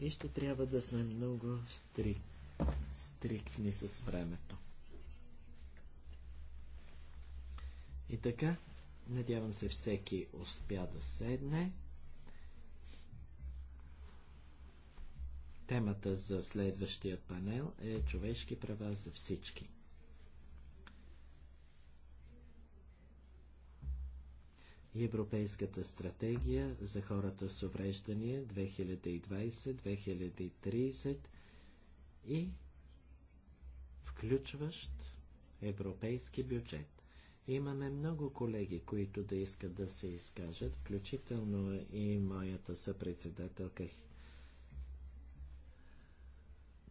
и ще трябва да сме много стри, стриктни с времето. И така, надявам се всеки успя да седне. Темата за следващия панел е човешки права за всички. и Европейската стратегия за хората с увреждания 2020-2030 и включващ европейски бюджет. Имаме много колеги, които да искат да се изкажат, включително и моята съпредседателка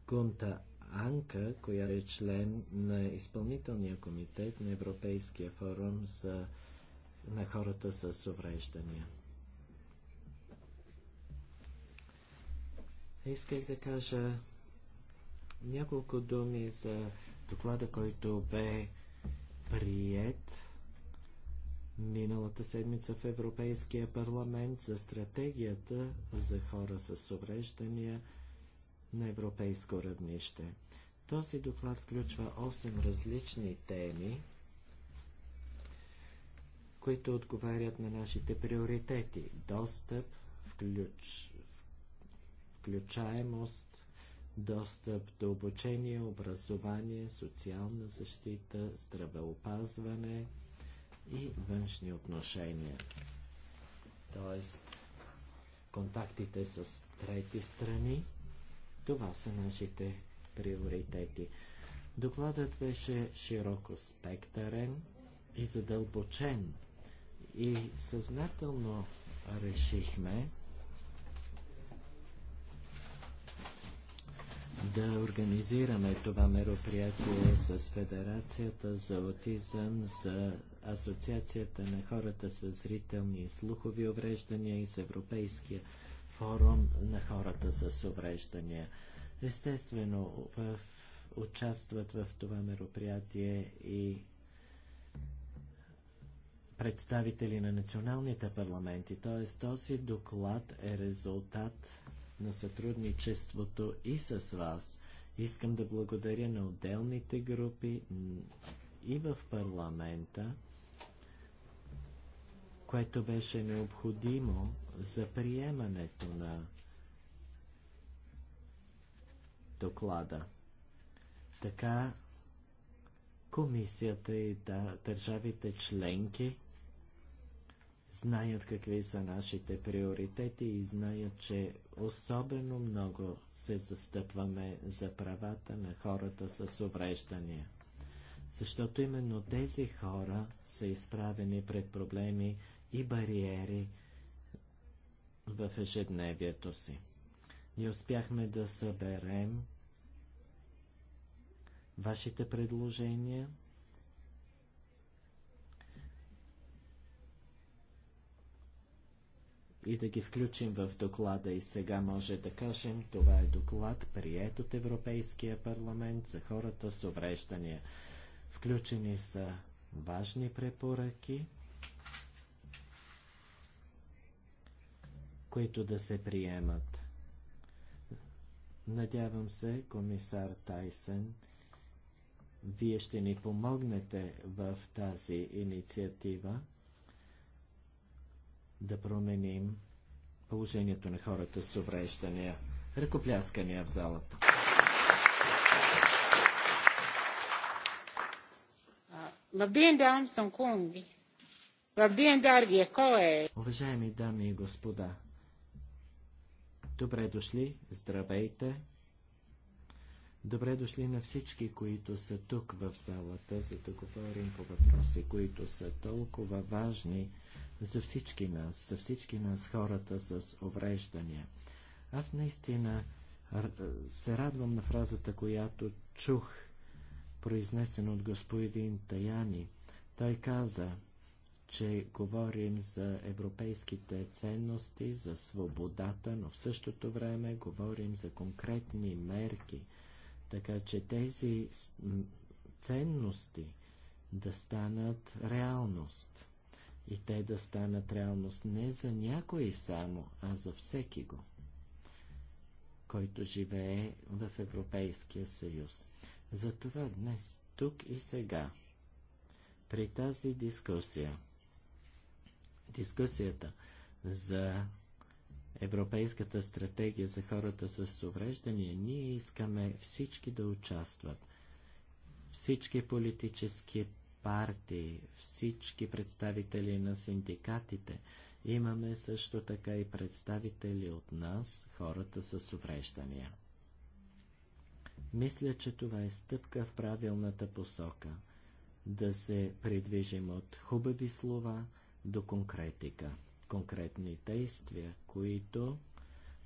Гунта Анка, която е член на изпълнителния комитет на Европейския форум за на хората с увреждания. Исках да кажа няколко думи за доклада, който бе прият миналата седмица в Европейския парламент за стратегията за хора с увреждания на европейско равнище. Този доклад включва 8 различни теми, които отговарят на нашите приоритети. Достъп, включ, включаемост, достъп до обучение, образование, социална защита, здравеопазване и външни отношения. Тоест, контактите с трети страни, това са нашите приоритети. Докладът беше широко спектърен и задълбочен. И съзнателно решихме да организираме това мероприятие с Федерацията за аутизъм, за Асоциацията на хората с зрителни и слухови увреждания и с Европейския форум на хората с увреждания. Естествено, в, участват в това мероприятие и представители на националните парламенти, т.е. този доклад е резултат на сътрудничеството и с вас. Искам да благодаря на отделните групи и в парламента, което беше необходимо за приемането на доклада. Така комисията и да, държавите членки знаят какви са нашите приоритети и знаят, че особено много се застъпваме за правата на хората с увреждания. Защото именно тези хора са изправени пред проблеми и бариери в ежедневието си. Ние успяхме да съберем вашите предложения – и да ги включим в доклада. И сега може да кажем, това е доклад, прият от Европейския парламент за хората с увреждания. Включени са важни препоръки, които да се приемат. Надявам се, комисар Тайсен, вие ще ни помогнете в тази инициатива да променим положението на хората с увреждания. Ръкопляскания в залата. Е? Уважаеми дами и господа, добре дошли, здравейте. Добре дошли на всички, които са тук в залата, за да говорим по въпроси, които са толкова важни за всички нас, за всички нас хората с увреждания. Аз наистина се радвам на фразата, която чух, произнесен от господин Таяни. Той каза, че говорим за европейските ценности, за свободата, но в същото време говорим за конкретни мерки, така че тези ценности да станат реалност и те да станат реалност не за някой само, а за всеки го, който живее в Европейския съюз. Затова днес, тук и сега, при тази дискусия, дискусията за Европейската стратегия за хората с увреждания, ние искаме всички да участват. Всички политически партии, всички представители на синдикатите. Имаме също така и представители от нас, хората с увреждания. Мисля, че това е стъпка в правилната посока да се придвижим от хубави слова до конкретика, конкретни действия, които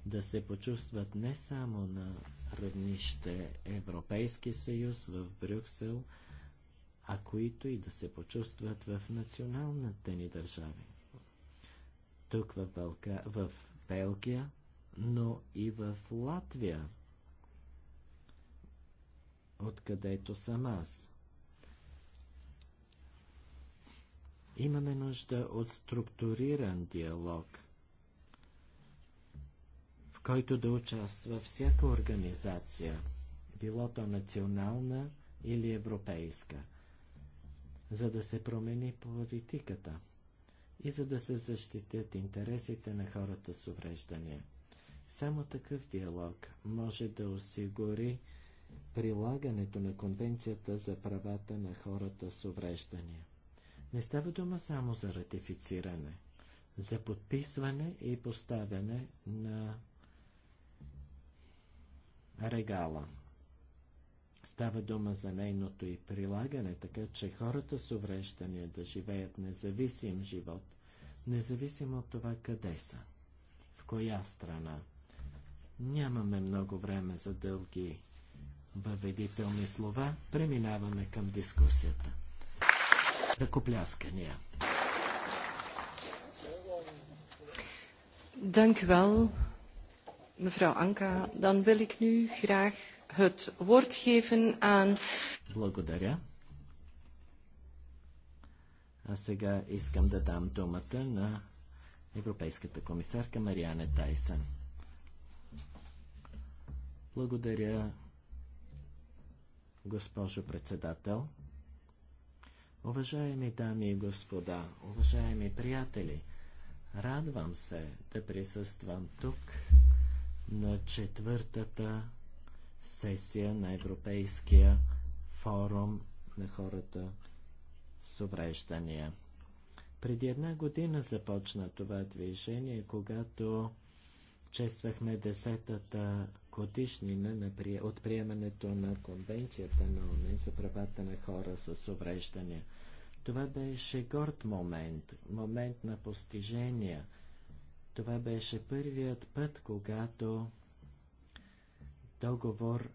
да се почувстват не само на равнище Европейски съюз в Брюксел, а които и да се почувстват в националната ни държави. Тук в, Бълка, в Белгия, но и в Латвия, откъдето съм аз. Имаме нужда от структуриран диалог – в който да участва всяка организация, било то национална или европейска за да се промени политиката и за да се защитят интересите на хората с увреждания. Само такъв диалог може да осигури прилагането на Конвенцията за правата на хората с увреждания. Не става дума само за ратифициране, за подписване и поставяне на регала. Става дума за нейното и прилагане, така че хората с увреждания да живеят независим живот, независимо от това къде са, в коя страна. Нямаме много време за дълги въведителни слова. Преминаваме към дискусията. Ръкопляскания. Dank u wel, mevrouw Anka. Dan wil ik nu graag het woord geven aan... Благодаря. А сега искам да дам думата на Европейската комисарка Мариане Тайсън. Благодаря, госпожо председател. Уважаеми дами и господа, уважаеми приятели, радвам се да присъствам тук на четвъртата сесия на Европейския форум на хората с увреждания. Преди една година започна това движение, когато чествахме десетата годишнина от приемането на Конвенцията на ОНЕ за правата на хора с увреждания. Това беше горд момент, момент на постижения. Това беше първият път, когато договор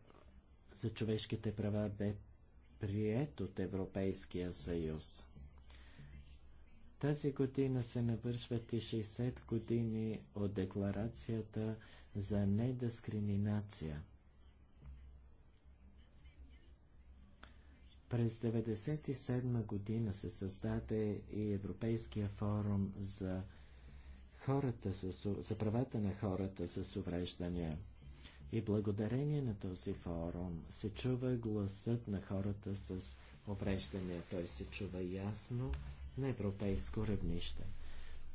за човешките права бе прият от Европейския съюз. Тази година се навършват и 60 години от декларацията за недискриминация. През 1997 година се създаде и Европейския форум за, хората с, за правата на хората с увреждания – и благодарение на този форум се чува гласът на хората с увреждания. Той се чува ясно на европейско равнище.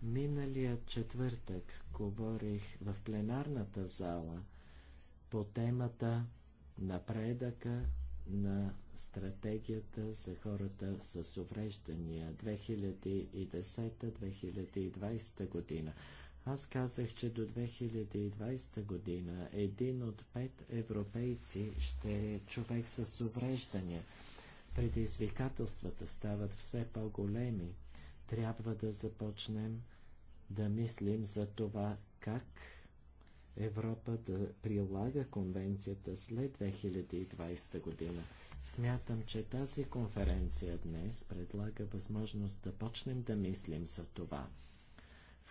Миналия четвъртък говорих в пленарната зала по темата напредъка на стратегията за хората с увреждания 2010-2020 година. Аз казах, че до 2020 година един от пет европейци ще е човек с увреждания. Предизвикателствата стават все по-големи. Трябва да започнем да мислим за това как Европа да прилага конвенцията след 2020 година. Смятам, че тази конференция днес предлага възможност да почнем да мислим за това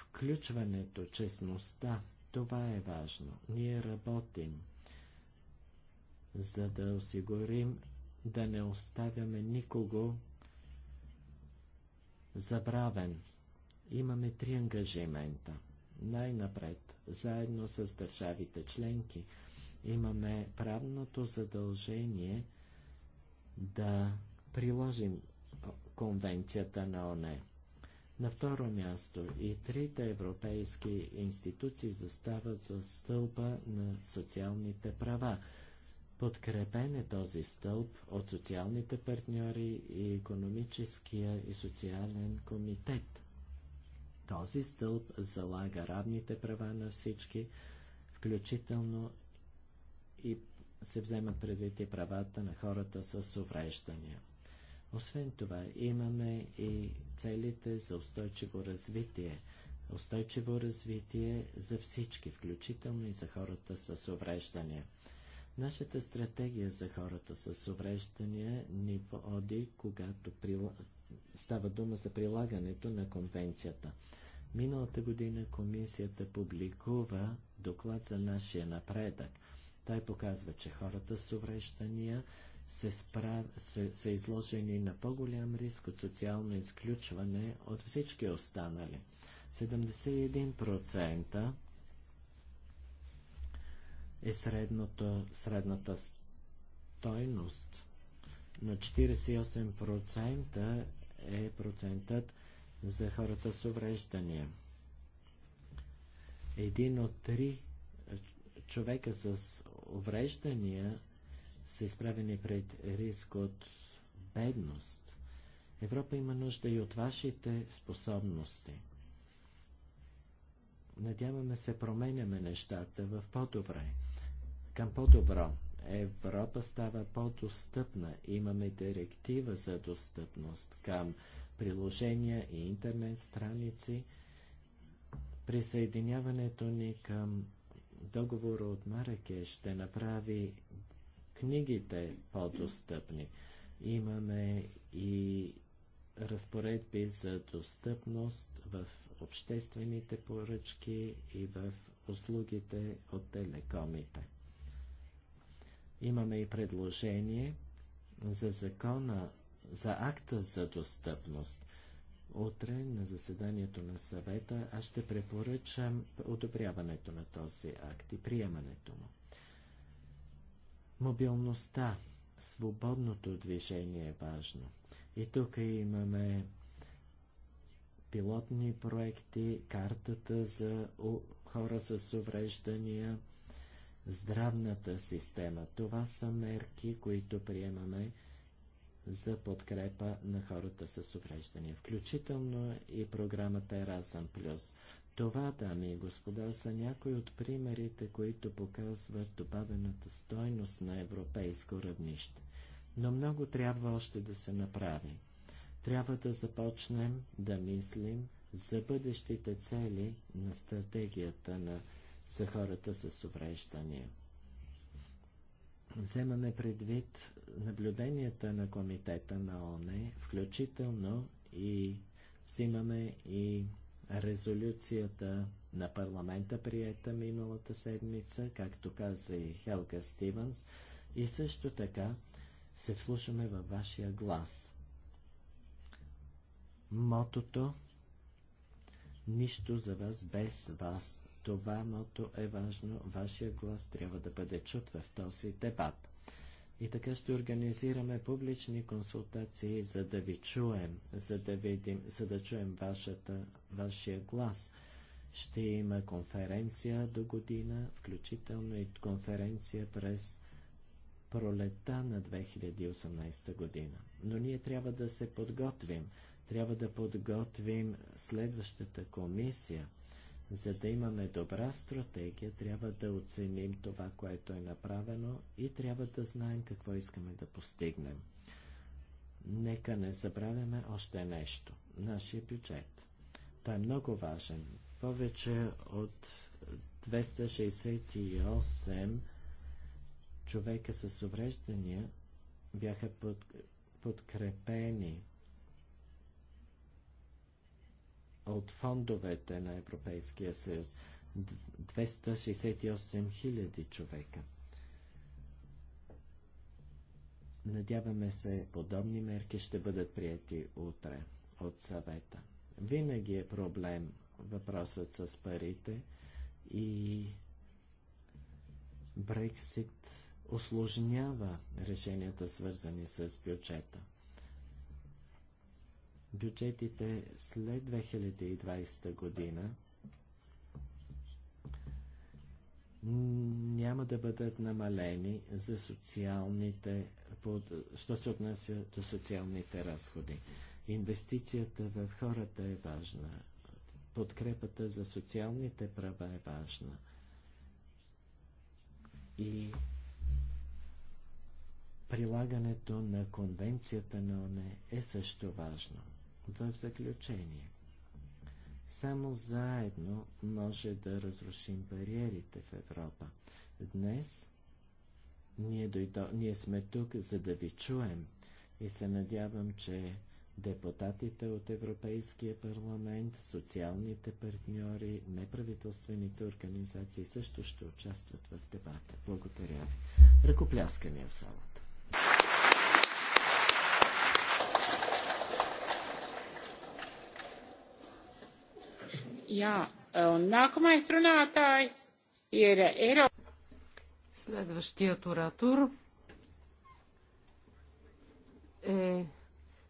включването, честността, това е важно. Ние работим, за да осигурим да не оставяме никого забравен. Имаме три ангажимента. Най-напред, заедно с държавите членки, имаме правното задължение да приложим конвенцията на ОНЕ. На второ място и трите европейски институции застават за стълба на социалните права. Подкрепен е този стълб от социалните партньори и економическия и социален комитет. Този стълб залага равните права на всички, включително и се вземат предвид и правата на хората с увреждания. Освен това, имаме и целите за устойчиво развитие. Устойчиво развитие за всички, включително и за хората с увреждания. Нашата стратегия за хората с увреждания ни води, когато прил... става дума за прилагането на конвенцията. Миналата година комисията публикува доклад за нашия напредък. Той показва, че хората с увреждания се, справ... са, са изложени на по-голям риск от социално изключване от всички останали. 71% е средното, средната стойност, но 48% е процентът за хората с увреждания. Един от три човека с увреждания са изправени пред риск от бедност. Европа има нужда и от вашите способности. Надяваме се, променяме нещата в по-добре. Към по-добро. Европа става по-достъпна. Имаме директива за достъпност към приложения и интернет страници. Присъединяването ни към договора от Маракеш ще направи книгите по-достъпни. Имаме и разпоредби за достъпност в обществените поръчки и в услугите от телекомите. Имаме и предложение за закона, за акта за достъпност. Утре на заседанието на съвета аз ще препоръчам одобряването на този акт и приемането му. Мобилността, свободното движение е важно. И тук имаме пилотни проекти, картата за хора с увреждания, здравната система. Това са мерки, които приемаме за подкрепа на хората с увреждания, включително и програмата Erasmus+. Това, дами и господа, са някои от примерите, които показват добавената стойност на европейско равнище. Но много трябва още да се направи. Трябва да започнем да мислим за бъдещите цели на стратегията на, за хората с увреждания. Вземаме предвид наблюденията на комитета на ОНЕ, включително и взимаме и резолюцията на парламента, приета миналата седмица, както каза и Хелга Стивенс, и също така се вслушаме във вашия глас. Мотото Нищо за вас без вас. Това мото е важно. Вашия глас трябва да бъде чут в този дебат. И така ще организираме публични консултации, за да ви чуем, за да, видим, за да чуем вашата, вашия глас. Ще има конференция до година, включително и конференция през пролета на 2018 година. Но ние трябва да се подготвим. Трябва да подготвим следващата комисия – за да имаме добра стратегия, трябва да оценим това, което е направено и трябва да знаем какво искаме да постигнем. Нека не забравяме още нещо. Нашия бюджет. Той е много важен. Повече от 268 човека с увреждания бяха под, подкрепени от фондовете на Европейския съюз. 268 000 човека. Надяваме се, подобни мерки ще бъдат прияти утре от съвета. Винаги е проблем въпросът с парите и Брексит осложнява решенията, свързани с бюджета бюджетите след 2020 година няма да бъдат намалени за социалните, що се отнася до социалните разходи. Инвестицията в хората е важна. Подкрепата за социалните права е важна. И прилагането на конвенцията на ОНЕ е също важно. В заключение, само заедно може да разрушим бариерите в Европа. Днес ние, дойдо, ние сме тук, за да ви чуем и се надявам, че депутатите от Европейския парламент, социалните партньори, неправителствените организации също ще участват в дебата. Благодаря ви. Ръкопляскания в салата. Ja, eh, Следващият оратор е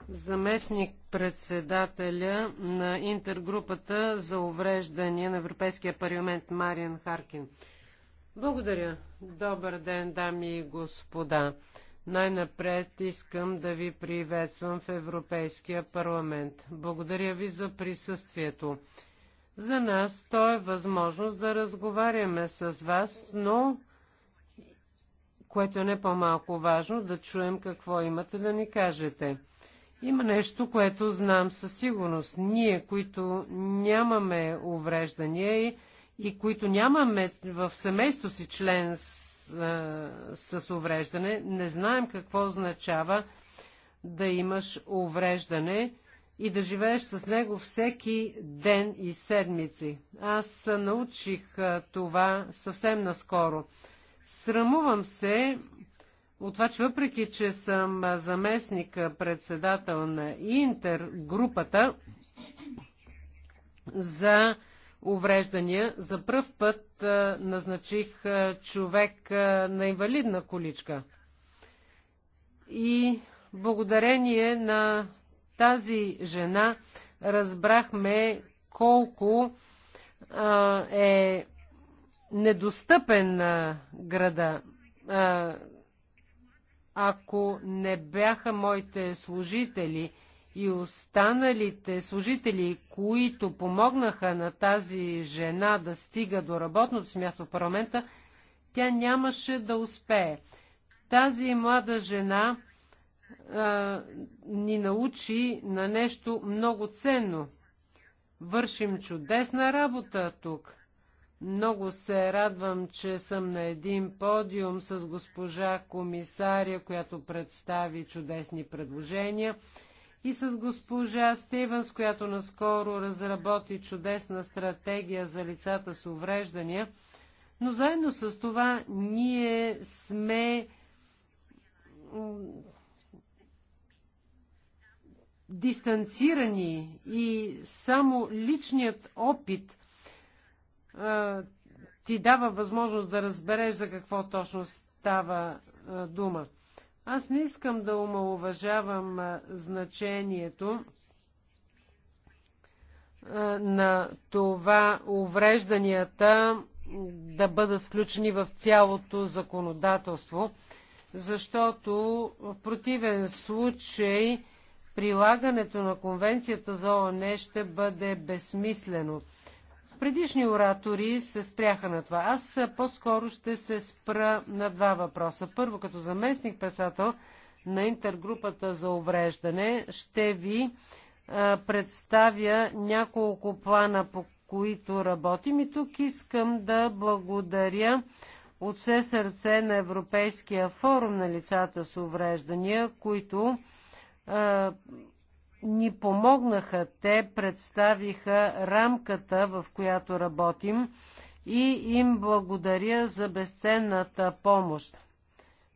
заместник председателя на интергрупата за увреждания на Европейския парламент Мариан Харкин. Благодаря. Добър ден, дами и господа. Най-напред искам да ви приветствам в Европейския парламент. Благодаря ви за присъствието. За нас то е възможност да разговаряме с вас, но което е не по-малко важно, да чуем какво имате да ни кажете. Има нещо, което знам със сигурност. Ние, които нямаме увреждания и, и които нямаме в семейство си член с, с увреждане, не знаем какво означава да имаш увреждане – и да живееш с него всеки ден и седмици. Аз научих това съвсем наскоро. Срамувам се от това, че въпреки, че съм заместник председател на интергрупата за увреждания, за пръв път назначих човек на инвалидна количка. И благодарение на тази жена разбрахме колко а, е недостъпен а, града. А, ако не бяха моите служители и останалите служители, които помогнаха на тази жена да стига до работното си място в парламента, тя нямаше да успее. Тази млада жена а, ни научи на нещо много ценно. Вършим чудесна работа тук. Много се радвам, че съм на един подиум с госпожа комисаря, която представи чудесни предложения, и с госпожа Стивенс, която наскоро разработи чудесна стратегия за лицата с увреждания. Но заедно с това ние сме дистанцирани и само личният опит а, ти дава възможност да разбереш за какво точно става а, дума. Аз не искам да омалуважавам а, значението на това уврежданията да бъдат включени в цялото законодателство, защото в противен случай прилагането на конвенцията за ООН ще бъде безсмислено. Предишни оратори се спряха на това. Аз по-скоро ще се спра на два въпроса. Първо, като заместник председател на интергрупата за увреждане, ще ви а, представя няколко плана, по които работим. И тук искам да благодаря от все сърце на Европейския форум на лицата с увреждания, които ни помогнаха. Те представиха рамката, в която работим и им благодаря за безценната помощ.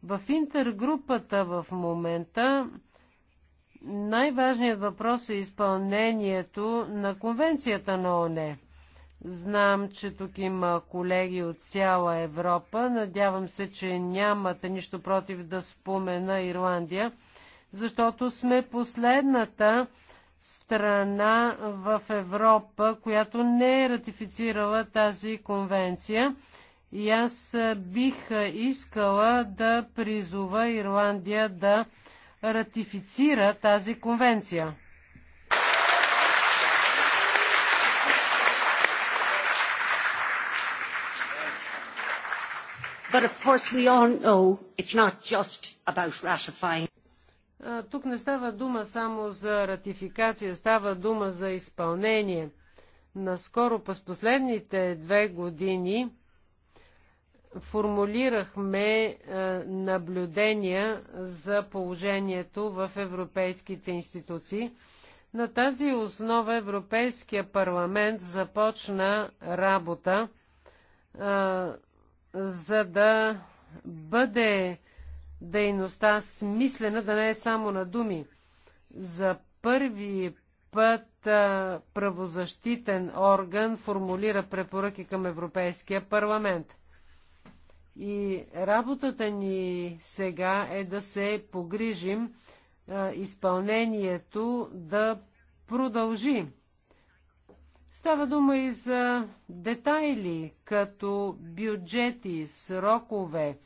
В интергрупата в момента най-важният въпрос е изпълнението на конвенцията на ОНЕ. Знам, че тук има колеги от цяла Европа. Надявам се, че нямате нищо против да спомена Ирландия защото сме последната страна в Европа, която не е ратифицирала тази конвенция. И аз бих искала да призова Ирландия да ратифицира тази конвенция. But of course we all know it's not just about ratifying. Тук не става дума само за ратификация, става дума за изпълнение. Наскоро, през последните две години, формулирахме е, наблюдения за положението в европейските институции. На тази основа Европейския парламент започна работа, е, за да бъде дейността смислена, да не е само на думи. За първи път а, правозащитен орган формулира препоръки към Европейския парламент. И работата ни сега е да се погрижим а, изпълнението да продължи. Става дума и за детайли, като бюджети, срокове,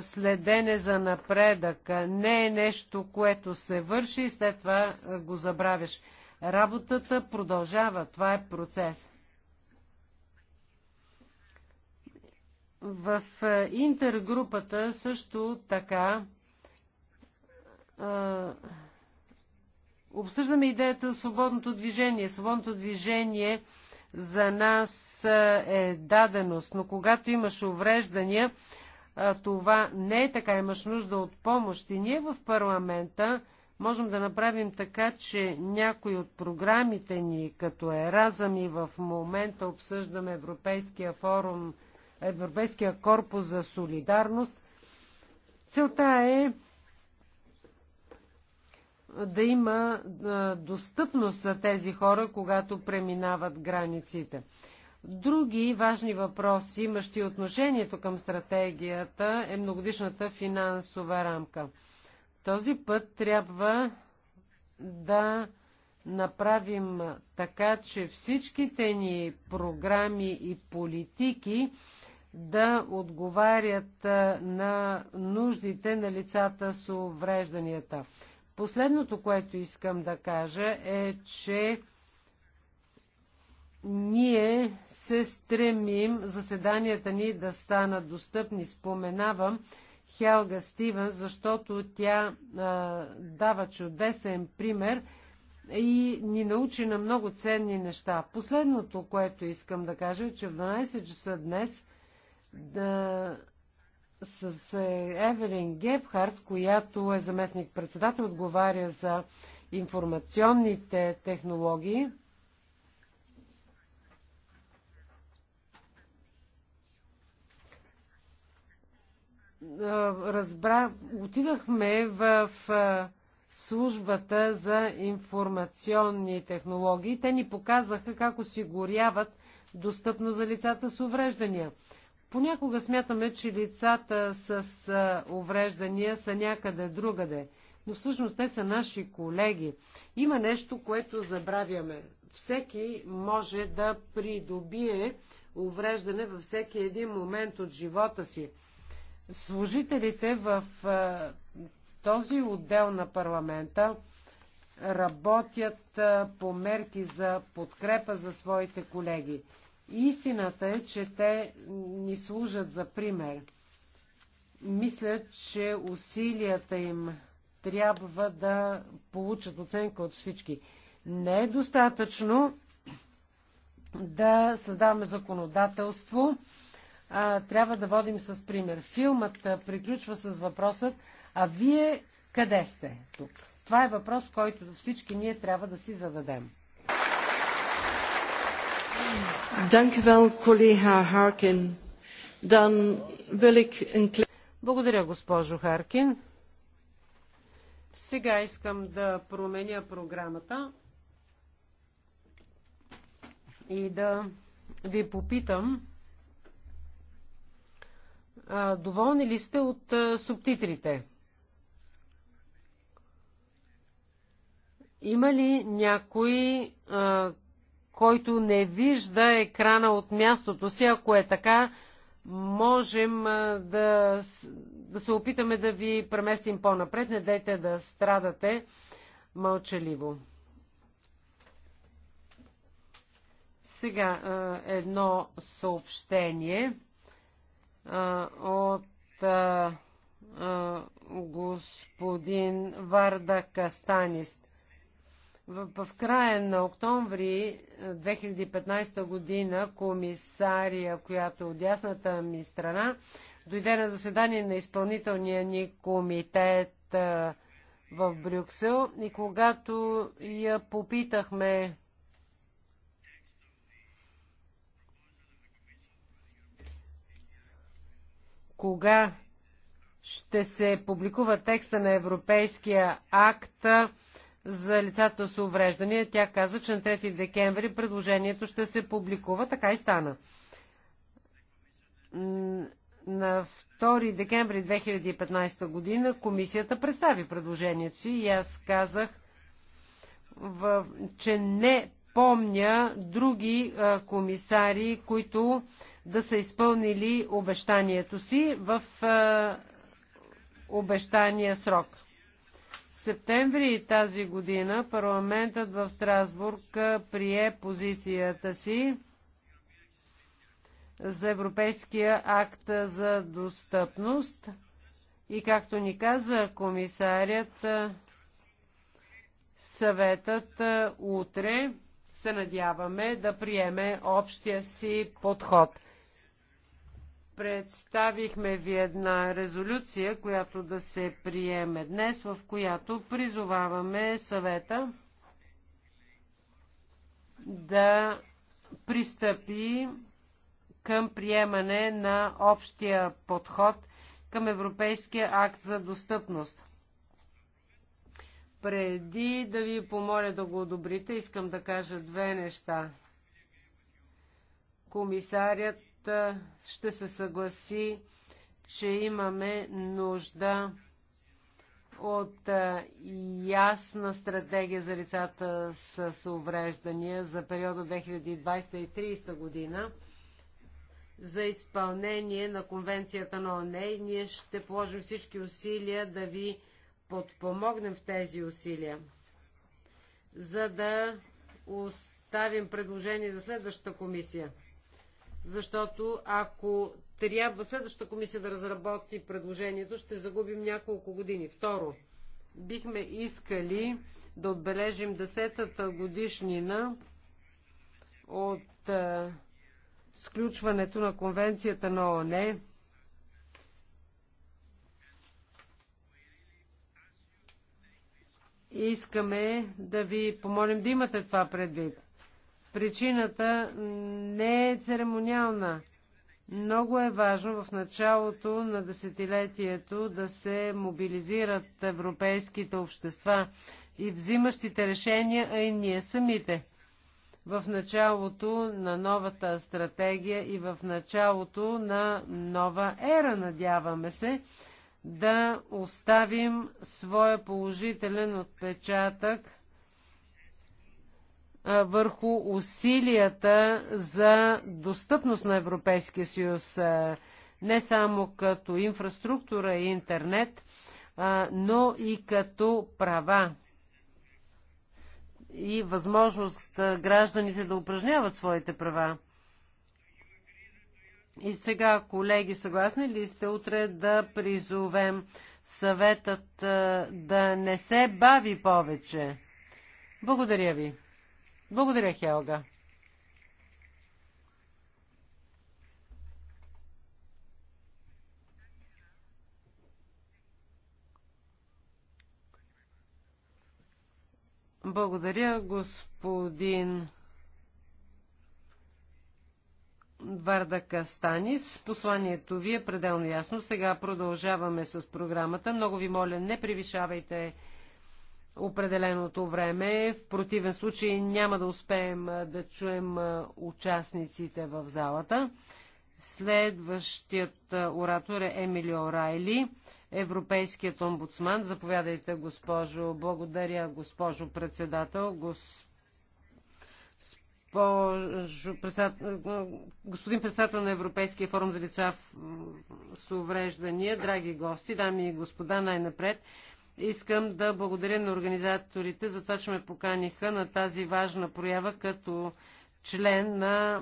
следене за напредъка не е нещо, което се върши и след това го забравяш. Работата продължава. Това е процес. В интергрупата също така обсъждаме идеята за свободното движение. Свободното движение за нас е даденост, но когато имаш увреждания, това не е така. Имаш нужда от помощ. И ние в парламента можем да направим така, че някои от програмите ни, като Еразъм и в момента обсъждаме Европейския форум, Европейския корпус за солидарност, целта е да има достъпност за тези хора, когато преминават границите. Други важни въпроси, имащи отношението към стратегията, е многодишната финансова рамка. Този път трябва да направим така, че всичките ни програми и политики да отговарят на нуждите на лицата с уврежданията. Последното, което искам да кажа е, че ние се стремим заседанията ни да станат достъпни. Споменавам Хелга Стивен, защото тя а, дава чудесен пример и ни научи на много ценни неща. Последното, което искам да кажа, е, че в 12 часа днес да, с Евелин Гебхарт, която е заместник-председател, отговаря за информационните технологии, разбра, отидахме в службата за информационни технологии. Те ни показаха как осигуряват достъпно за лицата с увреждания. Понякога смятаме, че лицата с увреждания са някъде другаде, но всъщност те са наши колеги. Има нещо, което забравяме. Всеки може да придобие увреждане във всеки един момент от живота си. Служителите в този отдел на парламента работят по мерки за подкрепа за своите колеги. Истината е, че те ни служат за пример. Мисля, че усилията им трябва да получат оценка от всички. Не е достатъчно да създаваме законодателство, а, трябва да водим с пример. Филмът а, приключва с въпросът, а вие къде сте тук? Това е въпрос, който всички ние трябва да си зададем. Благодаря, госпожо Харкин. Сега искам да променя програмата и да ви попитам доволни ли сте от субтитрите? Има ли някой, който не вижда екрана от мястото си? Ако е така, можем да, да се опитаме да ви преместим по-напред. Не дайте да страдате мълчаливо. Сега едно съобщение от господин Варда Кастанист. В, в края на октомври 2015 година комисария, която е от ясната ми страна, дойде на заседание на изпълнителния ни комитет а, в Брюксел и когато я попитахме кога ще се публикува текста на Европейския акт за лицата с увреждания. Тя каза, че на 3 декември предложението ще се публикува. Така и стана. На 2 декември 2015 година комисията представи предложението си и аз казах, че не помня други комисари, които да са изпълнили обещанието си в е, обещания срок. В септември тази година парламентът в Страсбург е, прие позицията си за Европейския акт за достъпност и както ни каза комисарят, е, съветът утре се надяваме да приеме общия си подход. Представихме ви една резолюция, която да се приеме днес, в която призоваваме съвета да пристъпи към приемане на общия подход към Европейския акт за достъпност. Преди да ви помоля да го одобрите, искам да кажа две неща. Комисарят ще се съгласи, че имаме нужда от ясна стратегия за лицата с увреждания за периода 2020-2030 година за изпълнение на Конвенцията на ОНЕ. Ние ще положим всички усилия да ви подпомогнем в тези усилия, за да оставим предложение за следващата комисия защото ако трябва следващата комисия да разработи предложението, ще загубим няколко години. Второ, бихме искали да отбележим десетата годишнина от е, сключването на конвенцията на ООН. Искаме да ви помолим да имате това предвид. Причината не е церемониална. Много е важно в началото на десетилетието да се мобилизират европейските общества и взимащите решения, а и ние самите. В началото на новата стратегия и в началото на нова ера, надяваме се, да оставим своя положителен отпечатък върху усилията за достъпност на Европейския съюз, не само като инфраструктура и интернет, но и като права и възможност гражданите да упражняват своите права. И сега, колеги, съгласни ли сте утре да призовем съветът да не се бави повече? Благодаря ви. Благодаря, Хелга. Благодаря, господин Варда Кастанис. Посланието ви е пределно ясно. Сега продължаваме с програмата. Много ви моля, не превишавайте определеното време. В противен случай няма да успеем да чуем участниците в залата. Следващият оратор е Емилио Райли, Европейският омбудсман. Заповядайте, госпожо. Благодаря, госпожо председател. председател Господин председател на Европейския форум за лица с увреждания, драги гости, дами и господа, най-напред Искам да благодаря на организаторите за това, че ме поканиха на тази важна проява като член на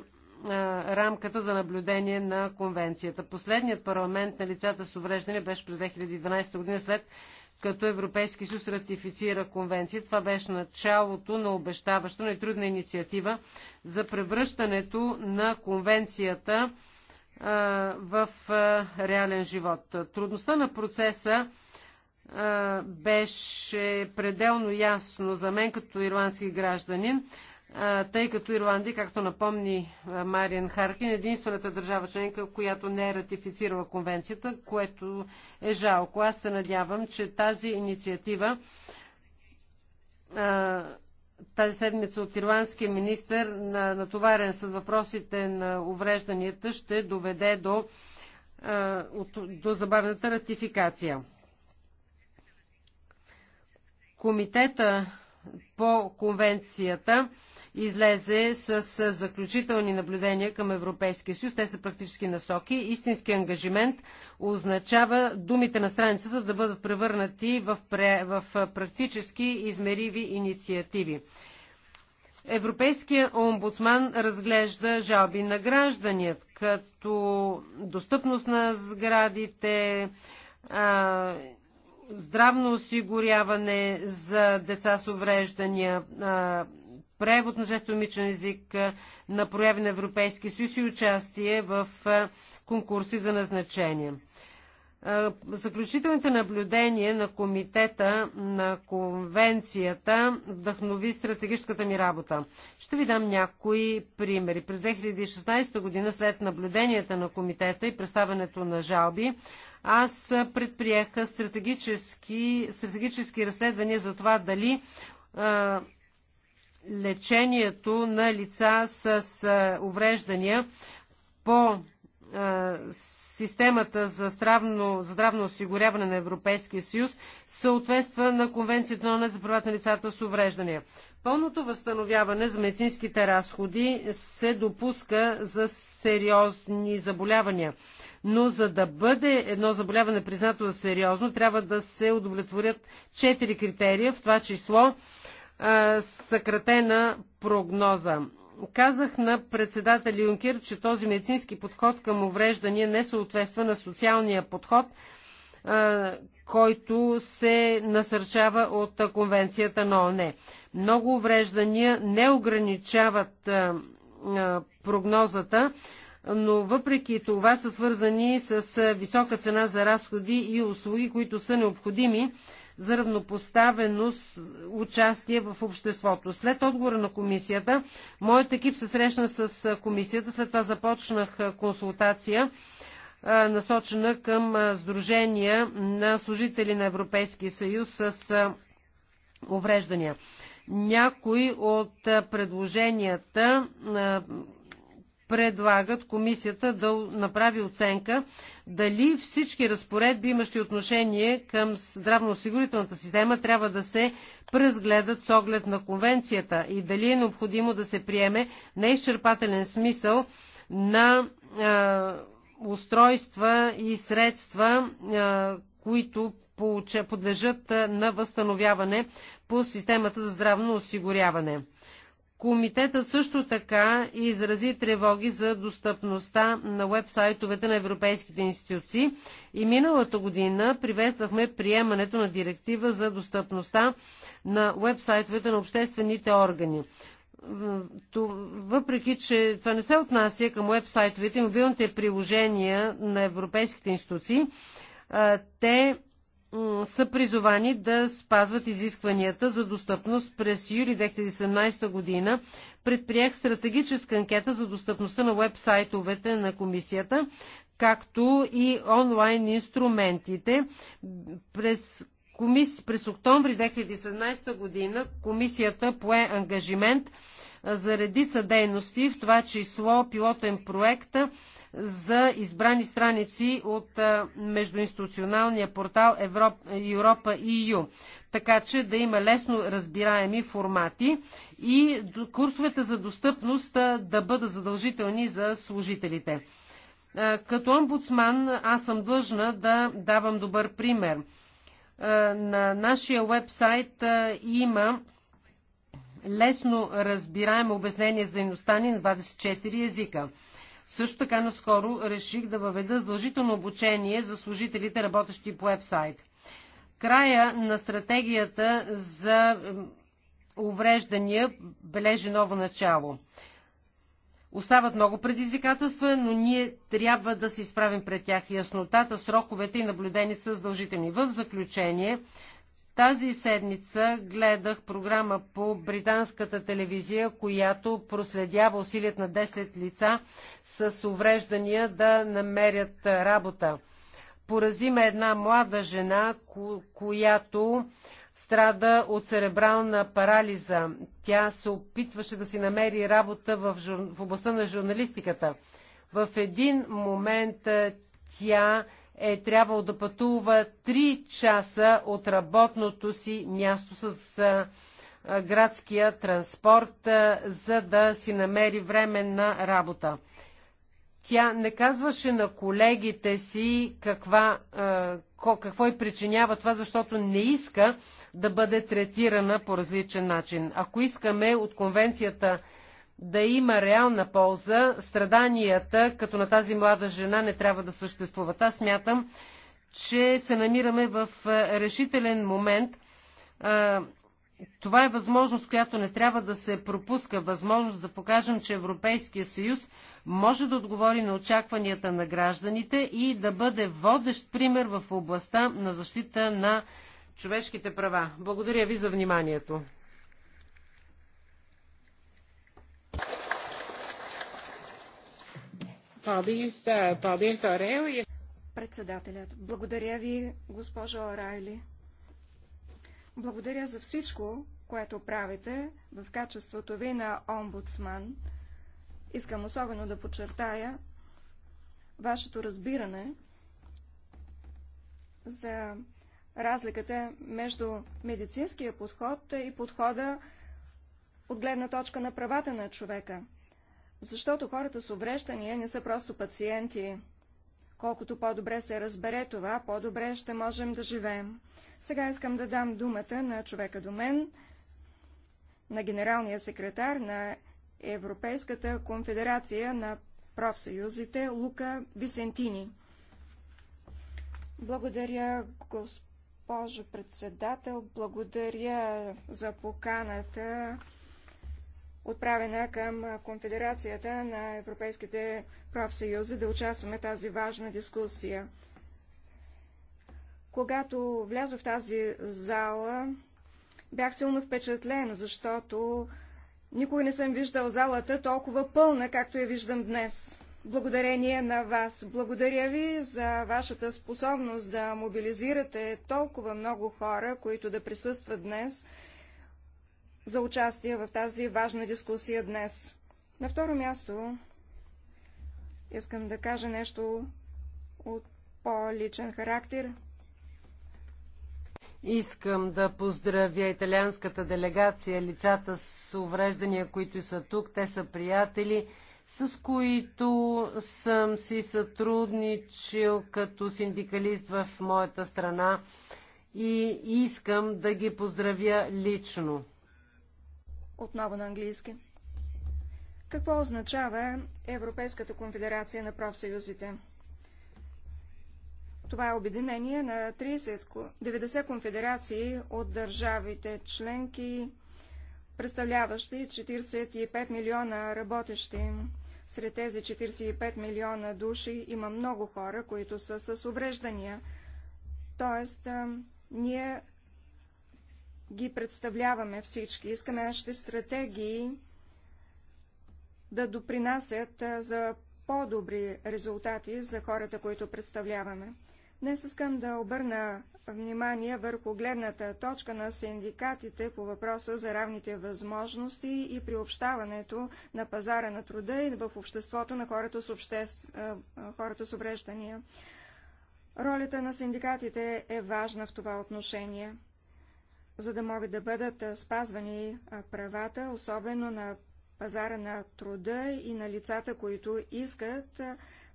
рамката за наблюдение на конвенцията. Последният парламент на лицата с увреждане беше през 2012 година след като Европейски съюз ратифицира конвенция. Това беше началото на обещаваща, но и трудна инициатива за превръщането на конвенцията а, в а, реален живот. Трудността на процеса беше пределно ясно за мен като ирландски гражданин, тъй като Ирландия, както напомни Мариан Харкин, е единствената държава членка, която не е ратифицирала конвенцията, което е жалко. Аз се надявам, че тази инициатива тази седмица от ирландския министр, натоварен с въпросите на уврежданията, ще доведе до, до забавената ратификация. Комитета по конвенцията излезе с заключителни наблюдения към Европейския съюз. Те са практически насоки. Истински ангажимент означава думите на страницата да бъдат превърнати в, пре... в практически измериви инициативи. Европейския омбудсман разглежда жалби на гражданият, като достъпност на сградите, здравно осигуряване за деца с увреждания, превод на жестомичен език на прояви на Европейски съюз и участие в конкурси за назначение. Заключителните наблюдения на комитета на конвенцията вдъхнови стратегическата ми работа. Ще ви дам някои примери. През 2016 година след наблюденията на комитета и представянето на жалби, аз предприеха стратегически, стратегически разследвания за това дали а, лечението на лица с а, увреждания по а, системата за здравно, за здравно осигуряване на Европейския съюз съответства на Конвенцията на за правата на лицата с увреждания. Пълното възстановяване за медицинските разходи се допуска за сериозни заболявания но за да бъде едно заболяване признато за сериозно, трябва да се удовлетворят четири критерия, в това число съкратена прогноза. Казах на председателя Юнкер, че този медицински подход към увреждания не съответства на социалния подход, който се насърчава от конвенцията на ОНЕ. Много увреждания не ограничават прогнозата но въпреки това са свързани с висока цена за разходи и услуги, които са необходими за равнопоставеност участие в обществото. След отговора на комисията, моят екип се срещна с комисията, след това започнах консултация насочена към Сдружения на служители на Европейския съюз с увреждания. Някои от предложенията предлагат комисията да направи оценка дали всички разпоредби, имащи отношение към здравноосигурителната система, трябва да се преразгледат с оглед на конвенцията и дали е необходимо да се приеме неизчерпателен смисъл на е, устройства и средства, е, които подлежат на възстановяване по системата за здравно осигуряване. Комитета също така изрази тревоги за достъпността на вебсайтовете на европейските институции и миналата година приветствахме приемането на директива за достъпността на вебсайтовете на обществените органи. Въпреки, че това не се отнася към вебсайтовете и мобилните приложения на европейските институции, те са призовани да спазват изискванията за достъпност. През юли 2017 година предприех стратегическа анкета за достъпността на вебсайтовете на комисията, както и онлайн инструментите. През, комис... през октомври 2017 година комисията пое ангажимент за редица дейности, в това число пилотен проект за избрани страници от междуинституционалния портал Европа EU, така че да има лесно разбираеми формати и курсовете за достъпност да бъдат задължителни за служителите. Като омбудсман аз съм длъжна да давам добър пример. На нашия вебсайт има лесно разбираемо обяснение за дейността ни на 24 езика. Също така наскоро реших да въведа задължително обучение за служителите, работещи по вебсайт. Края на стратегията за увреждания бележи ново начало. Остават много предизвикателства, но ние трябва да се изправим пред тях. Яснотата, сроковете и наблюдени са задължителни. В заключение, тази седмица гледах програма по британската телевизия, която проследява усилият на 10 лица с увреждания да намерят работа. Поразиме една млада жена, която страда от церебрална парализа. Тя се опитваше да си намери работа в, жур... в областта на журналистиката. В един момент тя е трябвало да пътува 3 часа от работното си място с градския транспорт, за да си намери време на работа. Тя не казваше на колегите си каква, какво й причинява това, защото не иска да бъде третирана по различен начин. Ако искаме от конвенцията да има реална полза, страданията, като на тази млада жена, не трябва да съществуват. Аз смятам, че се намираме в е, решителен момент. Това е възможност, която не трябва да се пропуска. Възможност да покажем, че Европейския съюз може да отговори на очакванията на гражданите и да бъде водещ пример в областта на защита на човешките права. Благодаря ви за вниманието. Eh, Председателят. Благодаря ви, госпожо Орайли. Благодаря за всичко, което правите в качеството ви на омбудсман. Искам особено да подчертая вашето разбиране за разликата между медицинския подход и подхода от гледна точка на правата на човека. Защото хората с увреждания не са просто пациенти. Колкото по-добре се разбере това, по-добре ще можем да живеем. Сега искам да дам думата на човека до мен, на генералния секретар на Европейската конфедерация на профсъюзите Лука Висентини. Благодаря, госпожо председател, благодаря за поканата отправена към Конфедерацията на Европейските профсъюзи да участваме в тази важна дискусия. Когато влязох в тази зала, бях силно впечатлен, защото никога не съм виждал залата толкова пълна, както я виждам днес. Благодарение на вас. Благодаря ви за вашата способност да мобилизирате толкова много хора, които да присъстват днес – за участие в тази важна дискусия днес. На второ място искам да кажа нещо от по-личен характер. Искам да поздравя италианската делегация, лицата с увреждания, които са тук. Те са приятели, с които съм си сътрудничил като синдикалист в моята страна и искам да ги поздравя лично. Отново на английски. Какво означава Европейската конфедерация на профсъюзите? Това е обединение на 30, 90 конфедерации от държавите членки, представляващи 45 милиона работещи. Сред тези 45 милиона души има много хора, които са с увреждания. Тоест, ние ги представляваме всички. Искаме нашите стратегии да допринасят за по-добри резултати за хората, които представляваме. Днес искам да обърна внимание върху гледната точка на синдикатите по въпроса за равните възможности и приобщаването на пазара на труда и в обществото на хората с, обществ... хората с обреждания. Ролята на синдикатите е важна в това отношение за да могат да бъдат спазвани правата, особено на пазара на труда и на лицата, които искат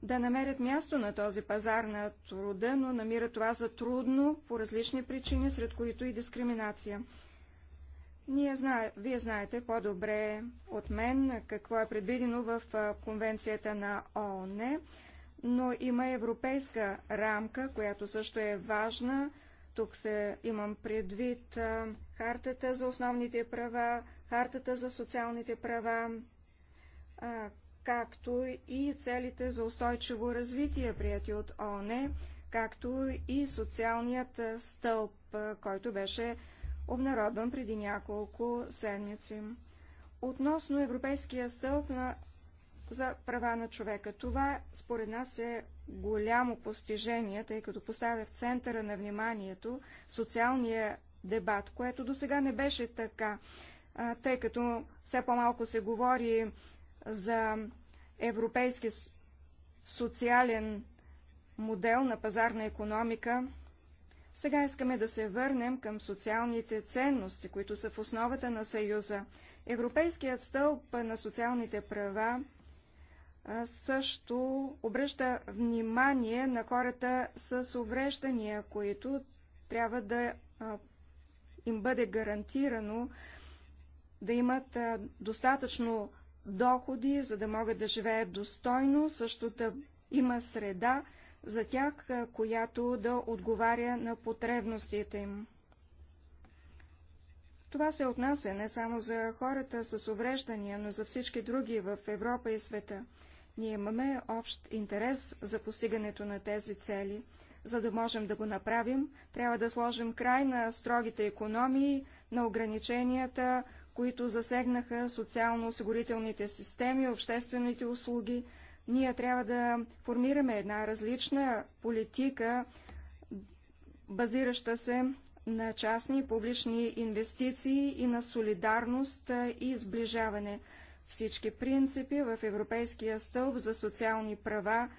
да намерят място на този пазар на труда, но намират това за трудно по различни причини, сред които и дискриминация. Ние зна... Вие знаете по-добре от мен какво е предвидено в Конвенцията на ООН, но има европейска рамка, която също е важна, тук се имам предвид хартата за основните права, хартата за социалните права, както и целите за устойчиво развитие, прияти от ООН, както и социалният стълб, който беше обнародван преди няколко седмици. Относно Европейския стълб на за права на човека. Това, според нас, е голямо постижение, тъй като поставя в центъра на вниманието социалния дебат, което до сега не беше така, тъй като все по-малко се говори за европейски социален модел на пазарна економика. Сега искаме да се върнем към социалните ценности, които са в основата на Съюза. Европейският стълб на социалните права също обръща внимание на хората с увреждания, които трябва да им бъде гарантирано да имат достатъчно доходи, за да могат да живеят достойно, също да има среда за тях, която да отговаря на потребностите им. Това се отнася не само за хората с увреждания, но за всички други в Европа и света. Ние имаме общ интерес за постигането на тези цели. За да можем да го направим, трябва да сложим край на строгите економии, на ограниченията, които засегнаха социално-осигурителните системи, обществените услуги. Ние трябва да формираме една различна политика, базираща се на частни и публични инвестиции и на солидарност и сближаване. Всички принципи в Европейския стълб за социални права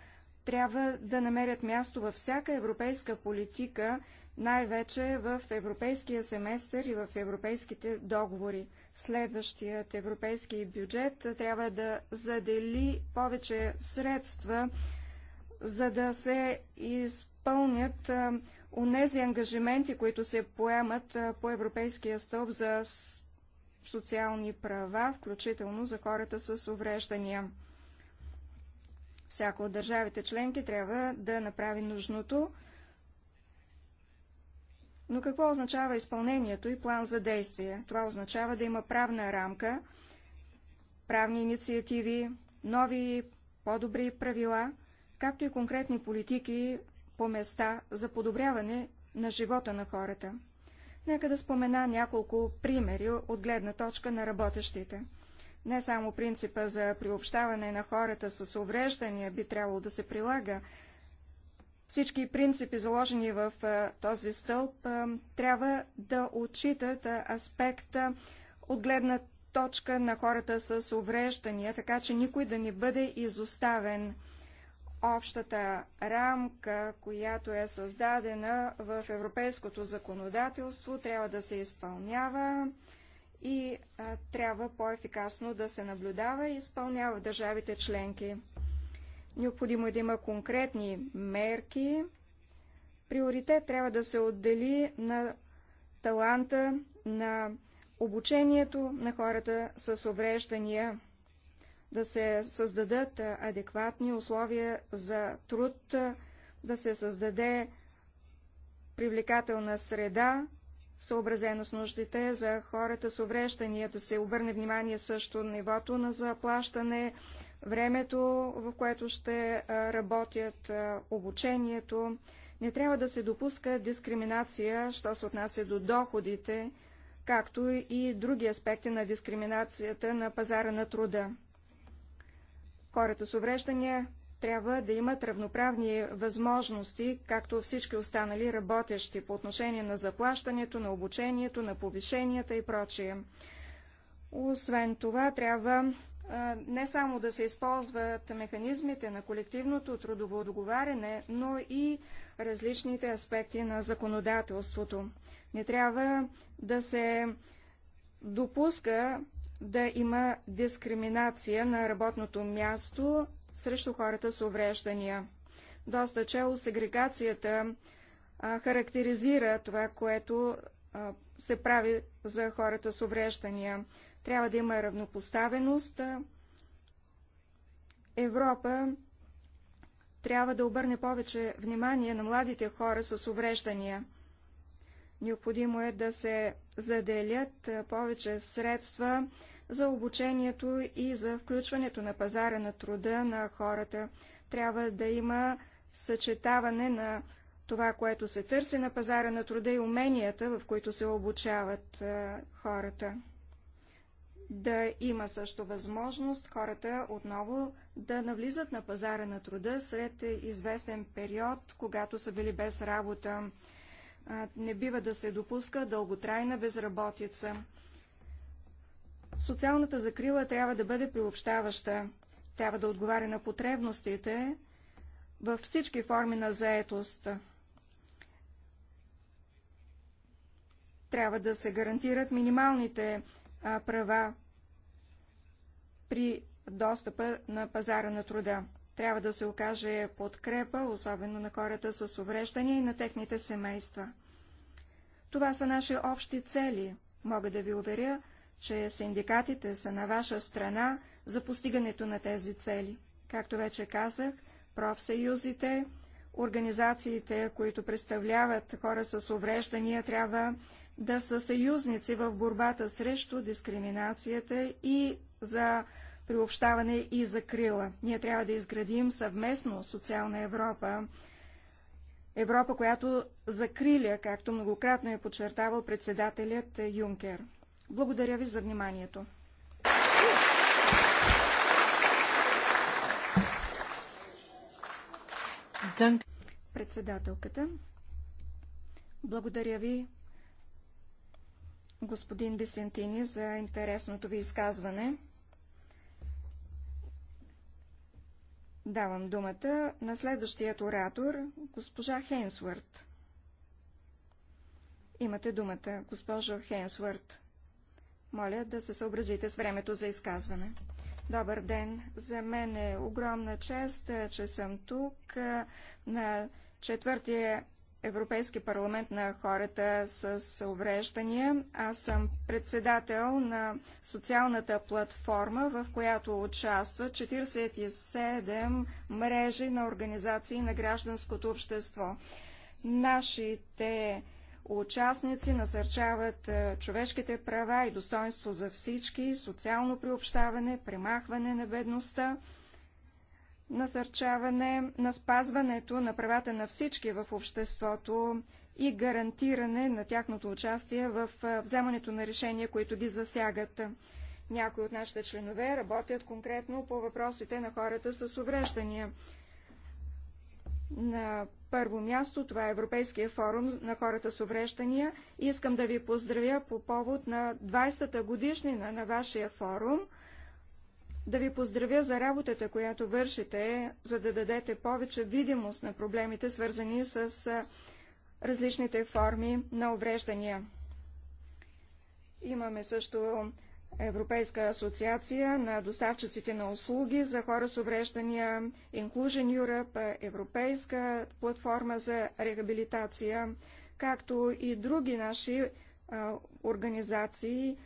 трябва да намерят място във всяка европейска политика, най-вече в европейския семестър и в европейските договори. Следващият европейски бюджет трябва да задели повече средства, за да се изпълнят онези ангажименти, които се поемат по Европейския стълб за социални права, включително за хората с увреждания. Всяко от държавите членки трябва да направи нужното, но какво означава изпълнението и план за действие? Това означава да има правна рамка, правни инициативи, нови, по-добри правила, както и конкретни политики по места за подобряване на живота на хората. Нека да спомена няколко примери от гледна точка на работещите. Не само принципа за приобщаване на хората с увреждания би трябвало да се прилага. Всички принципи, заложени в този стълб, трябва да отчитат аспекта от гледна точка на хората с увреждания, така че никой да не бъде изоставен общата рамка, която е създадена в европейското законодателство, трябва да се изпълнява и а, трябва по-ефикасно да се наблюдава и изпълнява в държавите членки. Необходимо е да има конкретни мерки. Приоритет трябва да се отдели на таланта, на обучението на хората с увреждания да се създадат адекватни условия за труд, да се създаде привлекателна среда, съобразена с нуждите за хората с увреждания, да се обърне внимание също нивото на заплащане, времето, в което ще работят, обучението. Не трябва да се допуска дискриминация, що се отнася до доходите, както и други аспекти на дискриминацията на пазара на труда. Хората с увреждания трябва да имат равноправни възможности, както всички останали работещи по отношение на заплащането, на обучението, на повишенията и прочие. Освен това, трябва не само да се използват механизмите на колективното трудово договаряне, но и различните аспекти на законодателството. Не трябва да се допуска да има дискриминация на работното място срещу хората с увреждания. Доста чело сегрегацията а, характеризира това, което а, се прави за хората с увреждания. Трябва да има равнопоставеност. Европа трябва да обърне повече внимание на младите хора с увреждания. Необходимо е да се заделят повече средства за обучението и за включването на пазара на труда на хората. Трябва да има съчетаване на това, което се търси на пазара на труда и уменията, в които се обучават хората. Да има също възможност хората отново да навлизат на пазара на труда след известен период, когато са били без работа не бива да се допуска дълготрайна безработица. Социалната закрила трябва да бъде приобщаваща, трябва да отговаря на потребностите във всички форми на заетост. Трябва да се гарантират минималните права при достъпа на пазара на труда. Трябва да се окаже подкрепа, особено на хората с увреждания и на техните семейства. Това са наши общи цели. Мога да ви уверя, че синдикатите са на ваша страна за постигането на тези цели. Както вече казах, профсъюзите, организациите, които представляват хора с увреждания, трябва да са съюзници в борбата срещу дискриминацията и за приобщаване и закрила. Ние трябва да изградим съвместно социална Европа, Европа, която закриля, както многократно е подчертавал председателят Юнкер. Благодаря ви за вниманието. Председателката. Благодаря ви, господин Десентини, за интересното ви изказване. Давам думата на следващият оратор, госпожа Хейнсвърт. Имате думата, госпожо Хейнсвърт. Моля да се съобразите с времето за изказване. Добър ден! За мен е огромна чест, че съм тук на четвъртия Европейски парламент на хората с увреждания. Аз съм председател на социалната платформа, в която участват 47 мрежи на организации на гражданското общество. Нашите участници насърчават е, човешките права и достоинство за всички, социално приобщаване, премахване на бедността, насърчаване на спазването на правата на всички в обществото и гарантиране на тяхното участие в вземането на решения, които ги засягат. Някои от нашите членове работят конкретно по въпросите на хората с увреждания. На първо място това е Европейския форум на хората с увреждания. Искам да ви поздравя по повод на 20-та годишнина на вашия форум – да ви поздравя за работата, която вършите, за да дадете повече видимост на проблемите, свързани с различните форми на увреждания. Имаме също Европейска асоциация на доставчиците на услуги за хора с увреждания, Inclusion Europe, Европейска платформа за рехабилитация, както и други наши а, организации,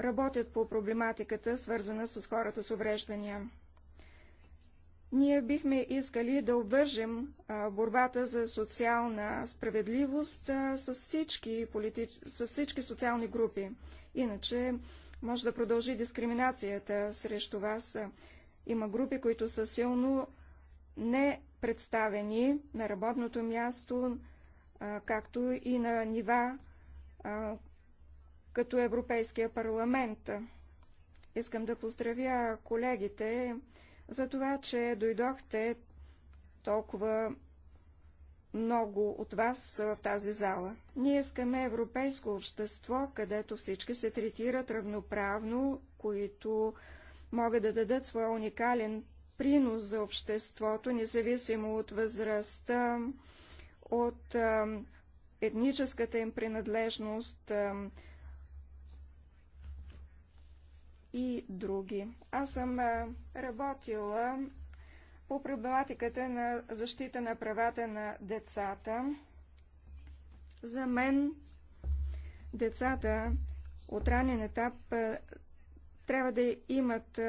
работят по проблематиката, свързана с хората с увреждания. Ние бихме искали да обвържем борбата за социална справедливост с всички, политич... с всички социални групи. Иначе може да продължи дискриминацията срещу вас. Има групи, които са силно не представени на работното място, както и на нива, като Европейския парламент. Искам да поздравя колегите за това, че дойдохте толкова много от вас в тази зала. Ние искаме европейско общество, където всички се третират равноправно, които могат да дадат своя уникален принос за обществото, независимо от възрастта, от етническата им принадлежност, и други. Аз съм работила по проблематиката на защита на правата на децата. За мен децата от ранен етап трябва да имат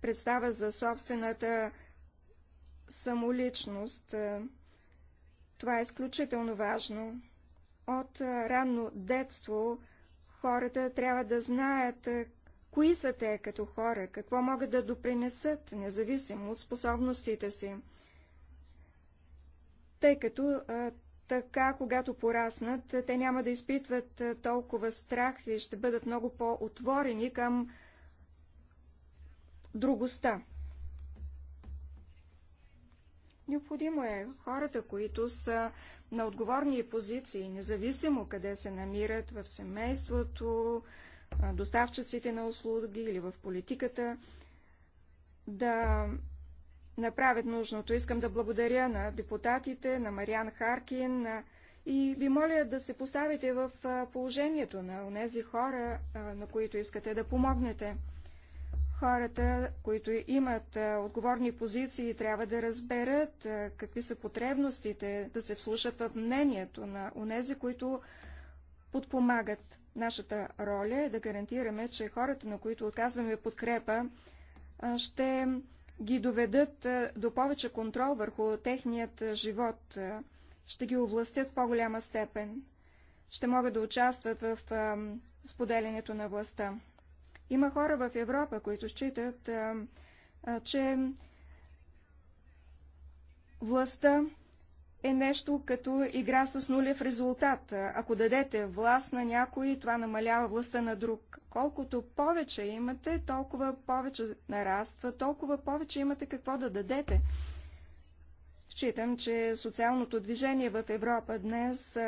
представа за собствената самоличност. Това е изключително важно. От ранно детство хората трябва да знаят Кои са те като хора? Какво могат да допринесат, независимо от способностите си? Тъй като а, така, когато пораснат, те няма да изпитват а, толкова страх и ще бъдат много по-отворени към другостта. Необходимо е хората, които са на отговорни позиции, независимо къде се намират, в семейството, доставчиците на услуги или в политиката да направят нужното. Искам да благодаря на депутатите, на Мариан Харкин на... и ви моля да се поставите в положението на тези хора, на които искате да помогнете. Хората, които имат отговорни позиции, трябва да разберат какви са потребностите, да се вслушат в мнението на онези, които подпомагат. Нашата роля е да гарантираме, че хората, на които отказваме подкрепа, ще ги доведат до повече контрол върху техният живот, ще ги овластят в по-голяма степен, ще могат да участват в споделянето на властта. Има хора в Европа, които считат, че властта е нещо като игра с нулев резултат. Ако дадете власт на някой, това намалява властта на друг. Колкото повече имате, толкова повече нараства, толкова повече имате какво да дадете. Считам, че социалното движение в Европа днес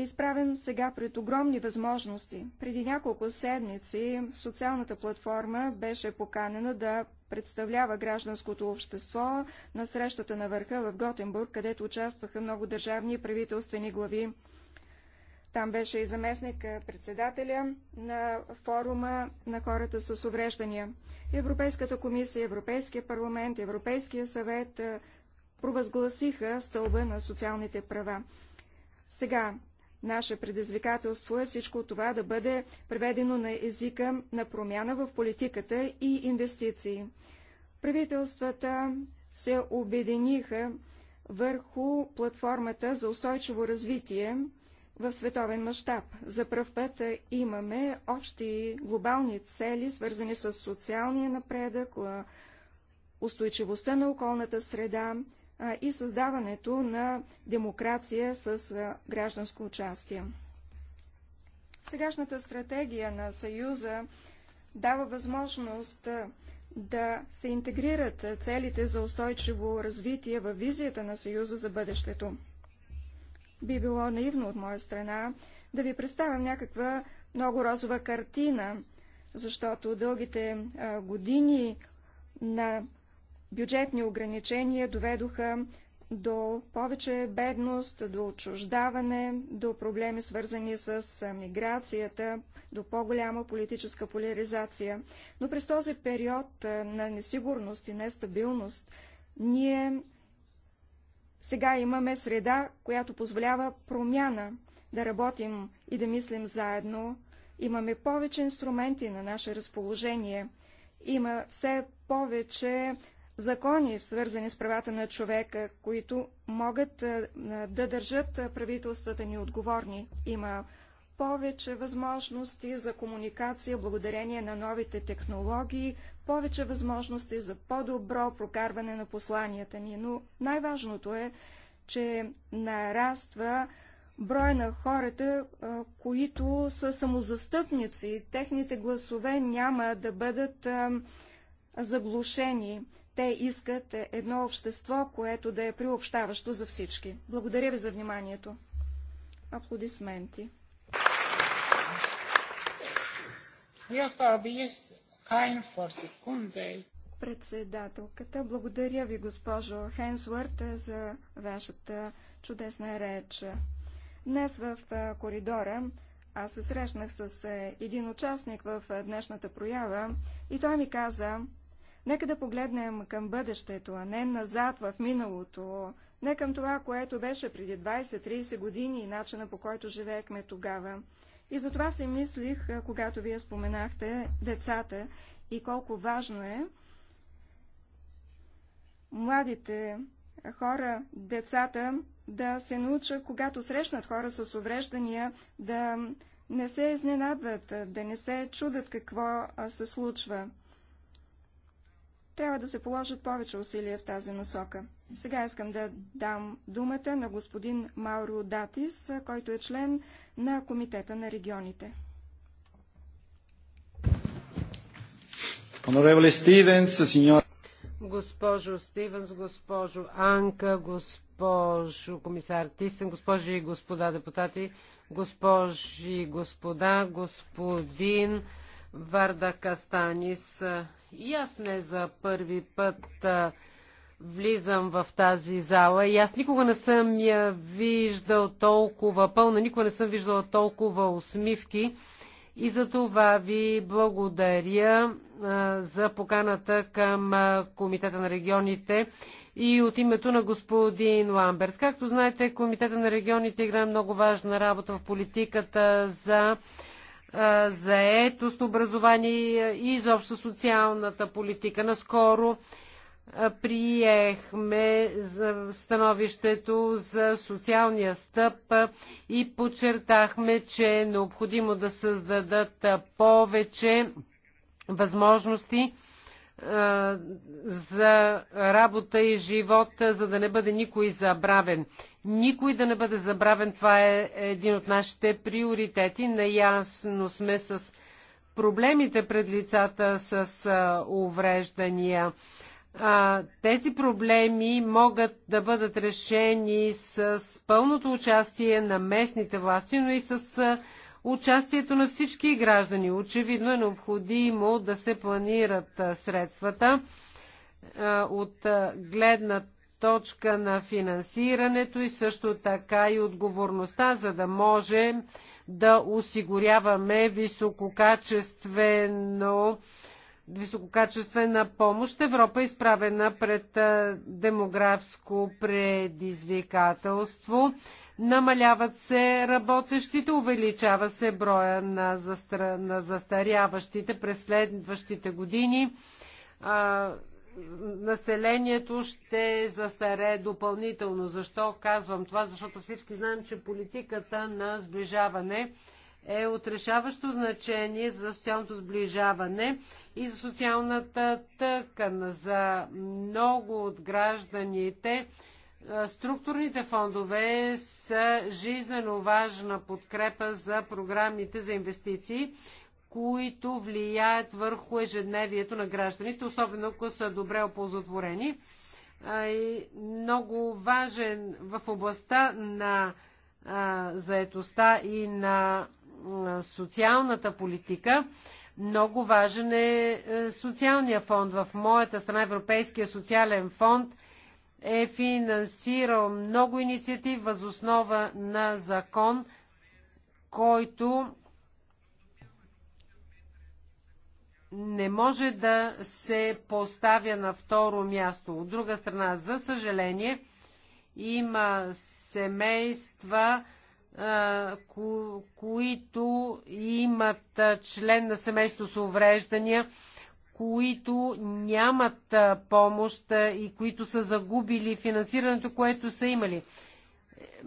е изправен сега пред огромни възможности. Преди няколко седмици социалната платформа беше поканена да представлява гражданското общество на срещата на върха в Готенбург, където участваха много държавни и правителствени глави. Там беше и заместник председателя на форума на хората с увреждания. Европейската комисия, Европейския парламент, Европейския съвет провъзгласиха стълба на социалните права. Сега Наше предизвикателство е всичко това да бъде преведено на езика на промяна в политиката и инвестиции. Правителствата се обединиха върху платформата за устойчиво развитие в световен мащаб. За пръв път имаме общи глобални цели, свързани с социалния напредък, устойчивостта на околната среда, и създаването на демокрация с гражданско участие. Сегашната стратегия на Съюза дава възможност да се интегрират целите за устойчиво развитие във визията на Съюза за бъдещето. Би било наивно от моя страна да ви представям някаква много розова картина, защото дългите години на бюджетни ограничения доведоха до повече бедност, до отчуждаване, до проблеми свързани с миграцията, до по-голяма политическа поляризация. Но през този период на несигурност и нестабилност ние сега имаме среда, която позволява промяна, да работим и да мислим заедно. Имаме повече инструменти на наше разположение. Има все повече закони, свързани с правата на човека, които могат да държат правителствата ни отговорни. Има повече възможности за комуникация благодарение на новите технологии, повече възможности за по-добро прокарване на посланията ни. Но най-важното е, че нараства броя на хората, които са самозастъпници. Техните гласове няма да бъдат заглушени. Те искат едно общество, което да е приобщаващо за всички. Благодаря ви за вниманието. Аплодисменти. Председателката, благодаря ви, госпожо Хенсуърт, за вашата чудесна реч. Днес в коридора аз се срещнах с един участник в днешната проява и той ми каза, Нека да погледнем към бъдещето, а не назад в миналото, не към това, което беше преди 20-30 години и начина по който живеехме тогава. И за това си мислих, когато вие споменахте децата и колко важно е младите хора, децата да се научат, когато срещнат хора с увреждания, да не се изненадват, да не се чудят какво се случва. Трябва да се положат повече усилия в тази насока. Сега искам да дам думата на господин Мауро Датис, който е член на Комитета на регионите. Госпожо Стивенс, госпожо Анка, госпожо комисар Тисен, госпожи и господа депутати, госпожи и господа, господин Варда Кастанис. И аз не за първи път а, влизам в тази зала и аз никога не съм я виждал толкова пълна, никога не съм виждала толкова усмивки. И за това ви благодаря а, за поканата към а, Комитета на регионите и от името на господин Ламберс. Както знаете, Комитета на регионите играе много важна работа в политиката за заетост, образование и изобщо социалната политика. Наскоро приехме становището за социалния стъп и подчертахме, че е необходимо да създадат повече възможности за работа и живот, за да не бъде никой забравен. Никой да не бъде забравен, това е един от нашите приоритети. Наясно сме с проблемите пред лицата с увреждания. Тези проблеми могат да бъдат решени с пълното участие на местните власти, но и с участието на всички граждани. Очевидно е необходимо да се планират средствата от гледна точка на финансирането и също така и отговорността, за да може да осигуряваме висококачествено висококачествена помощ. Европа е изправена пред демографско предизвикателство намаляват се работещите, увеличава се броя на, застра... на застаряващите през следващите години. А, населението ще застаре допълнително. Защо казвам това? Защото всички знаем, че политиката на сближаване е отрешаващо значение за социалното сближаване и за социалната тъкан. За много от гражданите Структурните фондове са жизнено важна подкрепа за програмите за инвестиции, които влияят върху ежедневието на гражданите, особено ако са добре оползотворени. Много важен в областта на заетостта и на социалната политика. Много важен е, е социалния фонд. В моята страна Европейския социален фонд е финансирал много инициатив възоснова на закон, който не може да се поставя на второ място. От друга страна, за съжаление, има семейства, ко които имат член на семейство с увреждания, които нямат помощ и които са загубили финансирането, което са имали.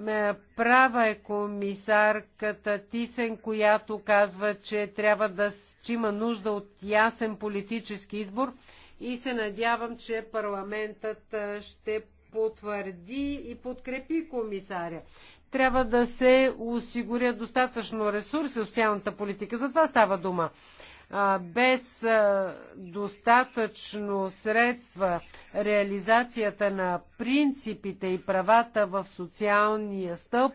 Е, права е комисарката Тисен, която казва, че трябва да че има нужда от ясен политически избор и се надявам, че парламентът ще потвърди и подкрепи комисаря. Трябва да се осигуря достатъчно ресурси в социалната политика. За това става дума без достатъчно средства реализацията на принципите и правата в социалния стълб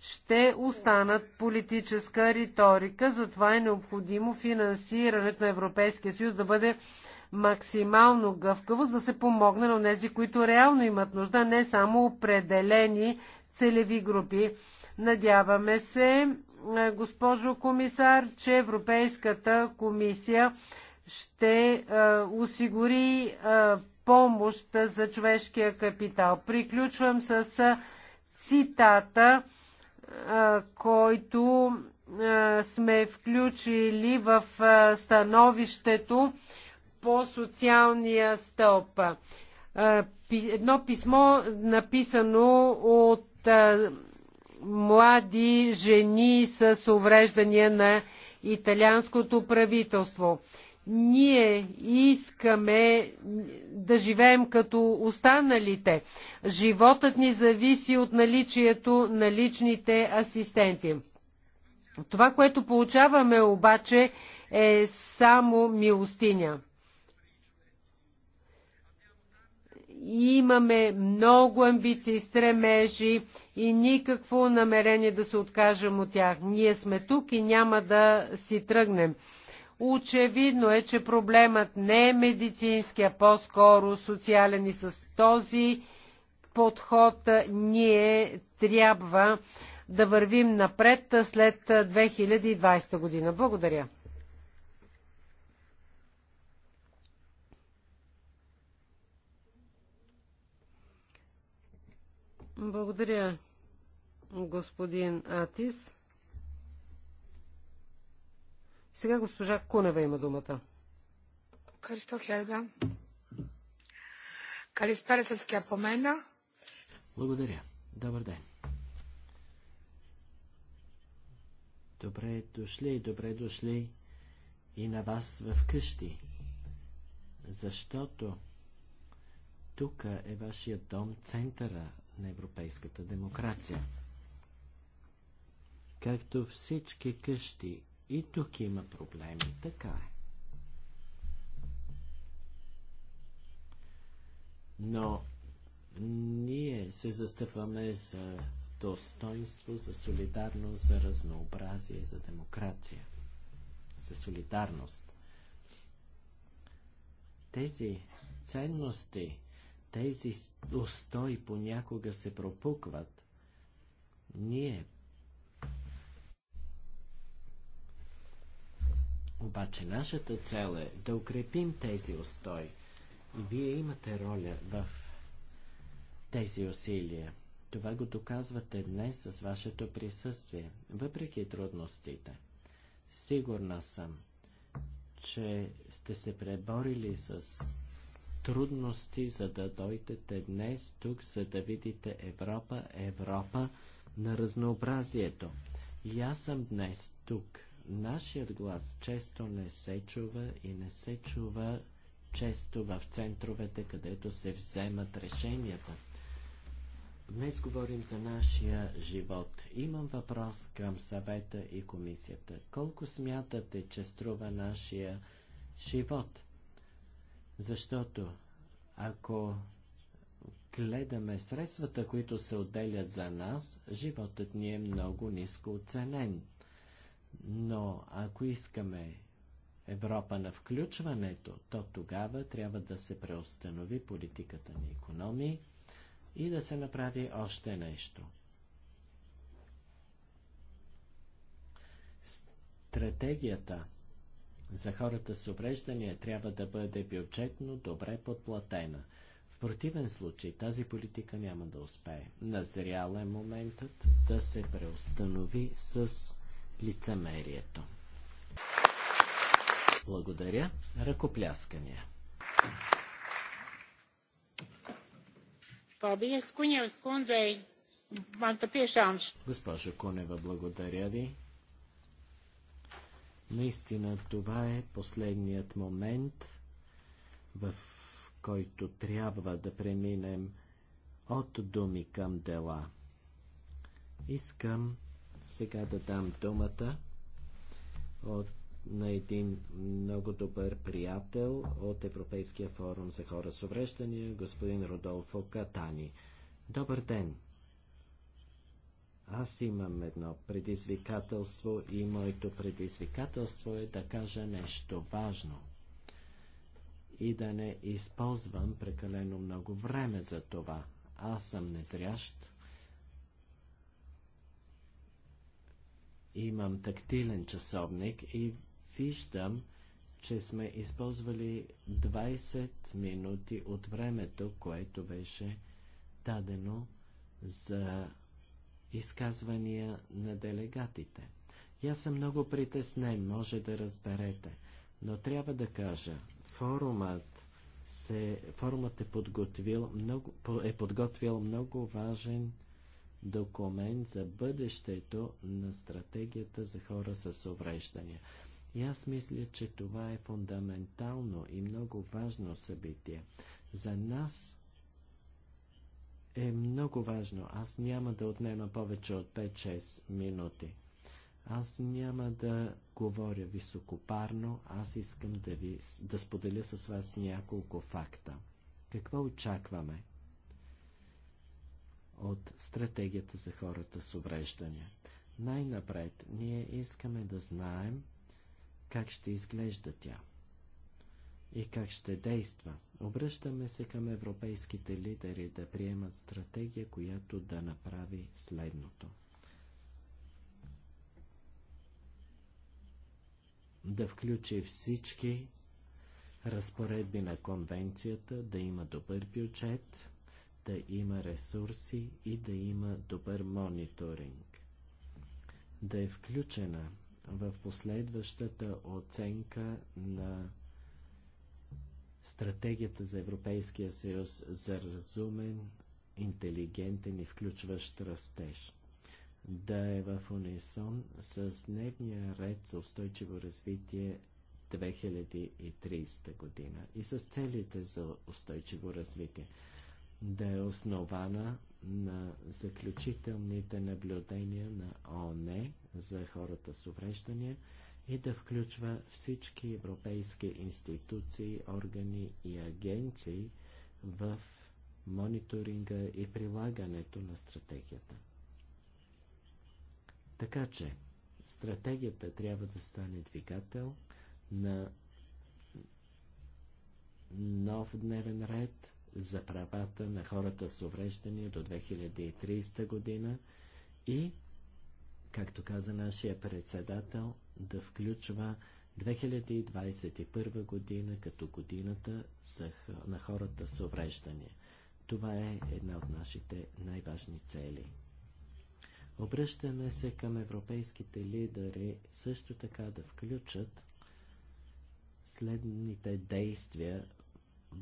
ще останат политическа риторика. Затова е необходимо финансирането на Европейския съюз да бъде максимално гъвкаво, за да се помогне на тези, които реално имат нужда, не само определени целеви групи. Надяваме се е, госпожо комисар, че Европейската комисия ще е, осигури е, помощ за човешкия капитал. Приключвам с цитата, който сме включили в становището по социалния стълб. Едно писмо, написано от млади жени с увреждания на италианското правителство. Ние искаме да живеем като останалите. Животът ни зависи от наличието на личните асистенти. Това, което получаваме обаче е само милостиня. имаме много амбиции, стремежи и никакво намерение да се откажем от тях. Ние сме тук и няма да си тръгнем. Очевидно е, че проблемът не е медицински, а по-скоро социален и с този подход ние трябва да вървим напред след 2020 година. Благодаря. Благодаря, господин Атис. Сега госпожа Кунева има думата. Христо Хелга. Калиспера с помена. Благодаря. Добър ден. Добре дошли, добре дошли и на вас в къщи, защото тук е вашия дом, центъра на европейската демокрация. Както всички къщи, и тук има проблеми, така е. Но ние се застъпваме за достоинство, за солидарност, за разнообразие, за демокрация, за солидарност. Тези ценности тези устои понякога се пропукват. Ние Обаче нашата цел е да укрепим тези устои. И вие имате роля в тези усилия. Това го доказвате днес с вашето присъствие, въпреки трудностите. Сигурна съм, че сте се преборили с трудности, за да дойдете днес тук, за да видите Европа, Европа на разнообразието. И аз съм днес тук. Нашият глас често не се чува и не се чува често в центровете, където се вземат решенията. Днес говорим за нашия живот. Имам въпрос към съвета и комисията. Колко смятате, че струва нашия живот? Защото ако гледаме средствата, които се отделят за нас, животът ни е много ниско оценен. Но ако искаме Европа на включването, то тогава трябва да се преустанови политиката на економии и да се направи още нещо. Стратегията за хората с увреждания трябва да бъде бюджетно добре подплатена. В противен случай тази политика няма да успее. Назрял е моментът да се преустанови с лицемерието. Благодаря. Ръкопляскания. Госпожо Кунева, благодаря ви. Наистина това е последният момент, в който трябва да преминем от думи към дела. Искам сега да дам думата от, на един много добър приятел от Европейския форум за хора с увреждания, господин Родолфо Катани. Добър ден! Аз имам едно предизвикателство и моето предизвикателство е да кажа нещо важно и да не използвам прекалено много време за това. Аз съм незрящ, имам тактилен часовник и виждам, че сме използвали 20 минути от времето, което беше дадено за изказвания на делегатите. Я аз съм много притеснен, може да разберете, но трябва да кажа, форумът се, форумът е подготвил много, е подготвил много важен документ за бъдещето на стратегията за хора с увреждания. И аз мисля, че това е фундаментално и много важно събитие. За нас е много важно. Аз няма да отнема повече от 5-6 минути. Аз няма да говоря високопарно, аз искам да, ви, да споделя с вас няколко факта. Какво очакваме от стратегията за хората с увреждания? Най-напред ние искаме да знаем как ще изглежда тя и как ще действа. Обръщаме се към европейските лидери да приемат стратегия, която да направи следното. Да включи всички разпоредби на конвенцията, да има добър бюджет, да има ресурси и да има добър мониторинг. Да е включена в последващата оценка на стратегията за Европейския съюз за разумен, интелигентен и включващ растеж да е в унисон с дневния ред за устойчиво развитие 2030 година и с целите за устойчиво развитие, да е основана на заключителните наблюдения на ОНЕ за хората с увреждания – и да включва всички европейски институции, органи и агенции в мониторинга и прилагането на стратегията. Така че, стратегията трябва да стане двигател на нов дневен ред за правата на хората с увреждания до 2030 година и, както каза нашия председател, да включва 2021 година като годината на хората с увреждания. Това е една от нашите най-важни цели. Обръщаме се към европейските лидери също така да включат следните действия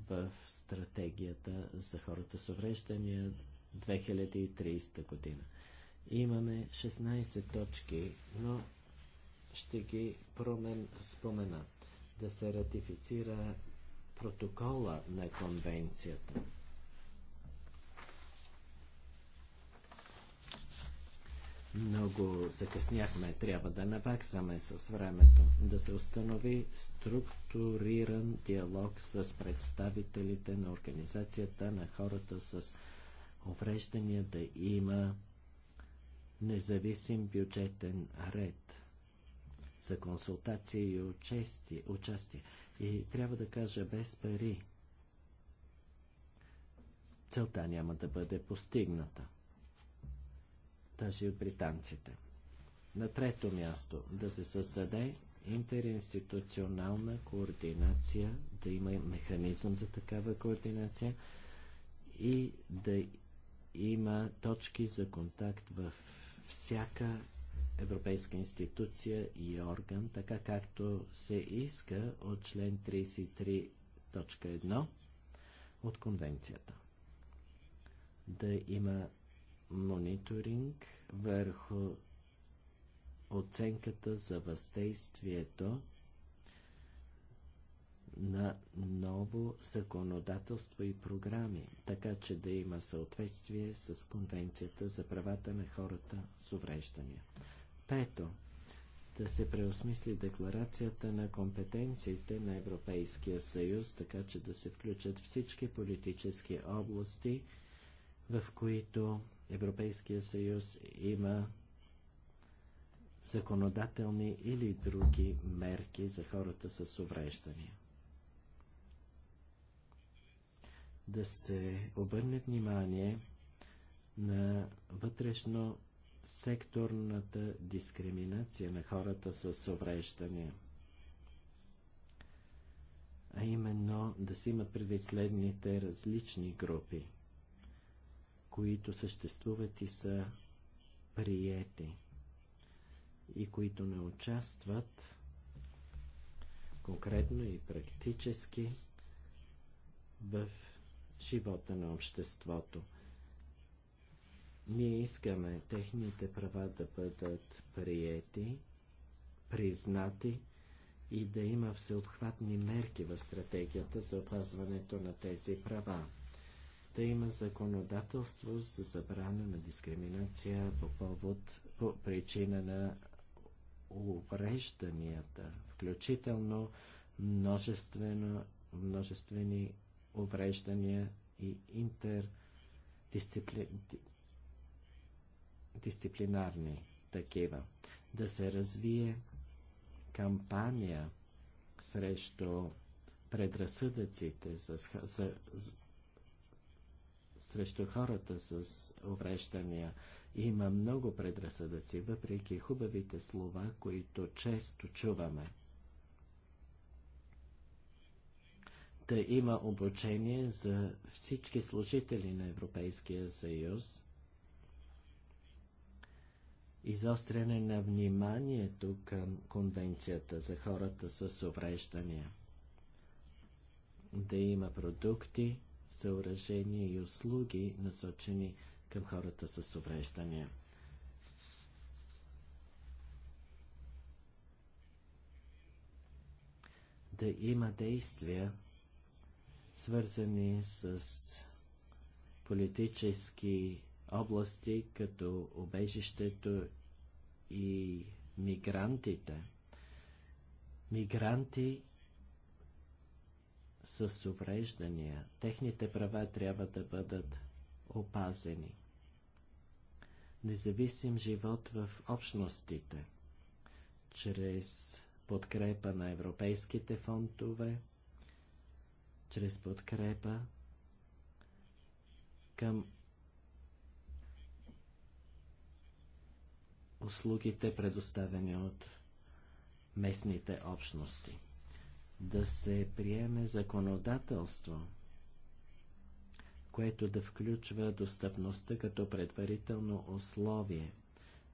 в стратегията за хората с увреждания 2030 година. Имаме 16 точки, но ще ги промен, спомена. Да се ратифицира протокола на конвенцията. Много закъсняхме, трябва да наваксаме с времето, да се установи структуриран диалог с представителите на Организацията на хората с увреждания, да има независим бюджетен ред за консултации и участие. участие. И трябва да кажа, без пари целта няма да бъде постигната. Даже и от британците. На трето място да се създаде интеринституционална координация, да има механизъм за такава координация и да има точки за контакт в всяка европейска институция и орган, така както се иска от член 33.1 от конвенцията. Да има мониторинг върху оценката за въздействието на ново законодателство и програми, така че да има съответствие с Конвенцията за правата на хората с увреждания. Пето, да се преосмисли декларацията на компетенциите на Европейския съюз, така че да се включат всички политически области, в които Европейския съюз има законодателни или други мерки за хората с увреждания. Да се обърне внимание на вътрешно секторната дискриминация на хората с увреждания. А именно да се имат предвид следните различни групи, които съществуват и са приети и които не участват конкретно и практически в живота на обществото. Ние искаме техните права да бъдат приети, признати и да има всеобхватни мерки в стратегията за опазването на тези права. Да има законодателство за забрана на дискриминация по повод по причина на уврежданията, включително множествено, множествени увреждания и интердисциплинарни дисциплинарни такива. Да се развие кампания срещу предразсъдъците за, за, за, срещу хората с увреждания. Има много предразсъдъци, въпреки хубавите слова, които често чуваме. да има обучение за всички служители на Европейския съюз изостряне на вниманието към Конвенцията за хората с увреждания. Да има продукти, съоръжения и услуги, насочени към хората с увреждания. Да има действия, свързани с политически области, като обежището и мигрантите. Мигранти с увреждания, техните права трябва да бъдат опазени. Независим живот в общностите, чрез подкрепа на европейските фондове, чрез подкрепа към услугите, предоставени от местните общности. Да се приеме законодателство, което да включва достъпността като предварително условие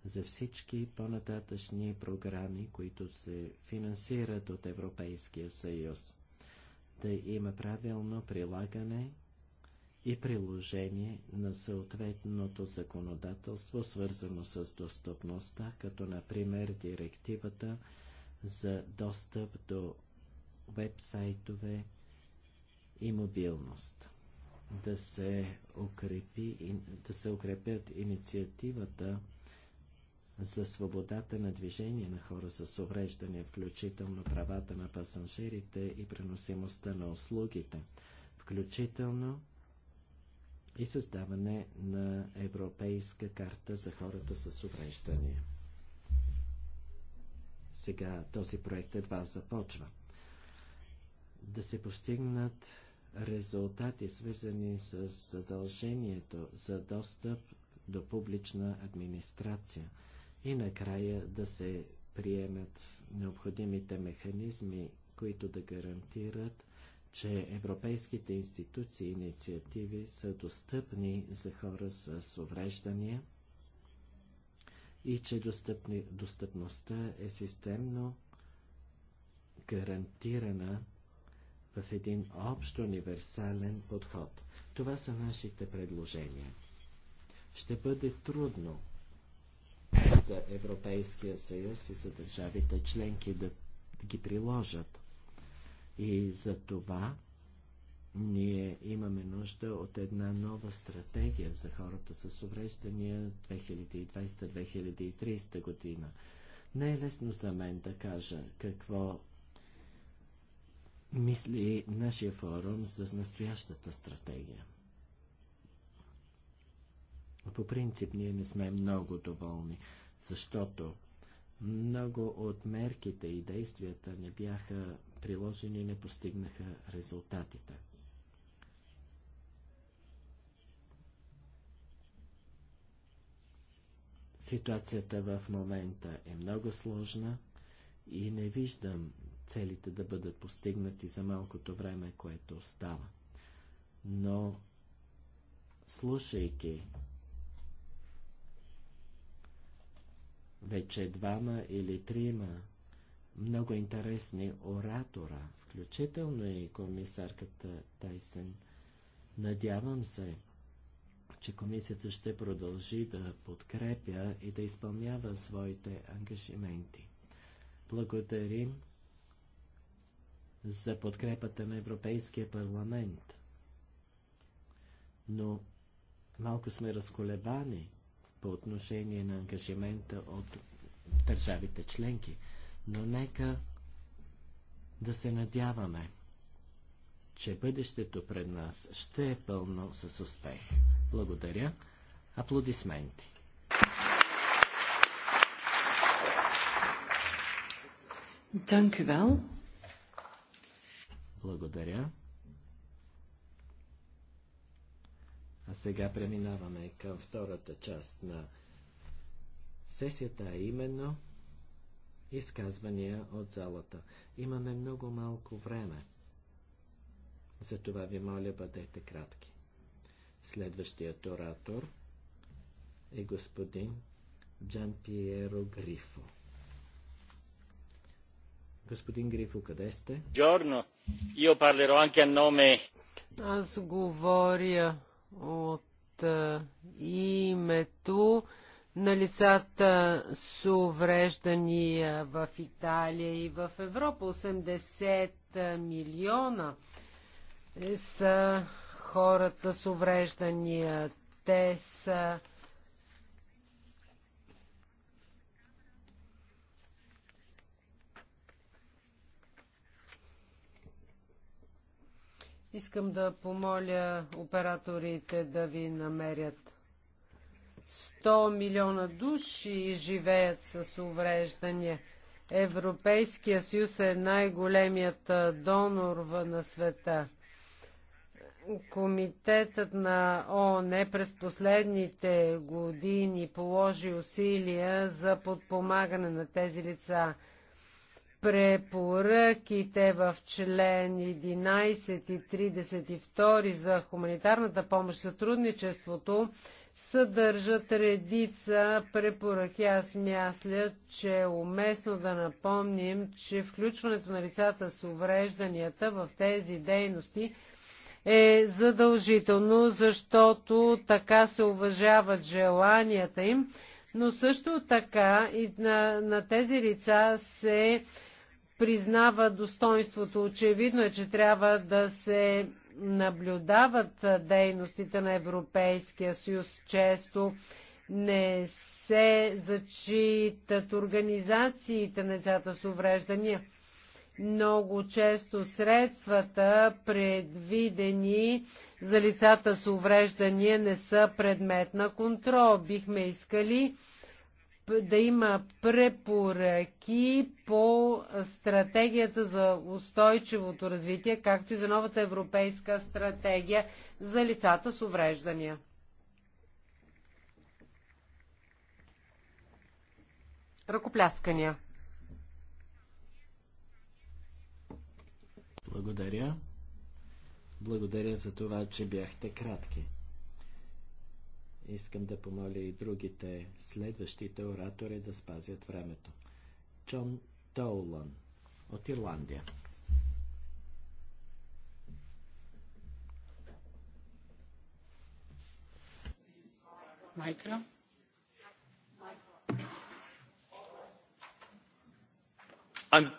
за всички по-нататъчни програми, които се финансират от Европейския съюз. Да има правилно прилагане и приложение на съответното законодателство, свързано с достъпността, като например директивата за достъп до вебсайтове и мобилност. Да се, укрепи, да се укрепят инициативата за свободата на движение на хора с увреждания, включително правата на пасажирите и преносимостта на услугите, включително и създаване на Европейска карта за хората с увреждания. Сега този проект едва започва. Да се постигнат резултати, свързани с задължението за достъп до публична администрация и накрая да се приемат необходимите механизми, които да гарантират че европейските институции и инициативи са достъпни за хора с увреждания и че достъпни, достъпността е системно гарантирана в един общ универсален подход. Това са нашите предложения. Ще бъде трудно за Европейския съюз и за държавите членки да ги приложат. И за това ние имаме нужда от една нова стратегия за хората с увреждания 2020-2030 година. Не е лесно за мен да кажа какво мисли нашия форум за настоящата стратегия. По принцип ние не сме много доволни, защото много от мерките и действията не бяха приложени не постигнаха резултатите. Ситуацията в момента е много сложна и не виждам целите да бъдат постигнати за малкото време, което остава. Но, слушайки вече двама или трима много интересни оратора, включително и комисарката Тайсен. Надявам се, че комисията ще продължи да подкрепя и да изпълнява своите ангажименти. Благодарим за подкрепата на Европейския парламент. Но малко сме разколебани по отношение на ангажимента от държавите членки но нека да се надяваме, че бъдещето пред нас ще е пълно с успех. Благодаря. Аплодисменти. Благодаря. А сега преминаваме към втората част на сесията, а именно изказвания от залата. Имаме много малко време. Затова ви моля, бъдете кратки. Следващият оратор е господин Джан Пиеро Грифо. Господин Грифо, къде сте? Джорно, io parlerò anche a nome... Аз говоря от е, името на лицата с увреждания в Италия и в Европа. 80 милиона е, са хората с увреждания. Те са Искам да помоля операторите да ви намерят. 100 милиона души живеят с увреждания. Европейския съюз е най-големият донор на света. Комитетът на ООН през последните години положи усилия за подпомагане на тези лица. Препоръките в член 11 и 32 за хуманитарната помощ, сътрудничеството съдържат редица препоръки. Аз мисля, че е уместно да напомним, че включването на лицата с уврежданията в тези дейности е задължително, защото така се уважават желанията им, но също така и на, на тези лица се признава достоинството. Очевидно е, че трябва да се наблюдават дейностите на Европейския съюз. Често не се зачитат организациите на децата с увреждания. Много често средствата, предвидени за лицата с увреждания, не са предмет на контрол. Бихме искали да има препоръки по стратегията за устойчивото развитие, както и за новата европейска стратегия за лицата с увреждания. Ръкопляскания. Благодаря. Благодаря за това, че бяхте кратки. Искам да помоля и другите следващите оратори да спазят времето. Джон Доулан от Ирландия. Майкро. I'm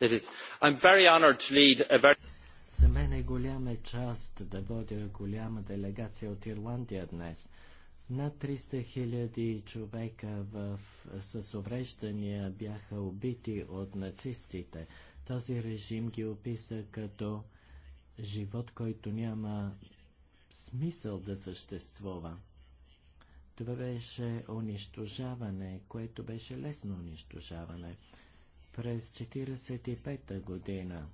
За мен е голяма част да водя голяма делегация от Ирландия днес. Над 300 хиляди човека в, с увреждания бяха убити от нацистите. Този режим ги описа като живот, който няма смисъл да съществува. Това беше унищожаване, което беше лесно унищожаване през 1945 година.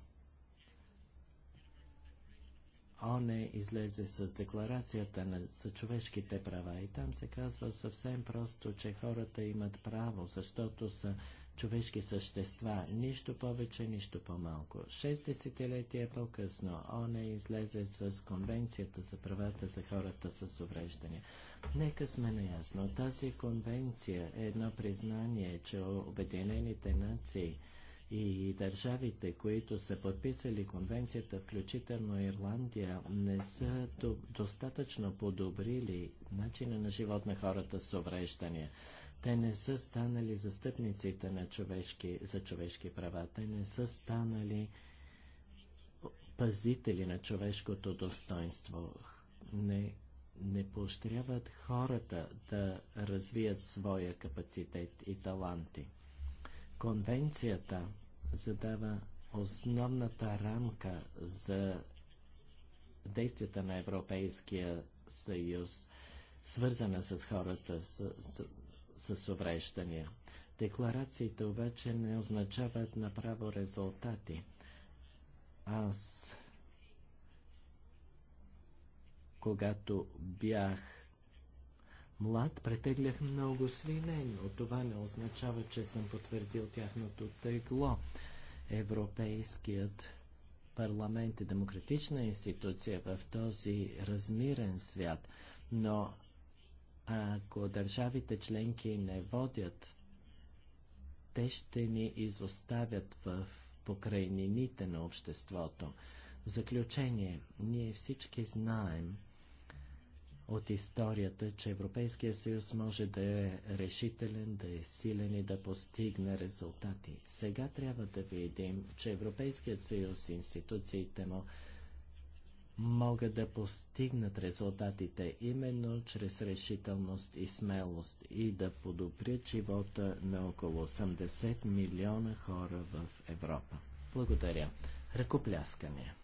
ОНЕ излезе с декларацията на, за човешките права и там се казва съвсем просто, че хората имат право, защото са човешки същества, нищо повече, нищо по-малко. Шест десетилетия по-късно ОНЕ излезе с Конвенцията за правата за хората с увреждания. Нека сме наясно, тази конвенция е едно признание, че Обединените нации и държавите, които са подписали конвенцията, включително Ирландия, не са до достатъчно подобрили начина на живот на хората с увреждания. Те не са станали застъпниците на човешки, за човешки права. Те не са станали пазители на човешкото достоинство. Не, не поощряват хората да развият своя капацитет и таланти. Конвенцията задава основната рамка за действията на Европейския съюз, свързана с хората, с, с с увреждания. Декларациите обаче не означават направо резултати. Аз, когато бях млад, претеглях много свинени. От това не означава, че съм потвърдил тяхното тегло. Европейският парламент е демократична институция в този размирен свят, но ако държавите членки не водят, те ще ни изоставят в покрайнините на обществото. В заключение, ние всички знаем от историята, че Европейския съюз може да е решителен, да е силен и да постигне резултати. Сега трябва да видим, че Европейският съюз, институциите му, могат да постигнат резултатите именно чрез решителност и смелост и да подобрят живота на около 80 милиона хора в Европа. Благодаря. Ръкопляскания.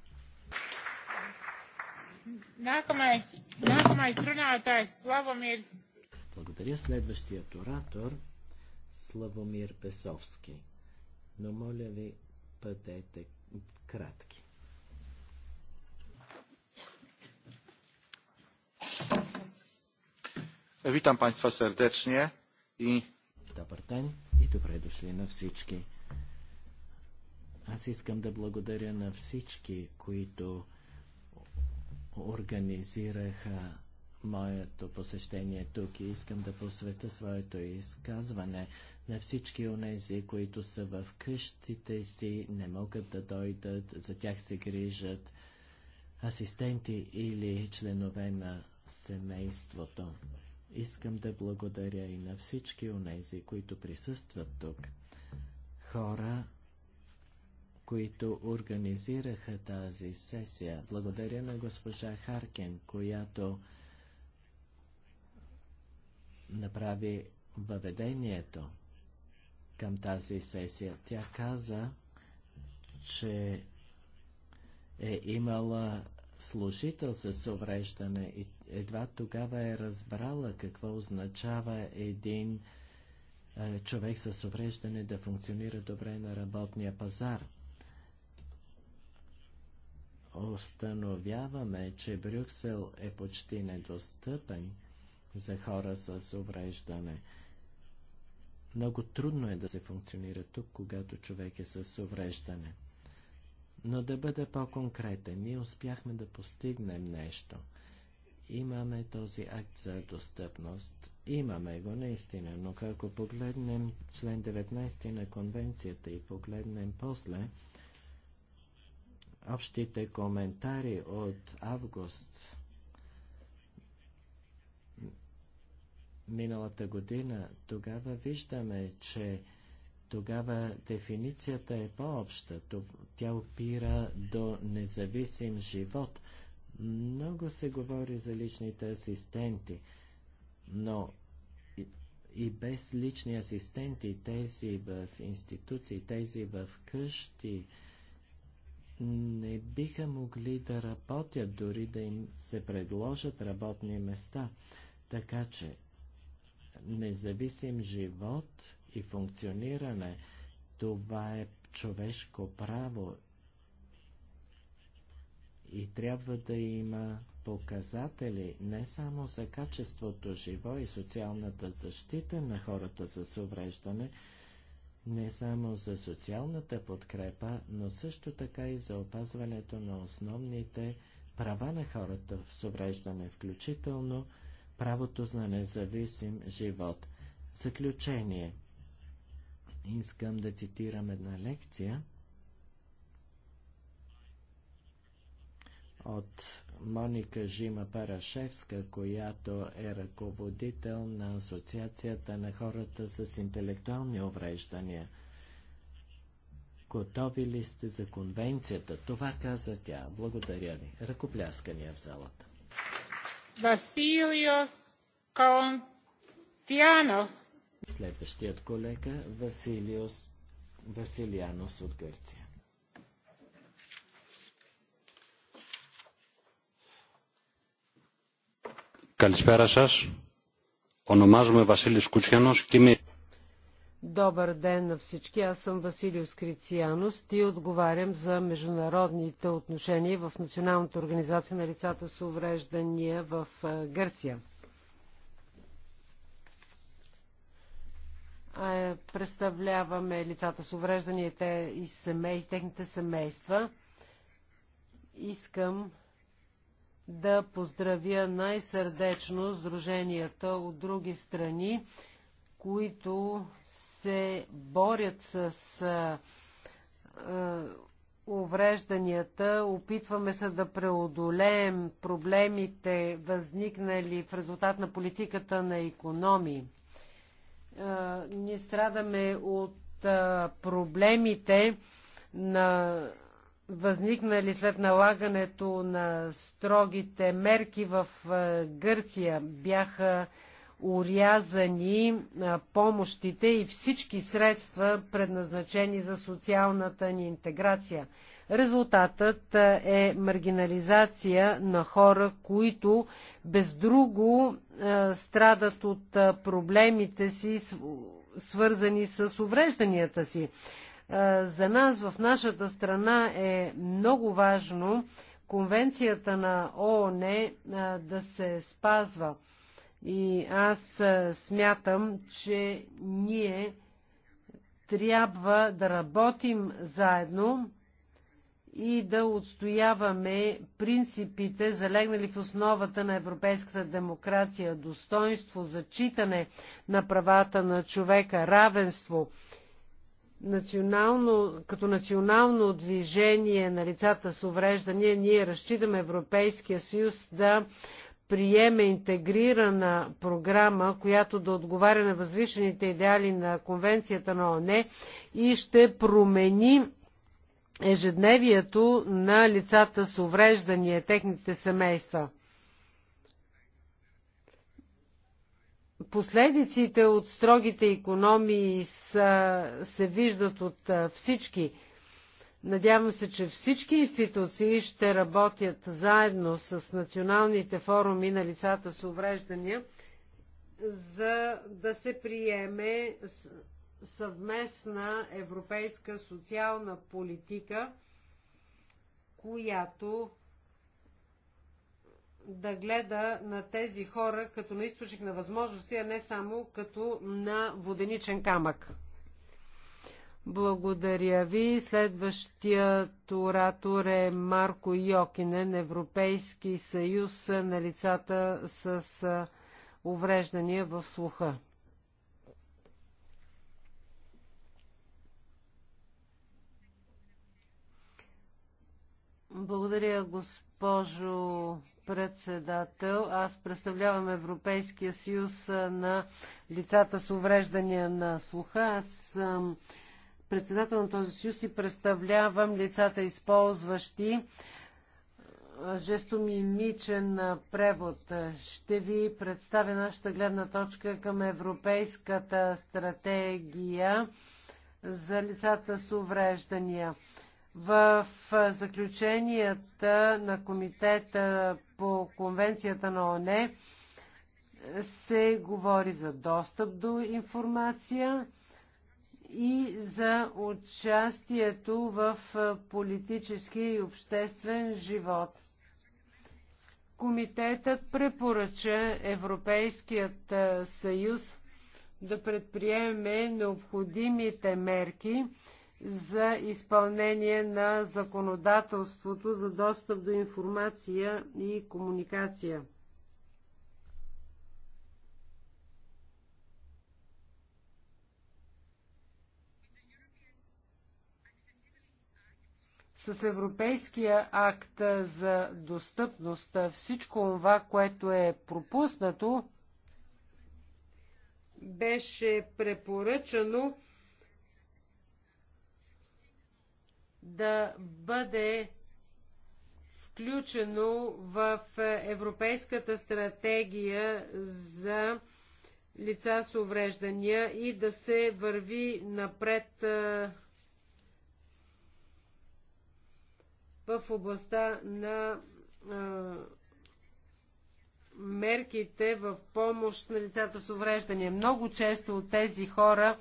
Е- е Благодаря следващият оратор Славомир Песовски. Но моля ви, бъдете кратки. Witam Państwa serdecznie i... Dobry ден и добре дошли на всички. Аз искам да благодаря на всички, които организираха моето посещение тук и искам да посвета своето изказване на всички онези, които са в къщите си, не могат да дойдат, за тях се грижат асистенти или членове на семейството. Искам да благодаря и на всички онези, които присъстват тук. Хора, които организираха тази сесия. Благодаря на госпожа Харкен, която направи въведението към тази сесия. Тя каза, че е имала служител с увреждане и едва тогава е разбрала какво означава един е, човек с увреждане да функционира добре на работния пазар. Остановяваме, че Брюксел е почти недостъпен за хора с увреждане. Много трудно е да се функционира тук, когато човек е с увреждане. Но да бъда по-конкретен, ние успяхме да постигнем нещо. Имаме този акт за достъпност. Имаме го наистина, но ако погледнем член 19 на конвенцията и погледнем после общите коментари от август миналата година, тогава виждаме, че тогава дефиницията е по-обща. Тя опира до независим живот. Много се говори за личните асистенти, но и, без лични асистенти, тези в институции, тези в къщи, не биха могли да работят, дори да им се предложат работни места. Така че независим живот и функциониране. Това е човешко право и трябва да има показатели не само за качеството живо и социалната защита на хората с увреждане, не само за социалната подкрепа, но също така и за опазването на основните права на хората с увреждане, включително правото на независим живот. Заключение – Искам да цитирам една лекция от Моника Жима Парашевска, която е ръководител на Асоциацията на хората с интелектуални увреждания. Готови ли сте за конвенцията? Това каза тя. Благодаря ви. Ръкопляскания в залата. Василиос Каунтианос Следващият колега Василиос Василианос от Гърция. Καλησπέρα σας. Ονομάζομαι Βασίλης Κούτσιανος και είμαι... Добър ден на всички. Аз съм Василио Скрицианос и отговарям за международните отношения в Националната организация на лицата с увреждания в Гърция. Е, представляваме лицата с уврежданията и, семей, техните семейства. Искам да поздравя най-сърдечно сдруженията от други страни, които се борят с а, а, уврежданията. Опитваме се да преодолеем проблемите, възникнали в резултат на политиката на економии ние страдаме от проблемите на възникнали след налагането на строгите мерки в Гърция. Бяха урязани помощите и всички средства, предназначени за социалната ни интеграция. Резултатът е, е маргинализация на хора, които без друго е, страдат от е, проблемите си, свързани с уврежданията си. За нас в нашата страна е много важно конвенцията на ООН да се спазва. И аз смятам, че ние трябва да работим заедно и да отстояваме принципите, залегнали в основата на европейската демокрация, достоинство, зачитане на правата на човека, равенство. Национално, като национално движение на лицата с увреждания, ние разчитаме Европейския съюз да приеме интегрирана програма, която да отговаря на възвишените идеали на Конвенцията на ОНЕ и ще промени ежедневието на лицата с увреждания, техните семейства. Последиците от строгите економии са, се виждат от всички. Надявам се, че всички институции ще работят заедно с националните форуми на лицата с увреждания, за да се приеме съвместна европейска социална политика, която да гледа на тези хора като на източник на възможности, а не само като на воденичен камък. Благодаря ви. Следващият оратор е Марко Йокинен, Европейски съюз на лицата с увреждания в слуха. Благодаря, госпожо председател. Аз представлявам Европейския съюз на лицата с увреждания на слуха. Аз съм председател на този съюз и представлявам лицата, използващи жестомимичен превод. Ще ви представя нашата гледна точка към Европейската стратегия за лицата с увреждания. В заключенията на комитета по конвенцията на ОНЕ се говори за достъп до информация и за участието в политически и обществен живот. Комитетът препоръча Европейският съюз да предприеме необходимите мерки за изпълнение на законодателството за достъп до информация и комуникация. С Европейския акт за достъпност всичко това, което е пропуснато, беше препоръчано да бъде включено в Европейската стратегия за лица с увреждания и да се върви напред в областта на мерките в помощ на лицата с увреждания. Много често от тези хора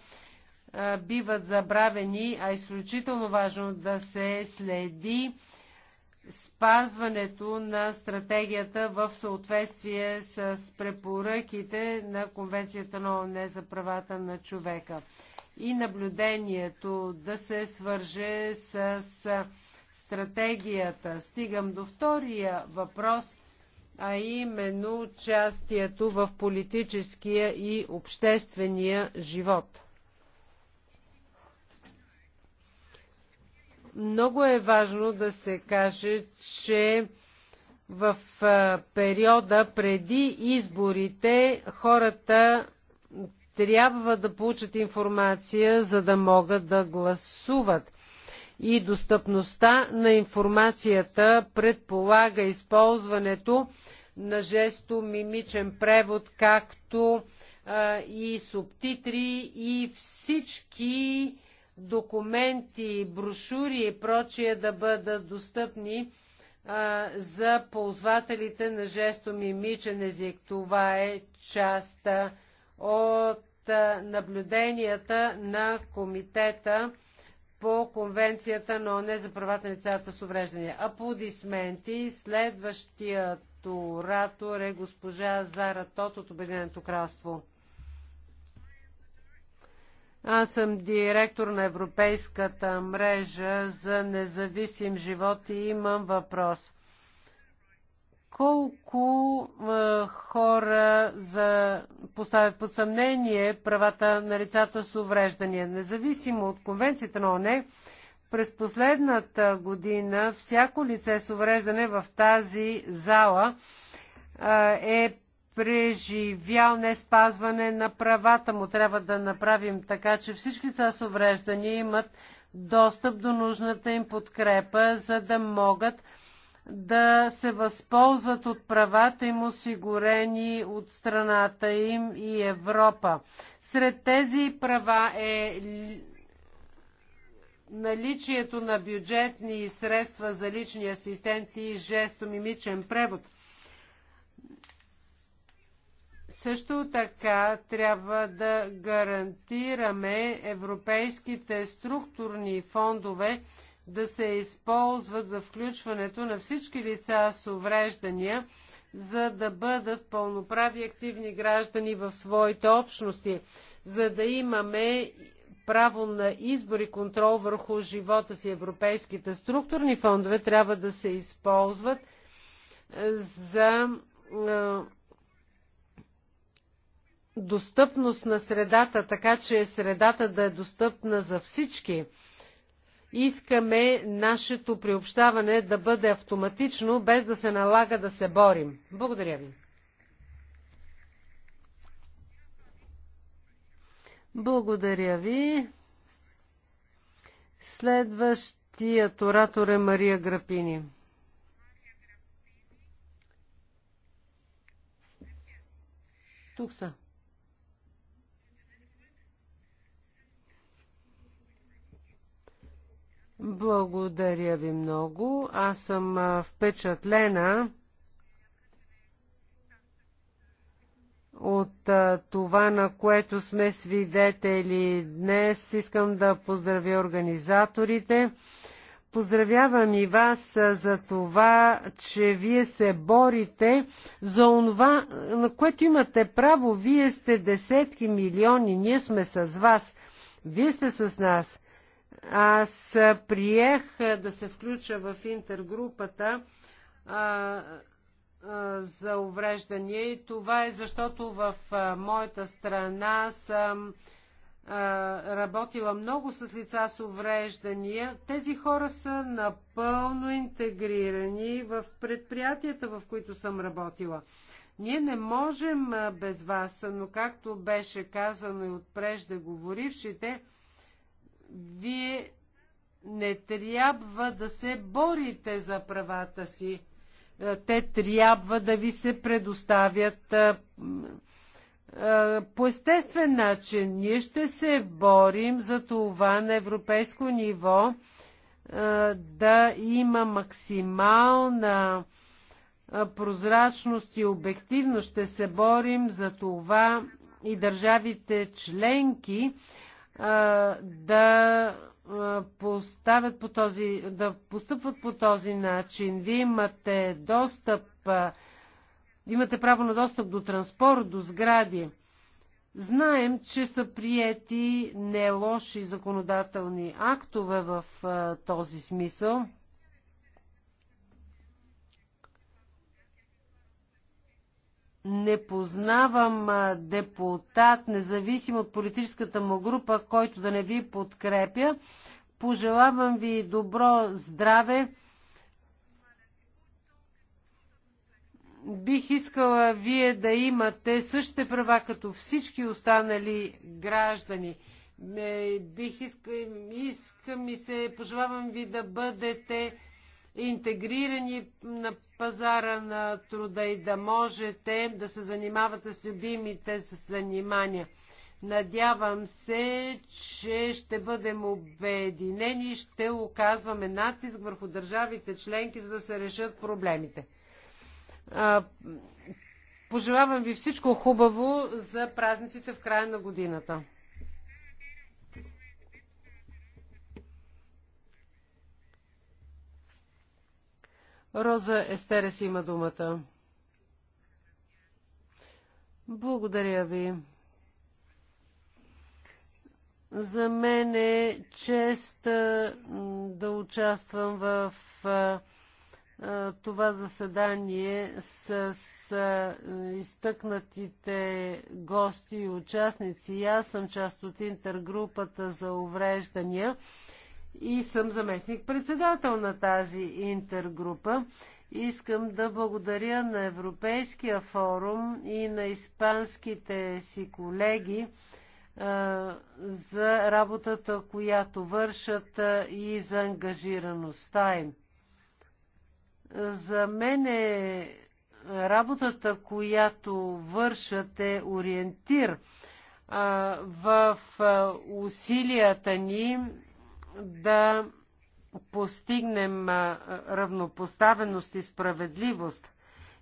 биват забравени, а е изключително важно да се следи спазването на стратегията в съответствие с препоръките на Конвенцията на ООН за правата на човека и наблюдението да се свърже с стратегията. Стигам до втория въпрос, а именно участието в политическия и обществения живот. Много е важно да се каже, че в периода преди изборите хората трябва да получат информация, за да могат да гласуват. И достъпността на информацията предполага използването на жесто-мимичен превод, както а, и субтитри и всички документи, брошури и прочие да бъдат достъпни а, за ползвателите на жестомимичен език. Това е част от наблюденията на комитета по Конвенцията на ОНЕ за правата на лицата с увреждания. Аплодисменти. Следващият оратор е госпожа Зара Тот от Обединеното кралство. Аз съм директор на Европейската мрежа за независим живот и имам въпрос. Колко е, хора за, поставят под съмнение правата на лицата с увреждания? Независимо от конвенцията на ОНЕ, през последната година всяко лице с увреждане в тази зала е преживял не спазване на правата му. Трябва да направим така, че всички са с увреждания имат достъп до нужната им подкрепа, за да могат да се възползват от правата им осигурени от страната им и Европа. Сред тези права е наличието на бюджетни средства за лични асистенти и жестомимичен превод – също така трябва да гарантираме европейските структурни фондове да се използват за включването на всички лица с увреждания, за да бъдат пълноправи активни граждани в своите общности, за да имаме право на избор и контрол върху живота си. Европейските структурни фондове трябва да се използват е, за е, достъпност на средата, така че средата да е достъпна за всички. Искаме нашето приобщаване да бъде автоматично, без да се налага да се борим. Благодаря ви. Благодаря ви. Следващият оратор е Мария Грапини. Тук са. Благодаря ви много. Аз съм впечатлена от това, на което сме свидетели днес. Искам да поздравя организаторите. Поздравявам и вас за това, че вие се борите за онова, на което имате право. Вие сте десетки милиони, ние сме с вас, вие сте с нас. Аз приех да се включа в интергрупата а, а, за увреждания и това е защото в а, моята страна съм работила много с лица с увреждания. Тези хора са напълно интегрирани в предприятията, в които съм работила. Ние не можем без вас, но както беше казано и от преждеговорившите, вие не трябва да се борите за правата си. Е, те трябва да ви се предоставят е, е, по естествен начин. Ние ще се борим за това на европейско ниво да има максимална прозрачност и обективност. Ще се борим за това и държавите членки да поставят по този, да постъпват по този начин. Вие имате достъп, имате право на достъп до транспорт, до сгради. Знаем, че са приети не лоши законодателни актове в този смисъл. не познавам депутат, независимо от политическата му група, който да не ви подкрепя. Пожелавам ви добро здраве. Бих искала вие да имате същите права като всички останали граждани. Бих искам, искам и се, пожелавам ви да бъдете интегрирани на пазара на труда и да можете да се занимавате с любимите занимания. Надявам се, че ще бъдем обединени, ще оказваме натиск върху държавите членки, за да се решат проблемите. Пожелавам ви всичко хубаво за празниците в края на годината. Роза Естерес има думата. Благодаря ви. За мен е чест да участвам в това заседание с, изтъкнатите гости и участници. Аз съм част от интергрупата за увреждания и съм заместник-председател на тази интергрупа. Искам да благодаря на Европейския форум и на испанските си колеги а, за работата, която вършат а, и за ангажираността им. За мен е работата, която вършат е ориентир а, в усилията ни да постигнем равнопоставеност и справедливост.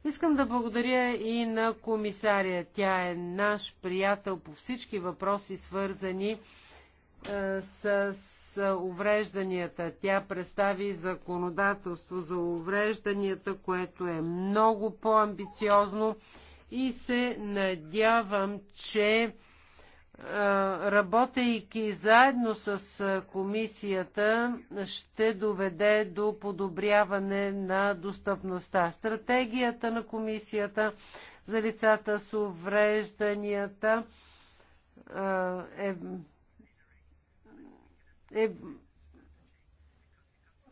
Искам да благодаря и на комисария. Тя е наш приятел по всички въпроси, свързани с уврежданията. Тя представи законодателство за уврежданията, което е много по-амбициозно и се надявам, че е, работейки заедно с е, комисията, ще доведе до подобряване на достъпността. Стратегията на комисията за лицата с уврежданията е, е, е,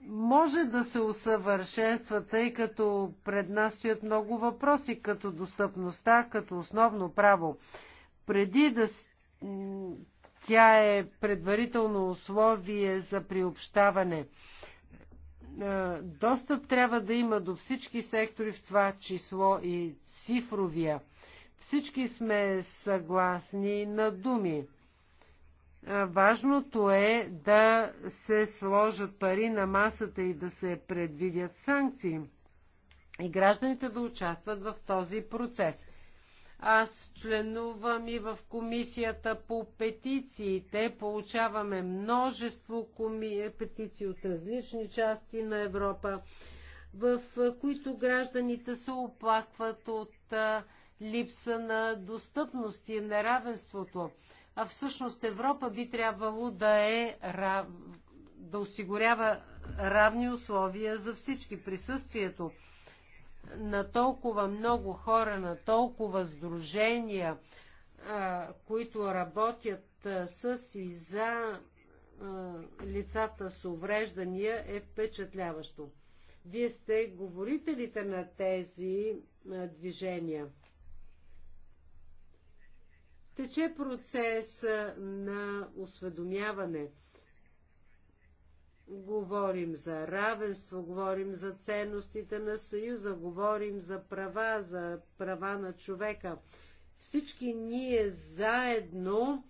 може да се усъвършенства, тъй като пред нас стоят много въпроси, като достъпността, като основно право. Преди да тя е предварително условие за приобщаване. Достъп трябва да има до всички сектори, в това число и цифровия. Всички сме съгласни на думи. Важното е да се сложат пари на масата и да се предвидят санкции и гражданите да участват в този процес. Аз членувам и в комисията по петициите. Получаваме множество коми... петиции от различни части на Европа, в които гражданите се оплакват от липса на достъпност и неравенството. А всъщност Европа би трябвало да е рав... да осигурява равни условия за всички. Присъствието на толкова много хора, на толкова сдружения, които работят с и за лицата с увреждания, е впечатляващо. Вие сте говорителите на тези движения. Тече процес на осведомяване – Говорим за равенство, говорим за ценностите на Съюза, говорим за права, за права на човека. Всички ние заедно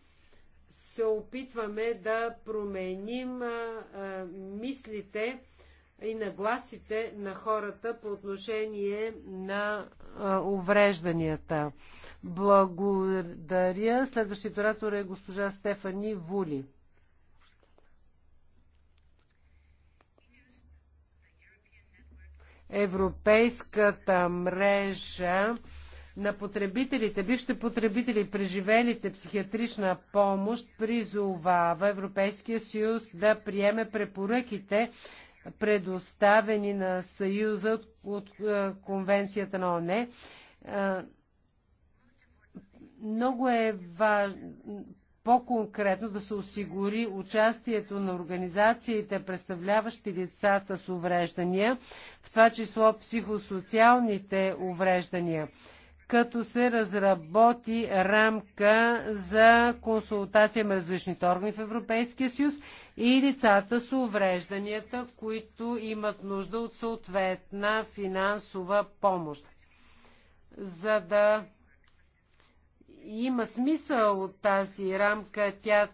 се опитваме да променим а, а, мислите и нагласите на хората по отношение на а, уврежданията. Благодаря. Следващият оратор е госпожа Стефани Вули. Европейската мрежа на потребителите, бившите потребители, преживелите психиатрична помощ, призовава Европейския съюз да приеме препоръките, предоставени на Съюза от е, Конвенцията на ОНЕ е, много е важно по-конкретно да се осигури участието на организациите, представляващи децата с увреждания, в това число психосоциалните увреждания, като се разработи рамка за консултация между различните органи в Европейския съюз и лицата с уврежданията, които имат нужда от съответна финансова помощ. За да има смисъл от тази рамка. Тя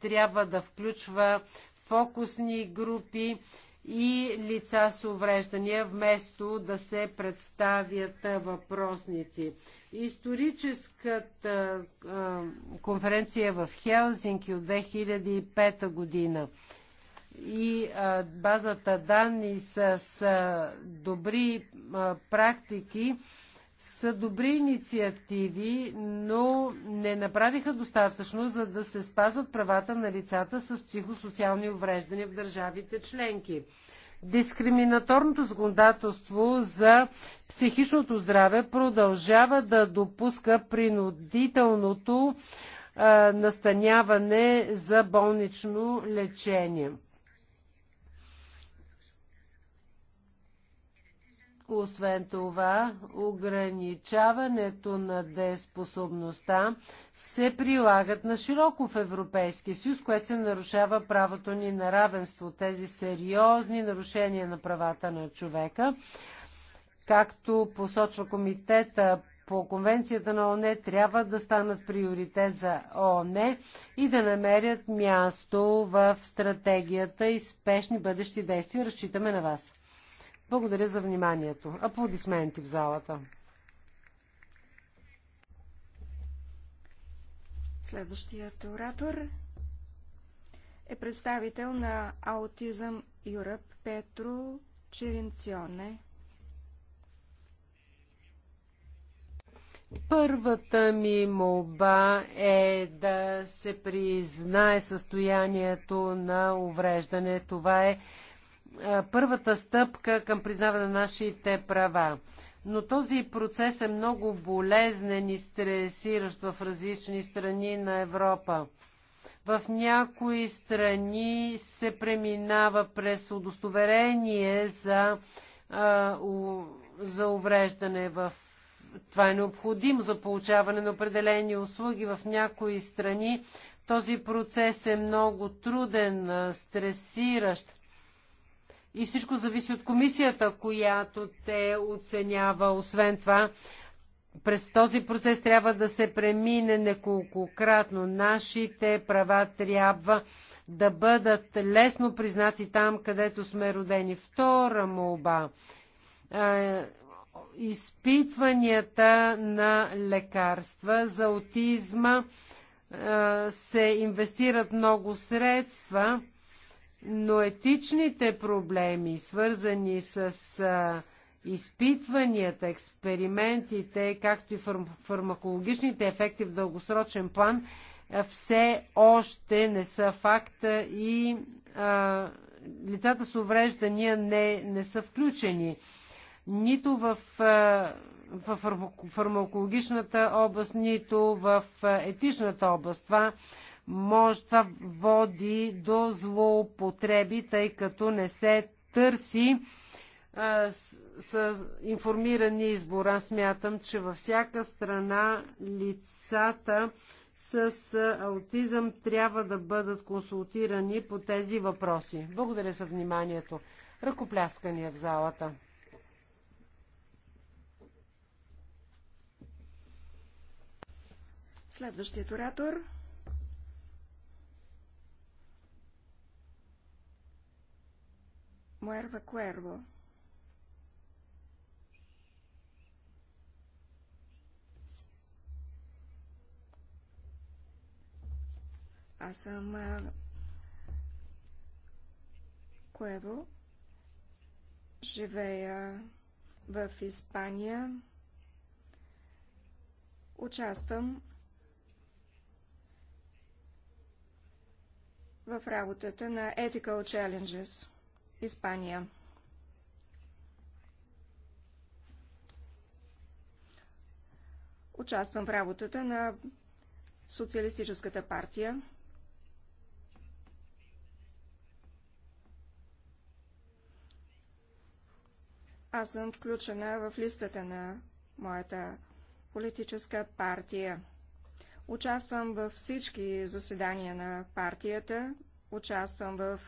трябва да включва фокусни групи и лица с увреждания, вместо да се представят въпросници. Историческата конференция в Хелзинки от 2005 година и базата данни с добри практики са добри инициативи, но не направиха достатъчно, за да се спазват правата на лицата с психосоциални увреждания в държавите членки. Дискриминаторното законодателство за психичното здраве продължава да допуска принудителното настаняване за болнично лечение. Освен това, ограничаването на дееспособността се прилагат на широко в Европейския съюз, което се нарушава правото ни на равенство. Тези сериозни нарушения на правата на човека, както посочва комитета по конвенцията на ОНЕ, трябва да станат приоритет за ОНЕ и да намерят място в стратегията и спешни бъдещи действия. Разчитаме на вас. Благодаря за вниманието. Аплодисменти в залата. Следващият оратор е представител на Autism Europe Петро Черенционе. Първата ми молба е да се признае състоянието на увреждане. Това е първата стъпка към признаване на нашите права. Но този процес е много болезнен и стресиращ в различни страни на Европа. В някои страни се преминава през удостоверение за, а, у, за увреждане. В... Това е необходимо за получаване на определени услуги. В някои страни този процес е много труден, стресиращ и всичко зависи от комисията, която те оценява. Освен това, през този процес трябва да се премине неколкократно. Нашите права трябва да бъдат лесно признати там, където сме родени. Втора молба. Е, изпитванията на лекарства за аутизма е, се инвестират много средства но етичните проблеми, свързани с изпитванията, експериментите, както и фарм- фармакологичните ефекти в дългосрочен план, все още не са факта, и а, лицата с увреждания не, не са включени. Нито в, в фармакологичната област, нито в етичната област. Това може да води до злоупотреби, тъй като не се търси с, с информирани избора. Смятам, че във всяка страна лицата с аутизъм трябва да бъдат консултирани по тези въпроси. Благодаря за вниманието. Ръкопляскания в залата. Следващият оратор Muerva Cuervo. Аз съм а, Куево. Живея в Испания. Участвам в работата на Ethical Challenges. Испания. Участвам в работата на Социалистическата партия. Аз съм включена в листата на моята политическа партия. Участвам във всички заседания на партията, участвам в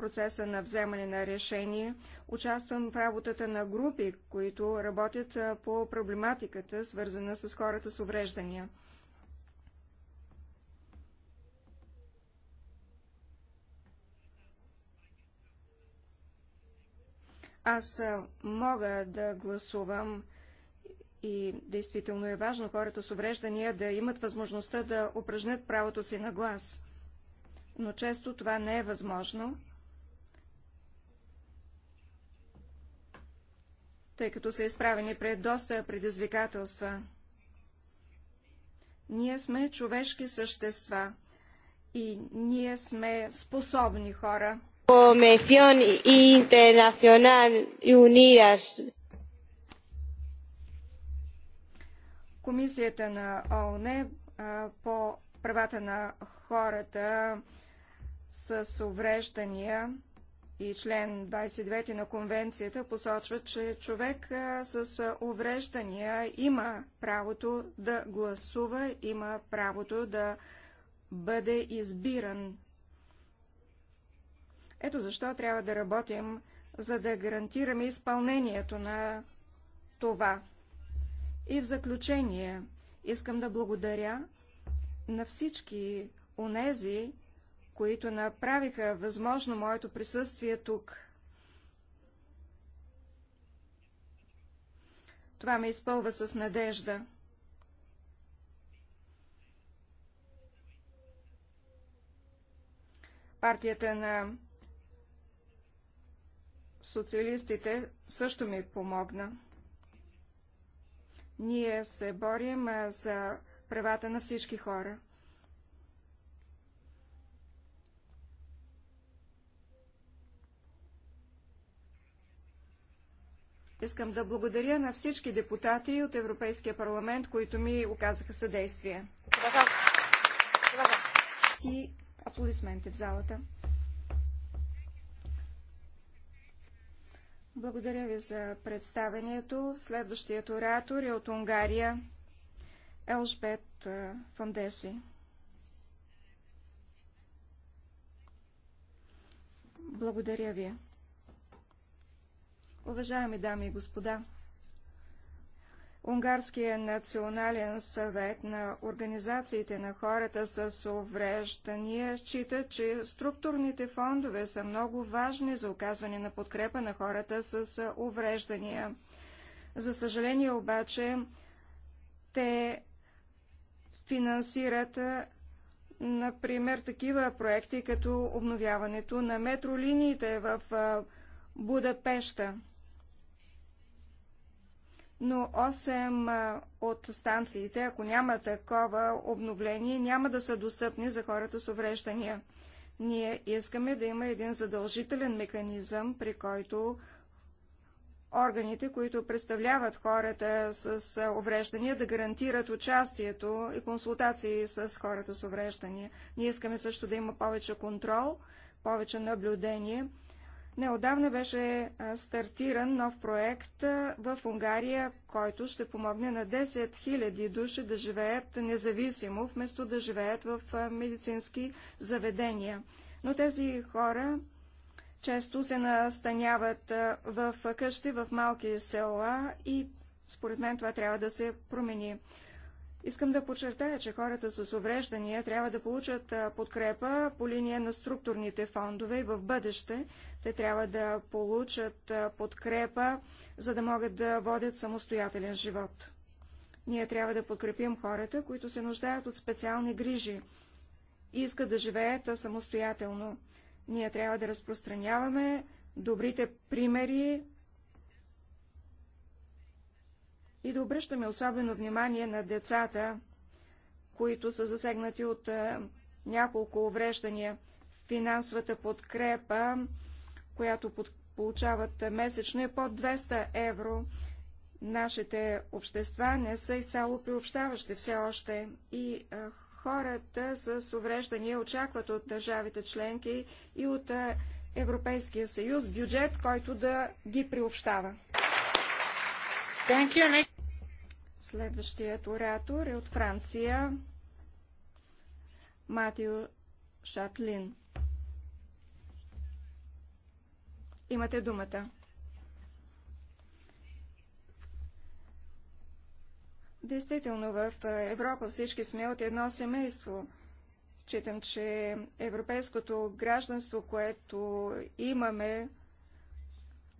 процеса на вземане на решение. Участвам в работата на групи, които работят по проблематиката, свързана с хората с увреждания. Аз мога да гласувам и действително е важно хората с увреждания да имат възможността да упражнят правото си на глас. Но често това не е възможно тъй като са изправени пред доста предизвикателства. Ние сме човешки същества и ние сме способни хора. Комисията на ООН по правата на хората с увреждания и член 29 на конвенцията посочва, че човек с увреждания има правото да гласува, има правото да бъде избиран. Ето защо трябва да работим, за да гарантираме изпълнението на това. И в заключение искам да благодаря на всички онези, които направиха възможно моето присъствие тук. Това ме изпълва с надежда. Партията на социалистите също ми помогна. Ние се борим за правата на всички хора. Искам да благодаря на всички депутати от Европейския парламент, които ми оказаха съдействие. И аплодисменти в залата. Благодаря ви за представението. Следващият оратор е от Унгария Елжбет Фандеси. Благодаря ви. Уважаеми дами и господа, Унгарския национален съвет на организациите на хората с увреждания счита, че структурните фондове са много важни за оказване на подкрепа на хората с увреждания. За съжаление обаче, те финансират, например, такива проекти, като обновяването на метролиниите в Будапешта но 8 от станциите, ако няма такова обновление, няма да са достъпни за хората с увреждания. Ние искаме да има един задължителен механизъм, при който органите, които представляват хората с увреждания, да гарантират участието и консултации с хората с увреждания. Ние искаме също да има повече контрол, повече наблюдение Неодавна беше стартиран нов проект в Унгария, който ще помогне на 10 000 души да живеят независимо, вместо да живеят в медицински заведения. Но тези хора често се настаняват в къщи, в малки села и според мен това трябва да се промени. Искам да подчертая, че хората с увреждания трябва да получат подкрепа по линия на структурните фондове и в бъдеще те трябва да получат подкрепа, за да могат да водят самостоятелен живот. Ние трябва да подкрепим хората, които се нуждаят от специални грижи и искат да живеят самостоятелно. Ние трябва да разпространяваме добрите примери и да обръщаме особено внимание на децата, които са засегнати от а, няколко увреждания. Финансовата подкрепа, която под, получават месечно е под 200 евро. Нашите общества не са изцяло приобщаващи все още и а, хората с увреждания очакват от държавите членки и от а, Европейския съюз бюджет, който да ги приобщава. Следващият оратор е от Франция. Матио Шатлин. Имате думата. Действително в Европа всички сме от едно семейство. Читам, че европейското гражданство, което имаме,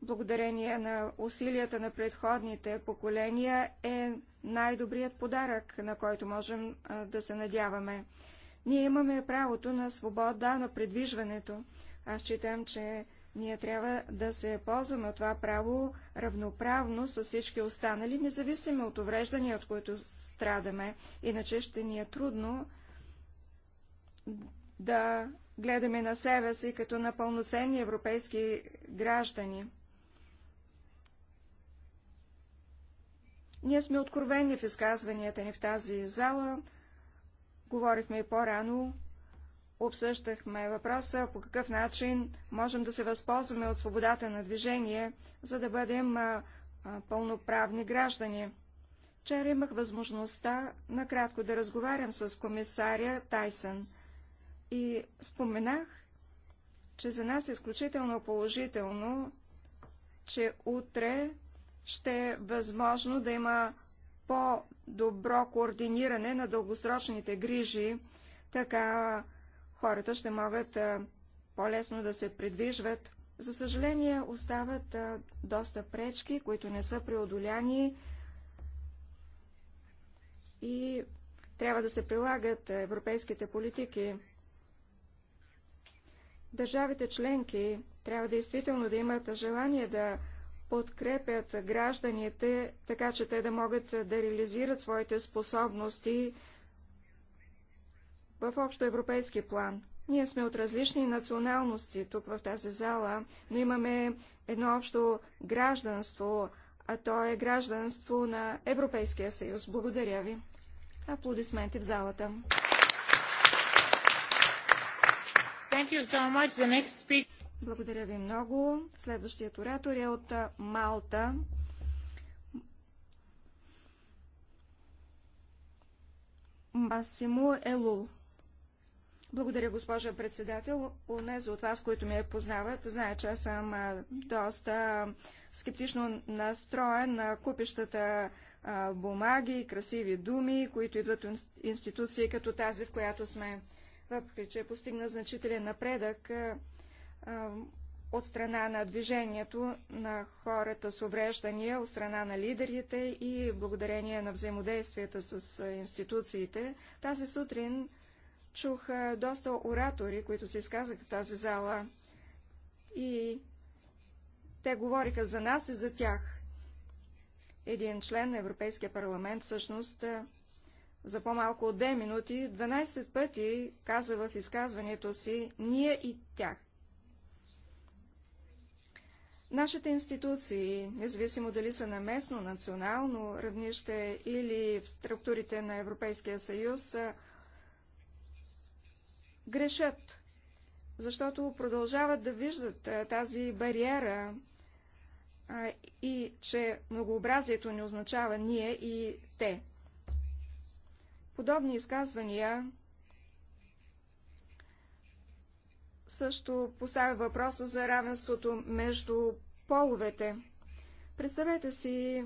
благодарение на усилията на предходните поколения, е най-добрият подарък, на който можем да се надяваме. Ние имаме правото на свобода на предвижването. Аз считам, че ние трябва да се ползваме от това право равноправно с всички останали, независимо от увреждания, от които страдаме. Иначе ще ни е трудно да гледаме на себе си като на пълноценни европейски граждани. Ние сме откровени в изказванията ни в тази зала. Говорихме и по-рано, обсъждахме въпроса по какъв начин можем да се възползваме от свободата на движение, за да бъдем а, а, пълноправни граждани. Вчера имах възможността накратко да разговарям с комисаря Тайсън и споменах, че за нас е изключително положително, че утре ще е възможно да има по-добро координиране на дългосрочните грижи, така хората ще могат по-лесно да се придвижват. За съжаление, остават доста пречки, които не са преодоляни и трябва да се прилагат европейските политики. Държавите членки трябва действително да имат желание да подкрепят гражданите, така че те да могат да реализират своите способности в общо европейски план. Ние сме от различни националности тук в тази зала, но имаме едно общо гражданство, а то е гражданство на Европейския съюз. Благодаря ви. Аплодисменти в залата. Thank you so much. The next speaker... Благодаря ви много. Следващият оратор е от Малта. Масиму Елул. Благодаря, госпожа председател. Унези от вас, които ме познават, знаят, че аз съм доста скептично настроен на купищата бумаги, красиви думи, които идват от институции като тази, в която сме. Въпреки, че е постигна значителен напредък от страна на движението на хората с увреждания, от страна на лидерите и благодарение на взаимодействията с институциите. Тази сутрин чух доста оратори, които се изказаха в тази зала и те говориха за нас и за тях. Един член на Европейския парламент всъщност за по-малко от две минути 12 пъти каза в изказването си ние и тях. Нашите институции, независимо дали са на местно, национално равнище или в структурите на Европейския съюз, грешат, защото продължават да виждат тази бариера и че многообразието не означава ние и те. Подобни изказвания също поставя въпроса за равенството между половете. Представете си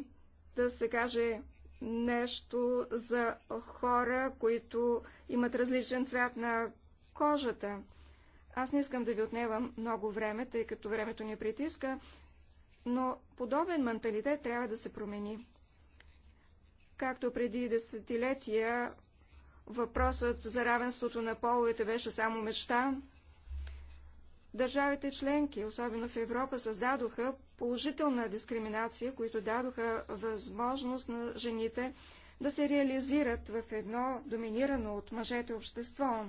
да се каже нещо за хора, които имат различен цвят на кожата. Аз не искам да ви отнемам много време, тъй като времето ни притиска, но подобен менталитет трябва да се промени. Както преди десетилетия въпросът за равенството на половете беше само мечта, Държавите членки, особено в Европа, създадоха положителна дискриминация, които дадоха възможност на жените да се реализират в едно доминирано от мъжете общество.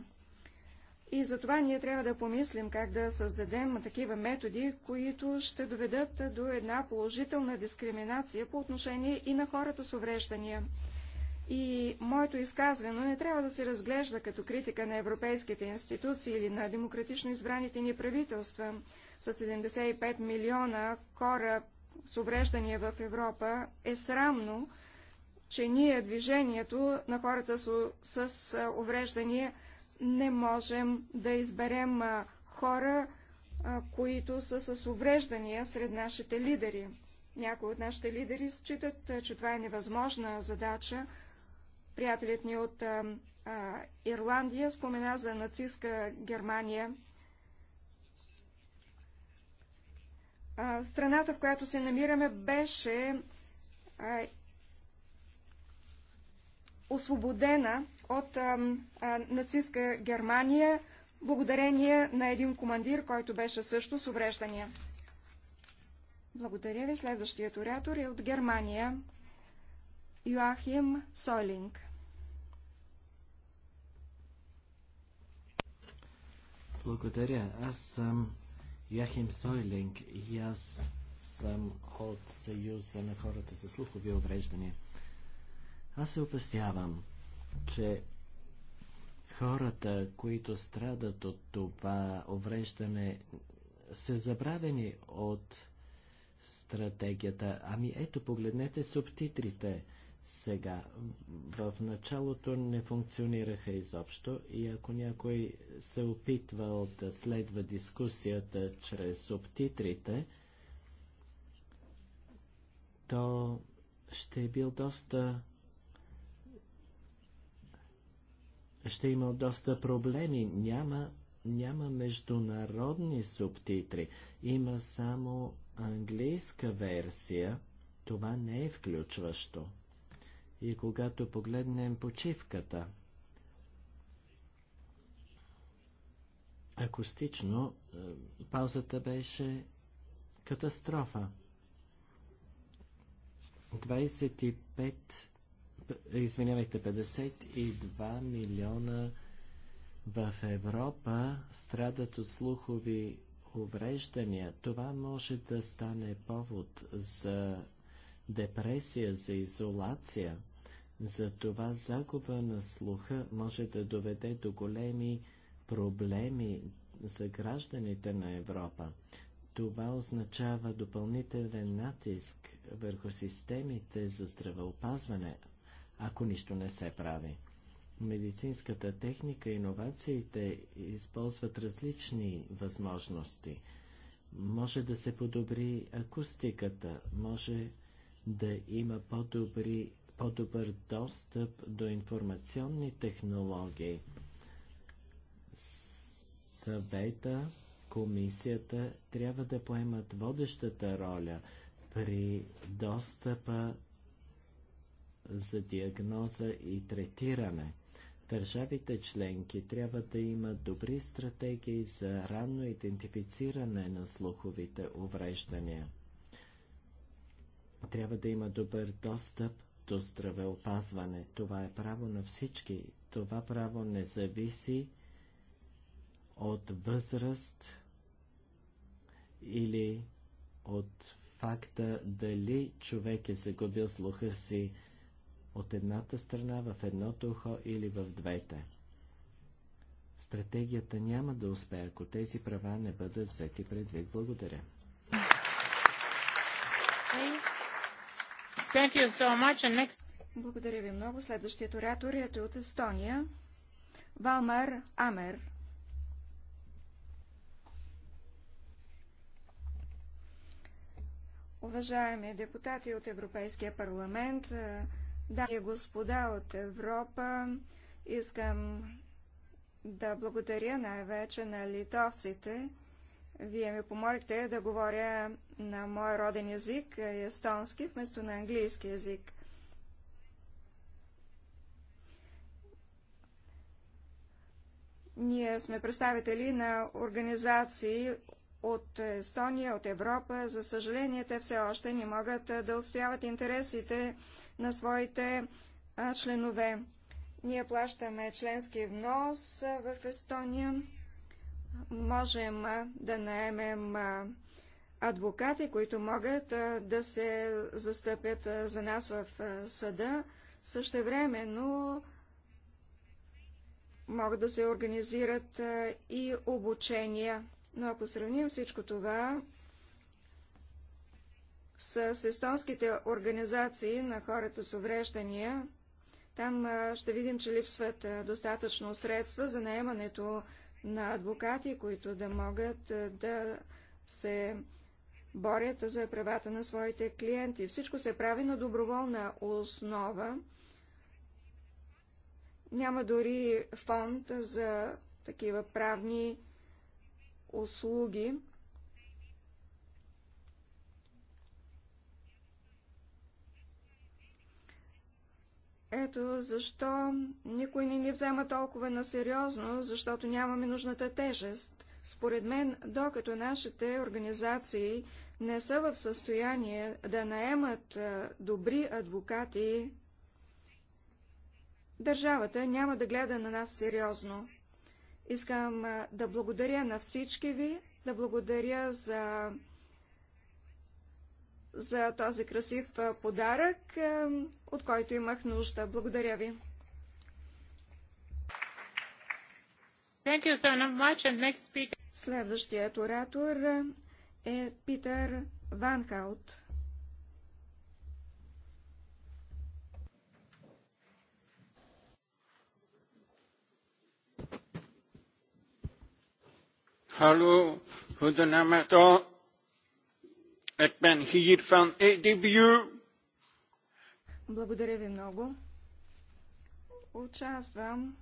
И затова ние трябва да помислим как да създадем такива методи, които ще доведат до една положителна дискриминация по отношение и на хората с увреждания. И моето изказване не трябва да се разглежда като критика на европейските институции или на демократично избраните ни правителства. С 75 милиона хора с увреждания в Европа е срамно, че ние, движението на хората с, с увреждания, не можем да изберем хора, които са с увреждания сред нашите лидери. Някои от нашите лидери считат, че това е невъзможна задача, Приятелят ни от а, а, Ирландия спомена за нацистска Германия. А, страната, в която се намираме, беше а, освободена от а, а, нацистска Германия, благодарение на един командир, който беше също с увреждания. Благодаря ви. Следващият оратор е от Германия. Йоахим Сойлинг. Благодаря. Аз съм Яхим Сойлинг и аз съм от Съюза на хората с слухови увреждания. Аз се опасявам, че хората, които страдат от това увреждане, са забравени от стратегията. Ами ето, погледнете субтитрите сега. В началото не функционираха изобщо и ако някой се опитвал да следва дискусията чрез субтитрите, то ще е бил доста ще е имал доста проблеми. Няма, няма международни субтитри. Има само английска версия. Това не е включващо и когато погледнем почивката. Акустично е, паузата беше катастрофа. 25, извинявайте, 52 милиона в Европа страдат от слухови увреждания. Това може да стане повод за депресия, за изолация. Затова загуба на слуха може да доведе до големи проблеми за гражданите на Европа. Това означава допълнителен натиск върху системите за здравеопазване, ако нищо не се прави. Медицинската техника и иновациите използват различни възможности. Може да се подобри акустиката, може да има по-добри, по-добър достъп до информационни технологии. Съвета, комисията трябва да поемат водещата роля при достъпа за диагноза и третиране. Държавите членки трябва да имат добри стратегии за ранно идентифициране на слуховите увреждания трябва да има добър достъп до здравеопазване. Това е право на всички. Това право не зависи от възраст или от факта дали човек е загубил слуха си от едната страна в едното ухо или в двете. Стратегията няма да успее, ако тези права не бъдат взети предвид. Благодаря. So next... Благодаря ви много. Следващият оратор е от Естония. Валмар Амер. Уважаеми депутати от Европейския парламент, е, дами и господа от Европа, искам да благодаря най-вече на литовците, вие ми помолите да говоря на мой роден език, естонски, вместо на английски език. Ние сме представители на организации от Естония, от Европа. За съжаление, те все още не могат да устояват интересите на своите членове. Ние плащаме членски внос в Естония можем да наемем адвокати, които могат да се застъпят за нас в съда. Същевременно могат да се организират и обучения. Но ако сравним всичко това с естонските организации на хората с увреждания, там ще видим, че липсват достатъчно средства за наемането на адвокати, които да могат е, да се борят за правата на своите клиенти. Всичко се прави на доброволна основа. Няма дори фонд за такива правни услуги. Ето защо никой не ни взема толкова на сериозно, защото нямаме нужната тежест. Според мен, докато нашите организации не са в състояние да наемат е, добри адвокати, държавата няма да гледа на нас сериозно. Искам е, да благодаря на всички ви, да благодаря за за този красив подарък, от който имах нужда. Благодаря ви. Следващият оратор е Питър Ванкаут. Hallo, guten Abend. Благодаря ви много. Участвам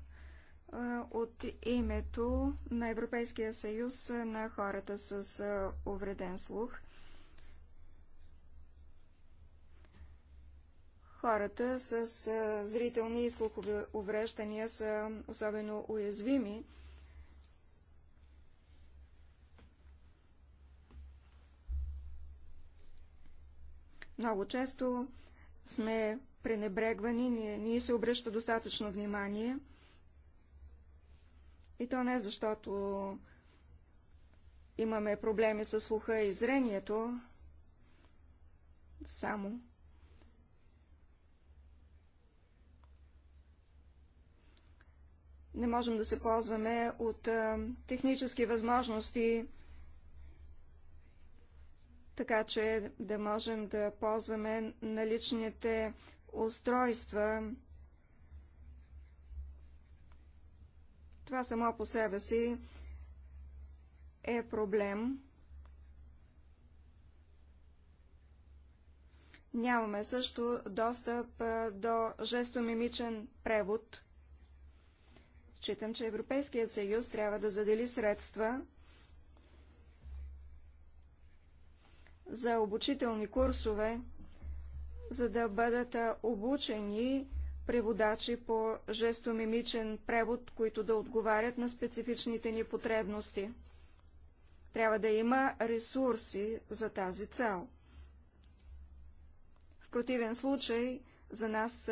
от името на Европейския съюз на хората с увреден слух. Хората с зрителни и слухови увреждания са особено уязвими Много често сме пренебрегвани, не ни се обръща достатъчно внимание. И то не защото имаме проблеми с слуха и зрението, само. Не можем да се ползваме от а, технически възможности, така че да можем да ползваме наличните устройства. Това само по себе си е проблем. Нямаме също достъп до жестомимичен превод. Читам, че Европейският съюз трябва да задели средства за обучителни курсове, за да бъдат обучени преводачи по жестомимичен превод, които да отговарят на специфичните ни потребности. Трябва да има ресурси за тази цел. В противен случай за нас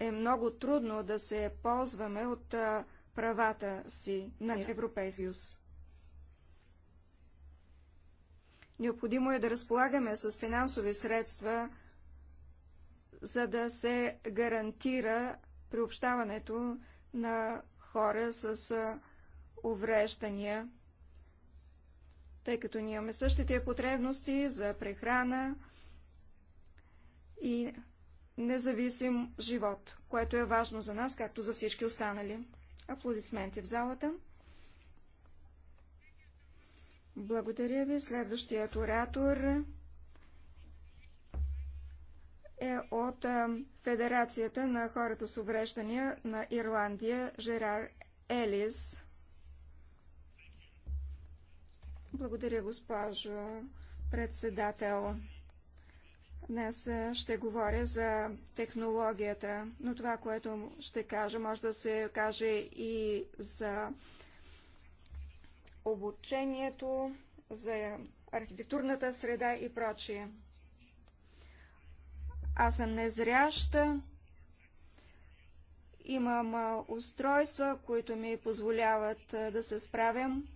е много трудно да се ползваме от правата си на Европейския съюз. Необходимо е да разполагаме с финансови средства, за да се гарантира приобщаването на хора с увреждания, тъй като ние имаме същите потребности за прехрана и независим живот, което е важно за нас, както за всички останали. Аплодисменти в залата. Благодаря ви. Следващият оратор е от Федерацията на хората с увреждания на Ирландия, Жерар Елис. Благодаря, госпожо председател. Днес ще говоря за технологията, но това, което ще кажа, може да се каже и за обучението, за архитектурната среда и прочие. Аз съм незряща, имам устройства, които ми позволяват да се справям.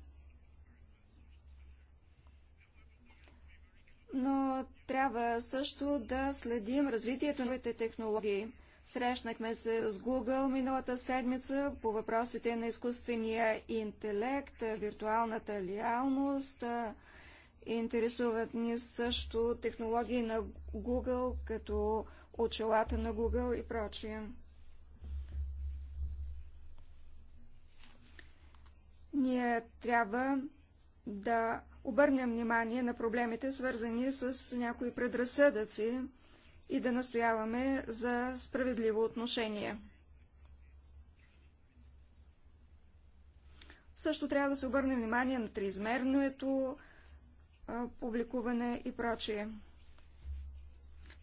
Но трябва също да следим развитието на новите технологии. Срещнахме се с Google миналата седмица по въпросите на изкуствения интелект, виртуалната реалност. Интересуват ни също технологии на Google, като очелата на Google и прочие. Ние трябва да обърнем внимание на проблемите, свързани с някои предразсъдъци, и да настояваме за справедливо отношение. Също трябва да се обърне внимание на триизмерното публикуване и прочие.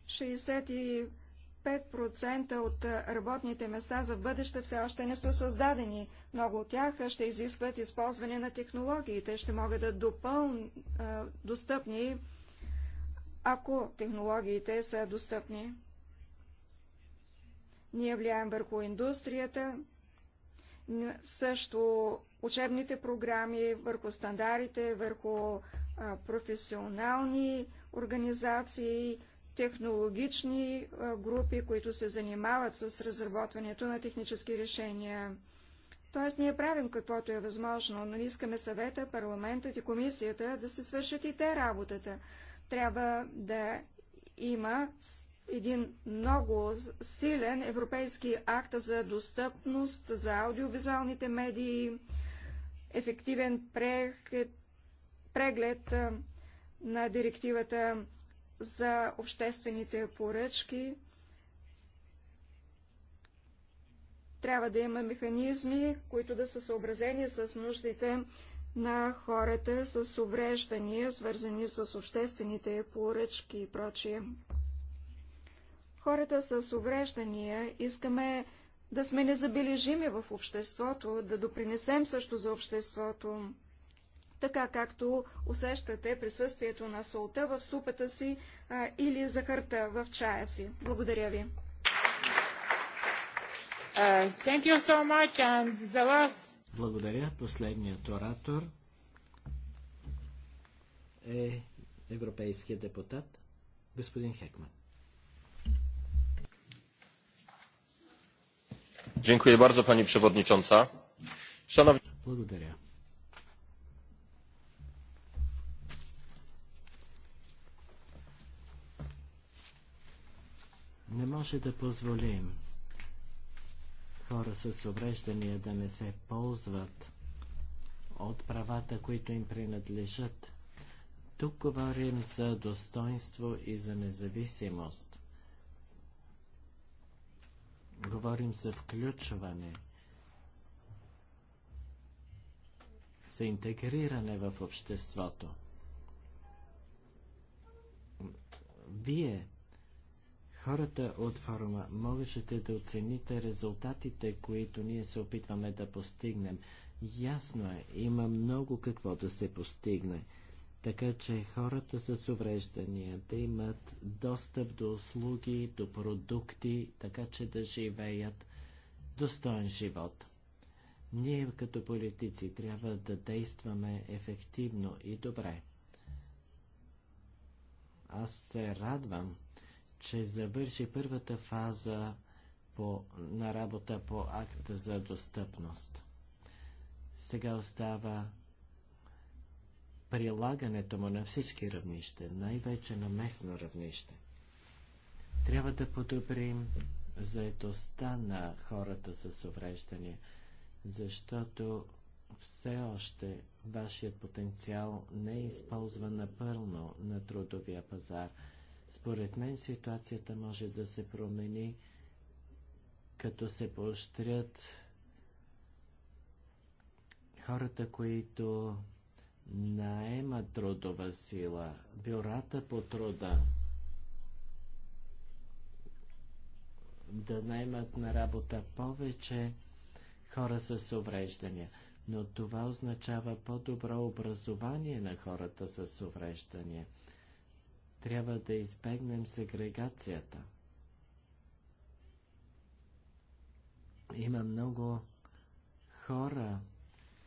65% от работните места за бъдеще все още не са създадени. Много от тях ще изискват използване на технологиите, ще могат да допълнят достъпни ако технологиите са достъпни. Ние влияем върху индустрията, също учебните програми, върху стандарите, върху професионални организации, технологични групи, които се занимават с разработването на технически решения. Тоест ние правим каквото е възможно, но искаме съвета, парламентът и комисията да се свършат и те работата. Трябва да има един много силен европейски акт за достъпност за аудиовизуалните медии, ефективен преглед на директивата за обществените поръчки. Трябва да има механизми, които да са съобразени с нуждите на хората с увреждания, свързани с обществените поръчки и прочие. Хората с увреждания искаме да сме незабележими в обществото, да допринесем също за обществото, така както усещате присъствието на солта в супата си а, или захарта в чая си. Благодаря ви. Uh, thank you so much and the last благодаря. Последният оратор е европейският депутат господин Хекман. Dziękuję bardzo pani przewodnicząca. Szanowni... Благодаря. Не може да позволим хора с увреждания да не се ползват от правата, които им принадлежат. Тук говорим за достоинство и за независимост. Говорим за включване, за интегриране в обществото. Вие хората от форума можете да оцените резултатите, които ние се опитваме да постигнем. Ясно е, има много какво да се постигне, така че хората с увреждания да имат достъп до услуги, до продукти, така че да живеят достоен живот. Ние като политици трябва да действаме ефективно и добре. Аз се радвам, че завърши първата фаза по, на работа по акта за достъпност. Сега остава прилагането му на всички равнища, най-вече на местно равнище. Трябва да подобрим заетостта на хората с увреждания, защото все още вашият потенциал не е използван напълно на трудовия пазар – според мен ситуацията може да се промени, като се поощрят хората, които наемат трудова сила, бюрата по труда, да наемат на работа повече хора с увреждания. Но това означава по-добро образование на хората с увреждания – трябва да избегнем сегрегацията. Има много хора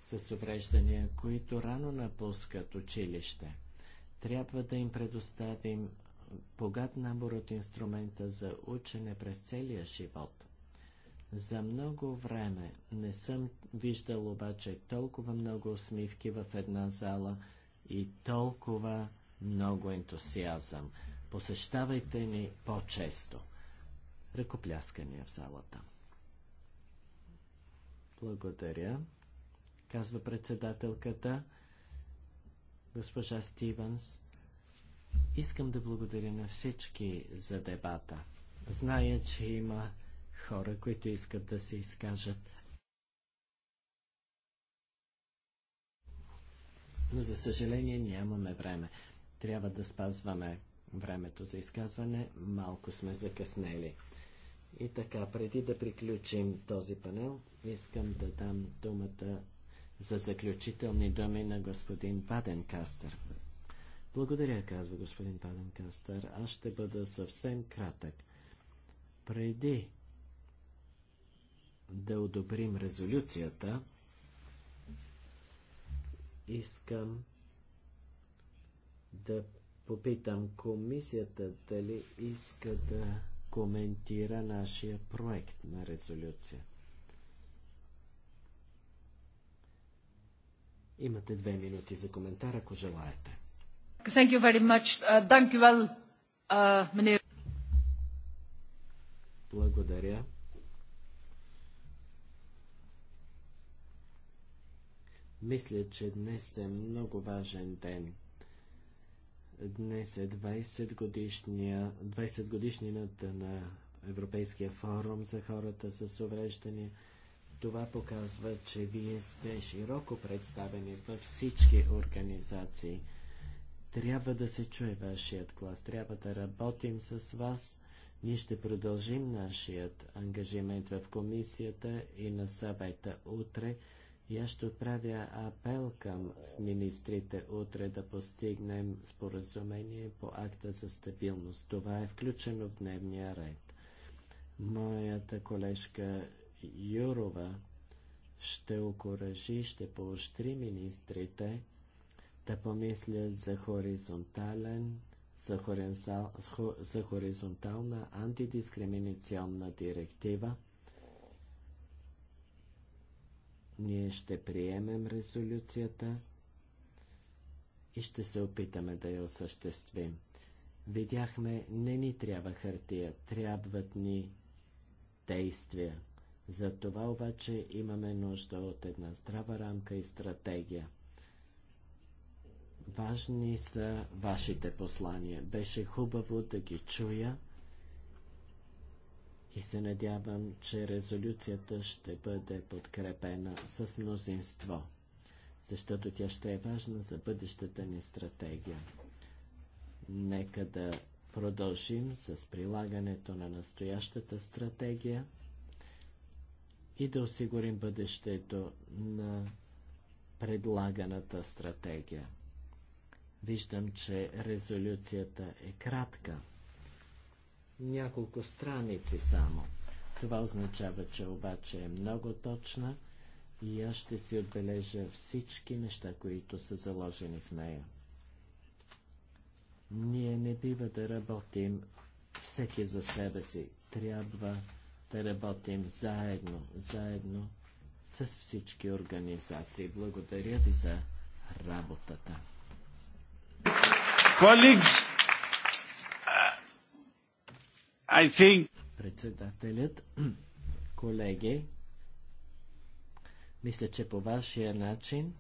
с увреждания, които рано напускат училище. Трябва да им предоставим богат набор от инструмента за учене през целия живот. За много време не съм виждал обаче толкова много усмивки в една зала и толкова много ентусиазъм. Посещавайте ни по-често. Ръкопляскания в залата. Благодаря, казва председателката, госпожа Стивенс. Искам да благодаря на всички за дебата. Зная, че има хора, които искат да се изкажат. Но за съжаление нямаме време. Трябва да спазваме времето за изказване. Малко сме закъснели. И така, преди да приключим този панел, искам да дам думата за заключителни думи на господин Кастър. Благодаря, казва господин Кастър. Аз ще бъда съвсем кратък. Преди да одобрим резолюцията, искам да попитам комисията дали иска да коментира нашия проект на резолюция. Имате две минути за коментар, ако желаете. Thank you very much. Uh, thank you well, uh, Благодаря. Мисля, че днес е много важен ден – Днес е 20 годишния, 20 годишнината на Европейския форум за хората с увреждания. Това показва, че вие сте широко представени във всички организации. Трябва да се чуе вашият глас, трябва да работим с вас. Ние ще продължим нашият ангажимент в комисията и на съвета утре. И аз ще отправя апел към с министрите утре да постигнем споразумение по акта за стабилност. Това е включено в дневния ред. Моята колежка Юрова ще окоръжи, ще поощри министрите да помислят за хоризонтален, за, хоризонтал, за хоризонтална антидискриминационна директива – Ние ще приемем резолюцията и ще се опитаме да я осъществим. Видяхме, не ни трябва хартия, трябват ни действия. За това обаче имаме нужда от една здрава рамка и стратегия. Важни са вашите послания. Беше хубаво да ги чуя и се надявам, че резолюцията ще бъде подкрепена с мнозинство, защото тя ще е важна за бъдещата ни стратегия. Нека да продължим с прилагането на настоящата стратегия и да осигурим бъдещето на предлаганата стратегия. Виждам, че резолюцията е кратка няколко страници само. Това означава, че обаче е много точна и аз ще си отбележа всички неща, които са заложени в нея. Ние не бива да работим всеки за себе си. Трябва да работим заедно, заедно с всички организации. Благодаря ви за работата. Colleagues, I think... Председателят, колеги, мисля, че по вашия начин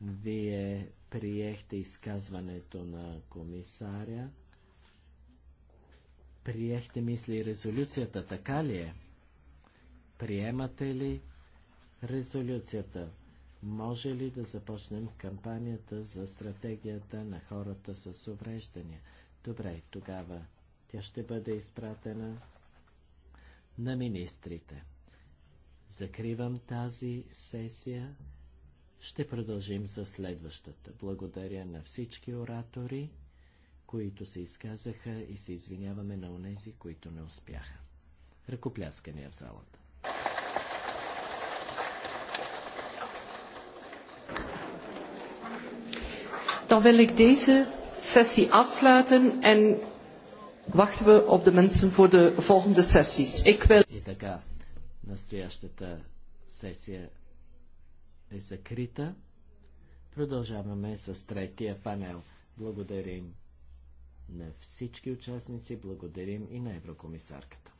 вие приехте изказването на комисаря. Приехте, мисли, резолюцията, така ли е? Приемате ли резолюцията? Може ли да започнем кампанията за стратегията на хората с увреждания? Добре, тогава тя ще бъде изпратена на министрите. Закривам тази сесия. Ще продължим за следващата. Благодаря на всички оратори, които се изказаха и се извиняваме на унези, които не успяха. Ръкопляскания в залата. Dan wil ik deze sessie afsluiten en wachten we op de mensen voor de volgende sessies. Ik wil... И така, настоящата сесия е закрита. Продължаваме с третия панел. Благодарим на всички участници, благодарим и на еврокомисарката.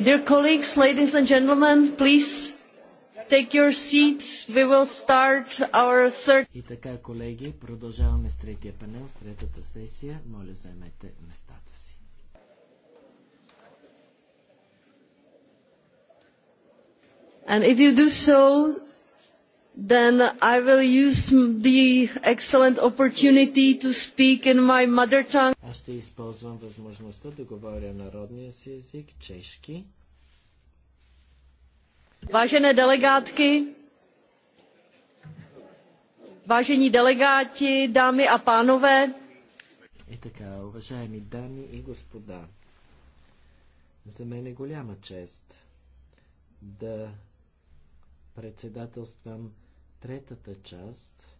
Dear colleagues, ladies and gentlemen, please take your seats. We will start our third... И така, колеги, продължаваме с третия панел, с третата сесия. Моля, заемете местата си. And if you do so, then I will use the excellent opportunity to speak in my mother tongue ще използвам възможността да говоря народния си език, чешки. Vážené делегатки! vážení delegáti, dámy a pánové. И така, уважаеми дами и господа, за мен е голяма чест да председателствам третата част –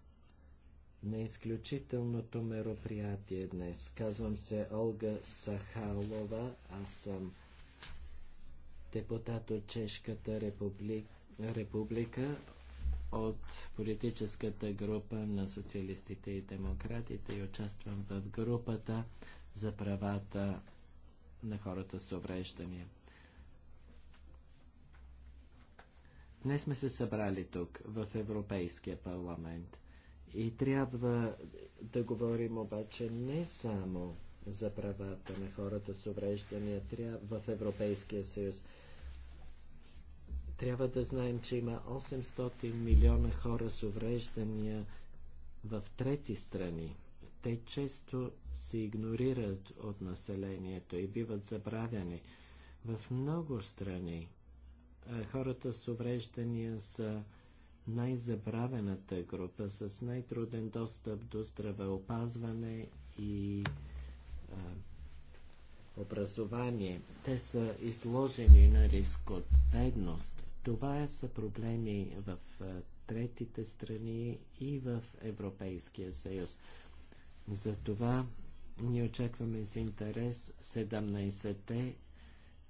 на изключителното мероприятие днес. Казвам се Олга Сахалова, аз съм депутат от Чешката републик... република от политическата група на социалистите и демократите и участвам в групата за правата на хората с увреждания. Днес сме се събрали тук, в Европейския парламент – и трябва да говорим обаче не само за правата на хората с увреждания в Европейския съюз. Трябва да знаем, че има 800 милиона хора с увреждания в трети страни. Те често се игнорират от населението и биват забравяни. В много страни хората с увреждания са най-забравената група с най-труден достъп до здравеопазване и а, образование. Те са изложени на риск от бедност. Това са проблеми в третите страни и в Европейския съюз. Затова ние очакваме с интерес 17-те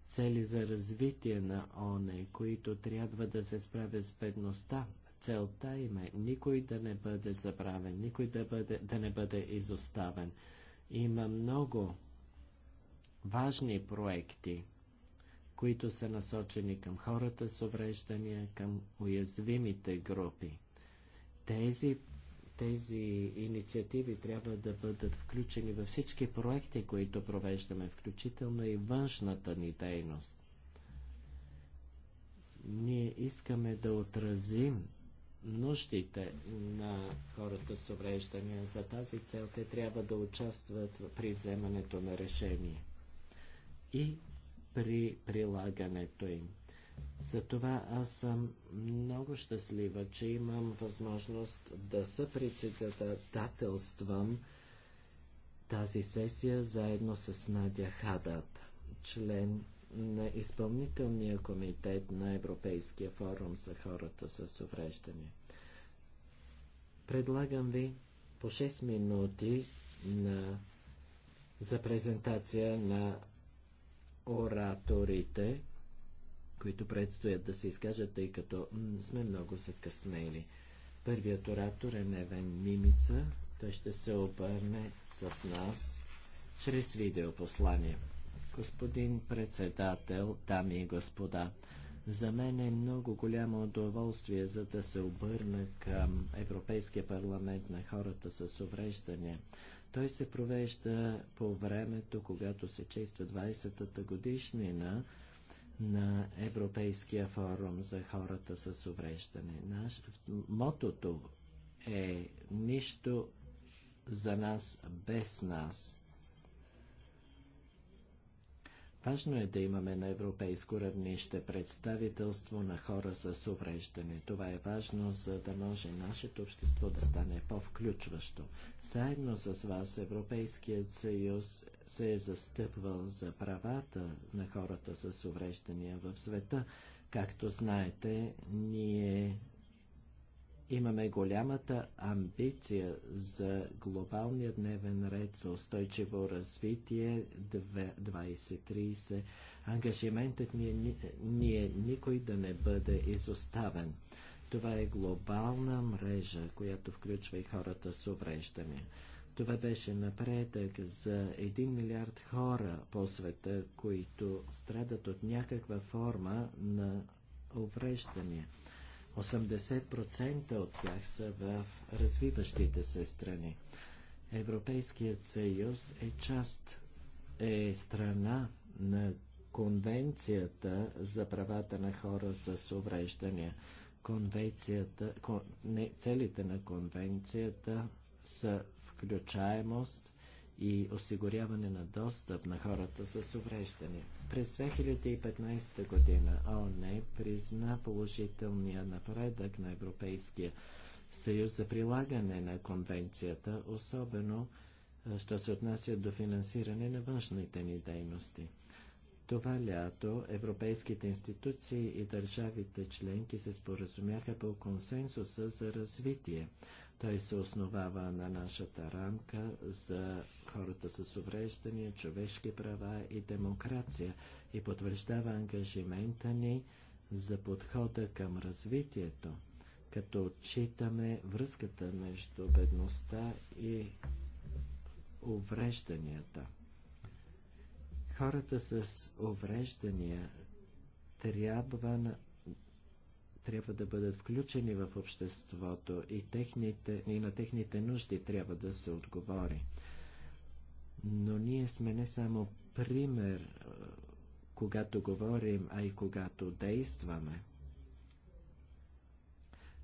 цели за развитие на ОНЕ, които трябва да се справят с бедността, Целта им е никой да не бъде забравен, никой да, бъде, да не бъде изоставен. Има много важни проекти, които са насочени към хората с увреждания, към уязвимите групи. Тези, тези инициативи трябва да бъдат включени във всички проекти, които провеждаме, включително и външната ни дейност. Ние искаме да отразим нуждите на хората с увреждания. За тази цел те трябва да участват при вземането на решение и при прилагането им. Затова аз съм много щастлива, че имам възможност да съпредседателствам тази сесия заедно с Надя Хадат, член на изпълнителния комитет на Европейския форум за хората с увреждания. Предлагам ви по 6 минути на, за презентация на ораторите, които предстоят да се изкажат, тъй като сме много закъснели. Първият оратор е Невен Мимица. Той ще се обърне с нас чрез видеопослание. Господин председател, дами и господа, за мен е много голямо удоволствие, за да се обърна към Европейския парламент на хората с увреждане. Той се провежда по времето, когато се чества 20-та годишнина на Европейския форум за хората с увреждане. Наш, мотото е нищо за нас без нас. Важно е да имаме на европейско равнище представителство на хора с увреждане. Това е важно, за да може нашето общество да стане по-включващо. Заедно с вас Европейският съюз се е застъпвал за правата на хората с увреждания в света. Както знаете, ние имаме голямата амбиция за глобалния дневен ред за устойчиво развитие 2030. Ангажиментът ни е, ни е никой да не бъде изоставен. Това е глобална мрежа, която включва и хората с увреждания. Това беше напредък за 1 милиард хора по света, които страдат от някаква форма на увреждания. 80% от тях са в развиващите се страни. Европейският съюз е част, е страна на Конвенцията за правата на хора с увреждания. Конвенцията, кон, не, целите на конвенцията са включаемост и осигуряване на достъп на хората с увреждания. През 2015 година ООН призна положителния напредък на Европейския съюз за прилагане на конвенцията, особено що се отнася до финансиране на външните ни дейности. Това лято европейските институции и държавите членки се споразумяха по консенсуса за развитие. Той се основава на нашата рамка за хората с увреждания, човешки права и демокрация и потвърждава ангажимента ни за подхода към развитието, като отчитаме връзката между бедността и уврежданията. Хората с увреждания трябва трябва да бъдат включени в обществото и, техните, и на техните нужди трябва да се отговори. Но ние сме не само пример, когато говорим, а и когато действаме.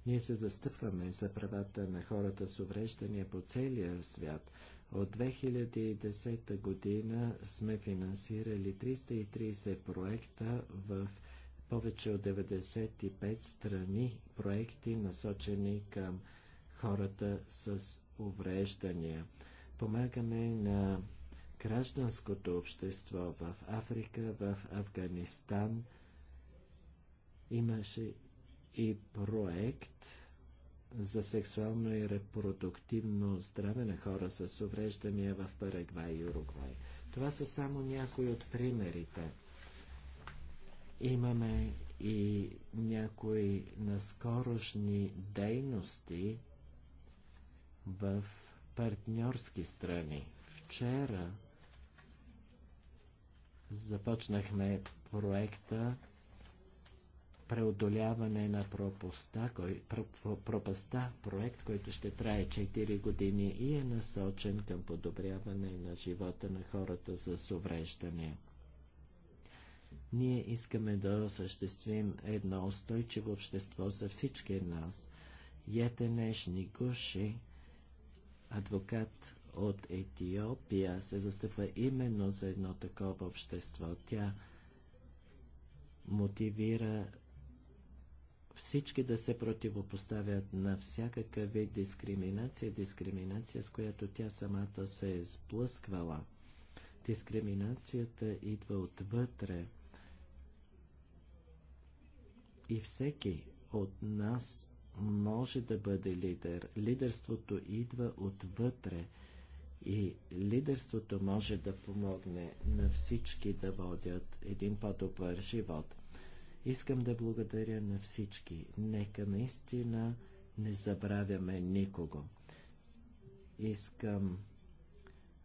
Ние се застъпваме за правата на хората с увреждания по целия свят. От 2010 година сме финансирали 330 проекта в повече от 95 страни проекти, насочени към хората с увреждания. Помагаме на гражданското общество в Африка, в Афганистан. Имаше и проект за сексуално и репродуктивно здраве на хора с увреждания в Парагвай и Уругвай. Това са само някои от примерите. Имаме и някои наскорошни дейности в партньорски страни. Вчера започнахме проекта преодоляване на пропуста, кой, пропаста, проект, който ще трае 4 години и е насочен към подобряване на живота на хората с увреждания. Ние искаме да осъществим едно устойчиво общество за всички нас. Етенеш Гуши, адвокат от Етиопия, се застъпва именно за едно такова общество. Тя мотивира всички да се противопоставят на всякакъв вид дискриминация, дискриминация, с която тя самата се е сблъсквала. Дискриминацията идва отвътре и всеки от нас може да бъде лидер. Лидерството идва отвътре и лидерството може да помогне на всички да водят един по-добър живот. Искам да благодаря на всички. Нека наистина не забравяме никого. Искам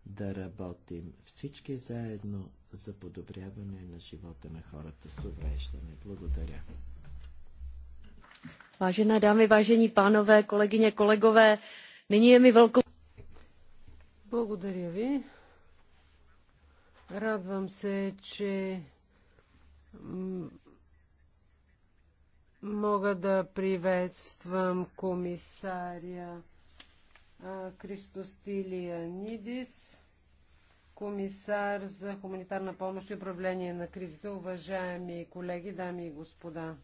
да работим всички заедно за подобряване на живота на хората с увреждане. Благодаря. Vážené dámy, vážení pánové, kolegyně, kolegové, nyní je mi velkou... Благодаря ви. Радвам се, че мога да приветствам комисаря Кристостилия Нидис, комисар за хуманитарна помощ и управление на кризите. Уважаеми колеги, дами и господа,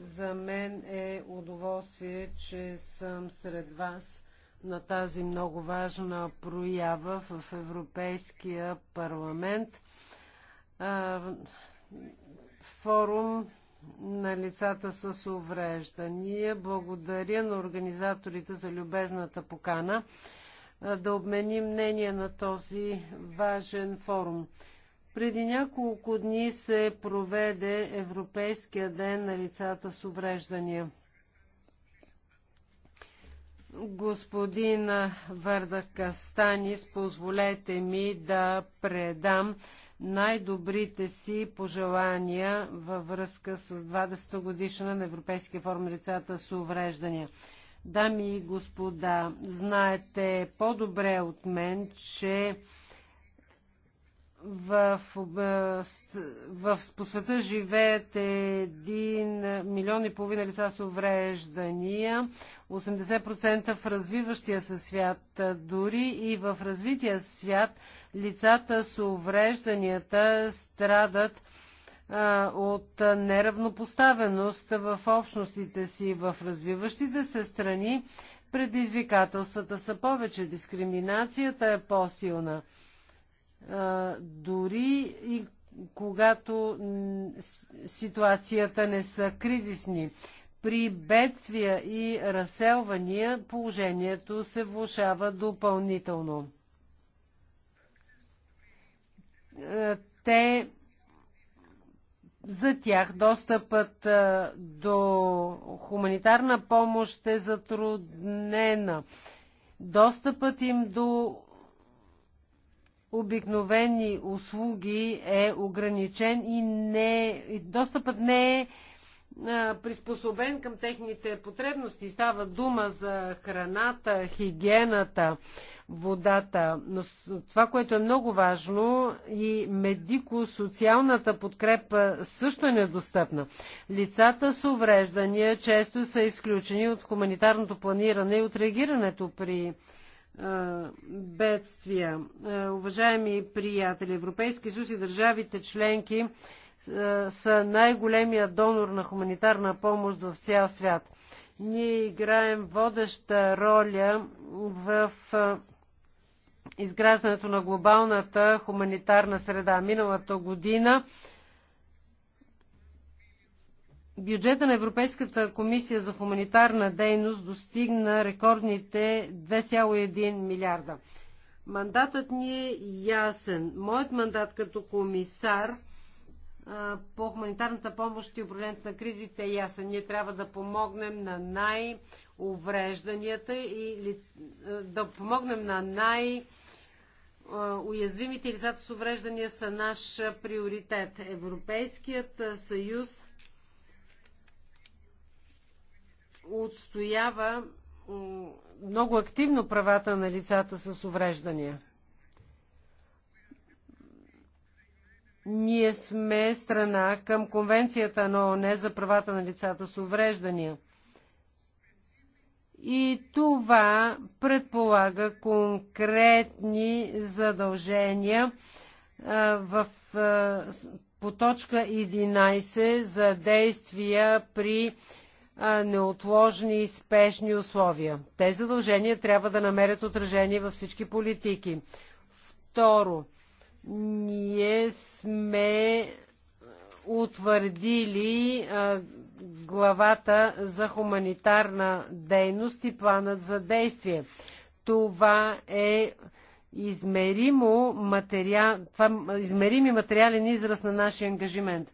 за мен е удоволствие, че съм сред вас на тази много важна проява в Европейския парламент. Форум на лицата с увреждания. Благодаря на организаторите за любезната покана да обменим мнение на този важен форум. Преди няколко дни се проведе Европейския ден на лицата с увреждания. Господин Върда Кастанис, позволете ми да предам най-добрите си пожелания във връзка с 20-та годишна на Европейския форум лицата с увреждания. Дами и господа, знаете по-добре от мен, че в, в, в, по света живеят един милион и половина лица с увреждания, 80% в развиващия се свят, дори и в развития свят лицата с уврежданията страдат от неравнопоставеност в общностите си в развиващите се страни, предизвикателствата са повече, дискриминацията е по-силна дори и когато ситуацията не са кризисни. При бедствия и разселвания положението се влушава допълнително. Те за тях достъпът до хуманитарна помощ е затруднена. Достъпът им до обикновени услуги е ограничен и, не, достъпът не е приспособен към техните потребности. Става дума за храната, хигиената, водата. Но това, което е много важно и медико-социалната подкрепа също е недостъпна. Лицата с увреждания често са изключени от хуманитарното планиране и от реагирането при бедствия. Уважаеми приятели, Европейски съюз и държавите членки са най-големия донор на хуманитарна помощ в цял свят. Ние играем водеща роля в изграждането на глобалната хуманитарна среда. Миналата година Бюджета на Европейската комисия за хуманитарна дейност достигна рекордните 2,1 милиарда. Мандатът ни е ясен. Моят мандат като комисар а, по хуманитарната помощ и управлението на кризите е ясен. Ние трябва да помогнем на най-уврежданията и да помогнем на най- уязвимите лицата с увреждания са наш приоритет. Европейският съюз отстоява много активно правата на лицата с увреждания. Ние сме страна към Конвенцията на ООН за правата на лицата с увреждания. И това предполага конкретни задължения в, по точка 11 за действия при неотложни и спешни условия. Те задължения трябва да намерят отражение във всички политики. Второ, ние сме утвърдили а, главата за хуманитарна дейност и планът за действие. Това е измеримо материал, това измерими материален израз на нашия ангажимент.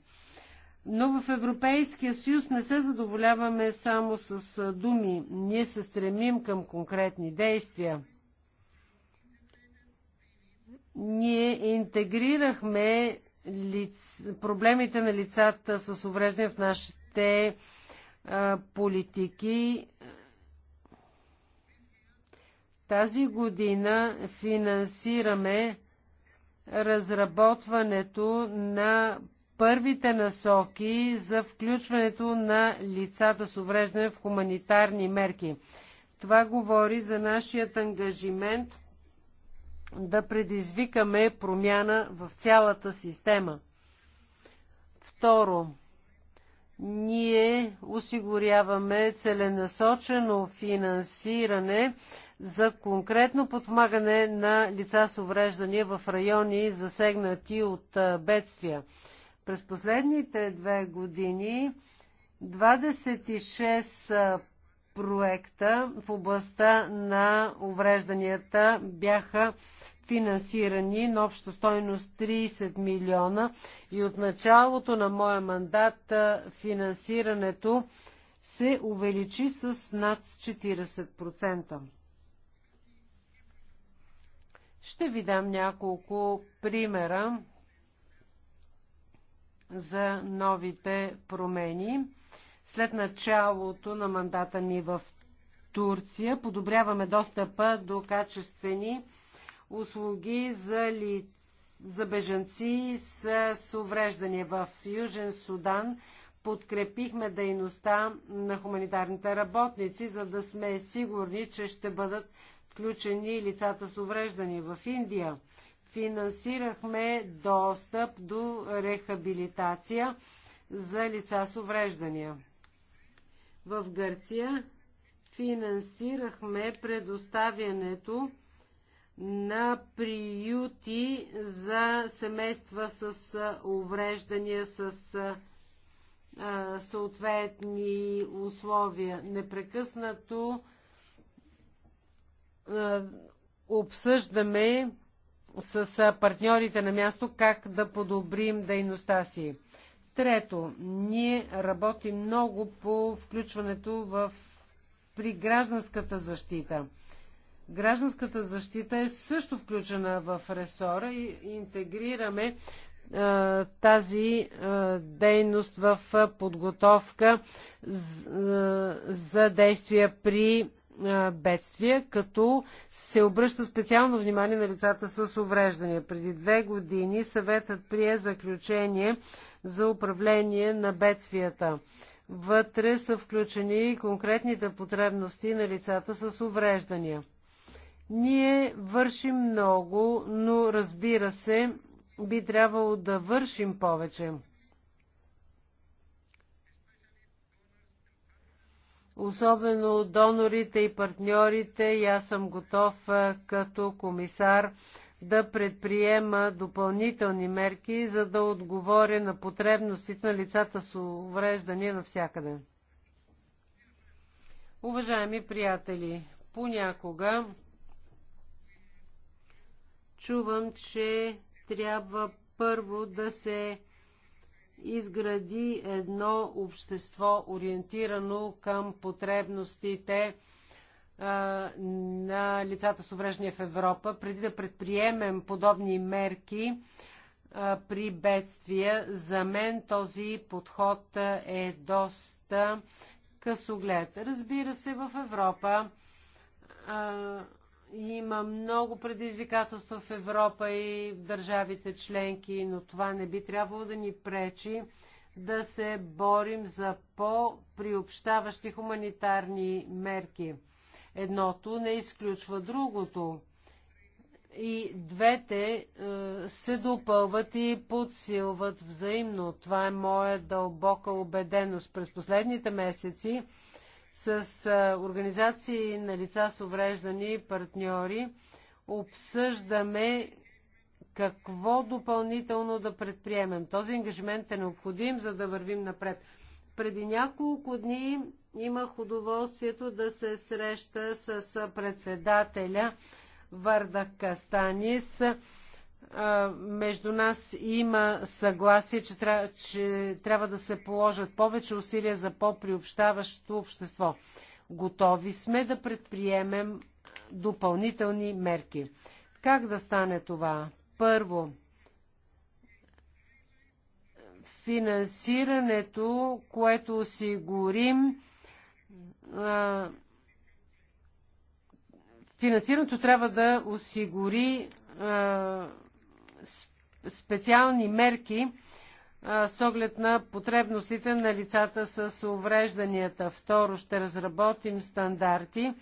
Но в Европейския съюз не се задоволяваме само с думи. Ние се стремим към конкретни действия. Ние интегрирахме лиц... проблемите на лицата с увреждане в нашите а, политики. Тази година финансираме разработването на първите насоки за включването на лицата с увреждане в хуманитарни мерки. Това говори за нашият ангажимент да предизвикаме промяна в цялата система. Второ, ние осигуряваме целенасочено финансиране за конкретно подпомагане на лица с увреждания в райони засегнати от бедствия. През последните две години 26 проекта в областта на уврежданията бяха финансирани на обща стойност 30 милиона и от началото на моя мандат финансирането се увеличи с над 40%. Ще ви дам няколко примера за новите промени. След началото на мандата ми в Турция подобряваме достъпа до качествени услуги за, ли... за бежанци с... с увреждания. В Южен Судан подкрепихме дейността на хуманитарните работници, за да сме сигурни, че ще бъдат включени лицата с увреждания. В Индия финансирахме достъп до рехабилитация за лица с увреждания. В Гърция финансирахме предоставянето на приюти за семейства с увреждания, с а, съответни условия. Непрекъснато а, обсъждаме с партньорите на място как да подобрим дейността си. Трето, ние работим много по включването в, при гражданската защита. Гражданската защита е също включена в ресора и интегрираме а, тази а, дейност в подготовка за, а, за действия при бедствия, като се обръща специално внимание на лицата с увреждания. Преди две години съветът прие заключение за управление на бедствията. Вътре са включени конкретните потребности на лицата с увреждания. Ние вършим много, но разбира се, би трябвало да вършим повече. особено донорите и партньорите, и аз съм готов е, като комисар да предприема допълнителни мерки, за да отговоря на потребностите на лицата с увреждания навсякъде. Уважаеми приятели, понякога чувам, че трябва първо да се изгради едно общество, ориентирано към потребностите на лицата с увреждания в Европа. Преди да предприемем подобни мерки при бедствия, за мен този подход е доста късоглед. Разбира се, в Европа има много предизвикателства в Европа и държавите членки, но това не би трябвало да ни пречи да се борим за по-приобщаващи хуманитарни мерки. Едното не изключва другото. И двете е, се допълват и подсилват взаимно. Това е моя дълбока убеденост. През последните месеци с организации на лица с увреждани и партньори. Обсъждаме какво допълнително да предприемем. Този ангажимент е необходим, за да вървим напред. Преди няколко дни имах удоволствието да се среща с председателя Варда Кастанис между нас има съгласие, че, трябва, че трябва да се положат повече усилия за по-приобщаващо общество. Готови сме да предприемем допълнителни мерки. Как да стане това? Първо, финансирането, което осигурим, финансирането трябва да осигури а, специални мерки с оглед на потребностите на лицата с уврежданията. Второ, ще разработим стандарти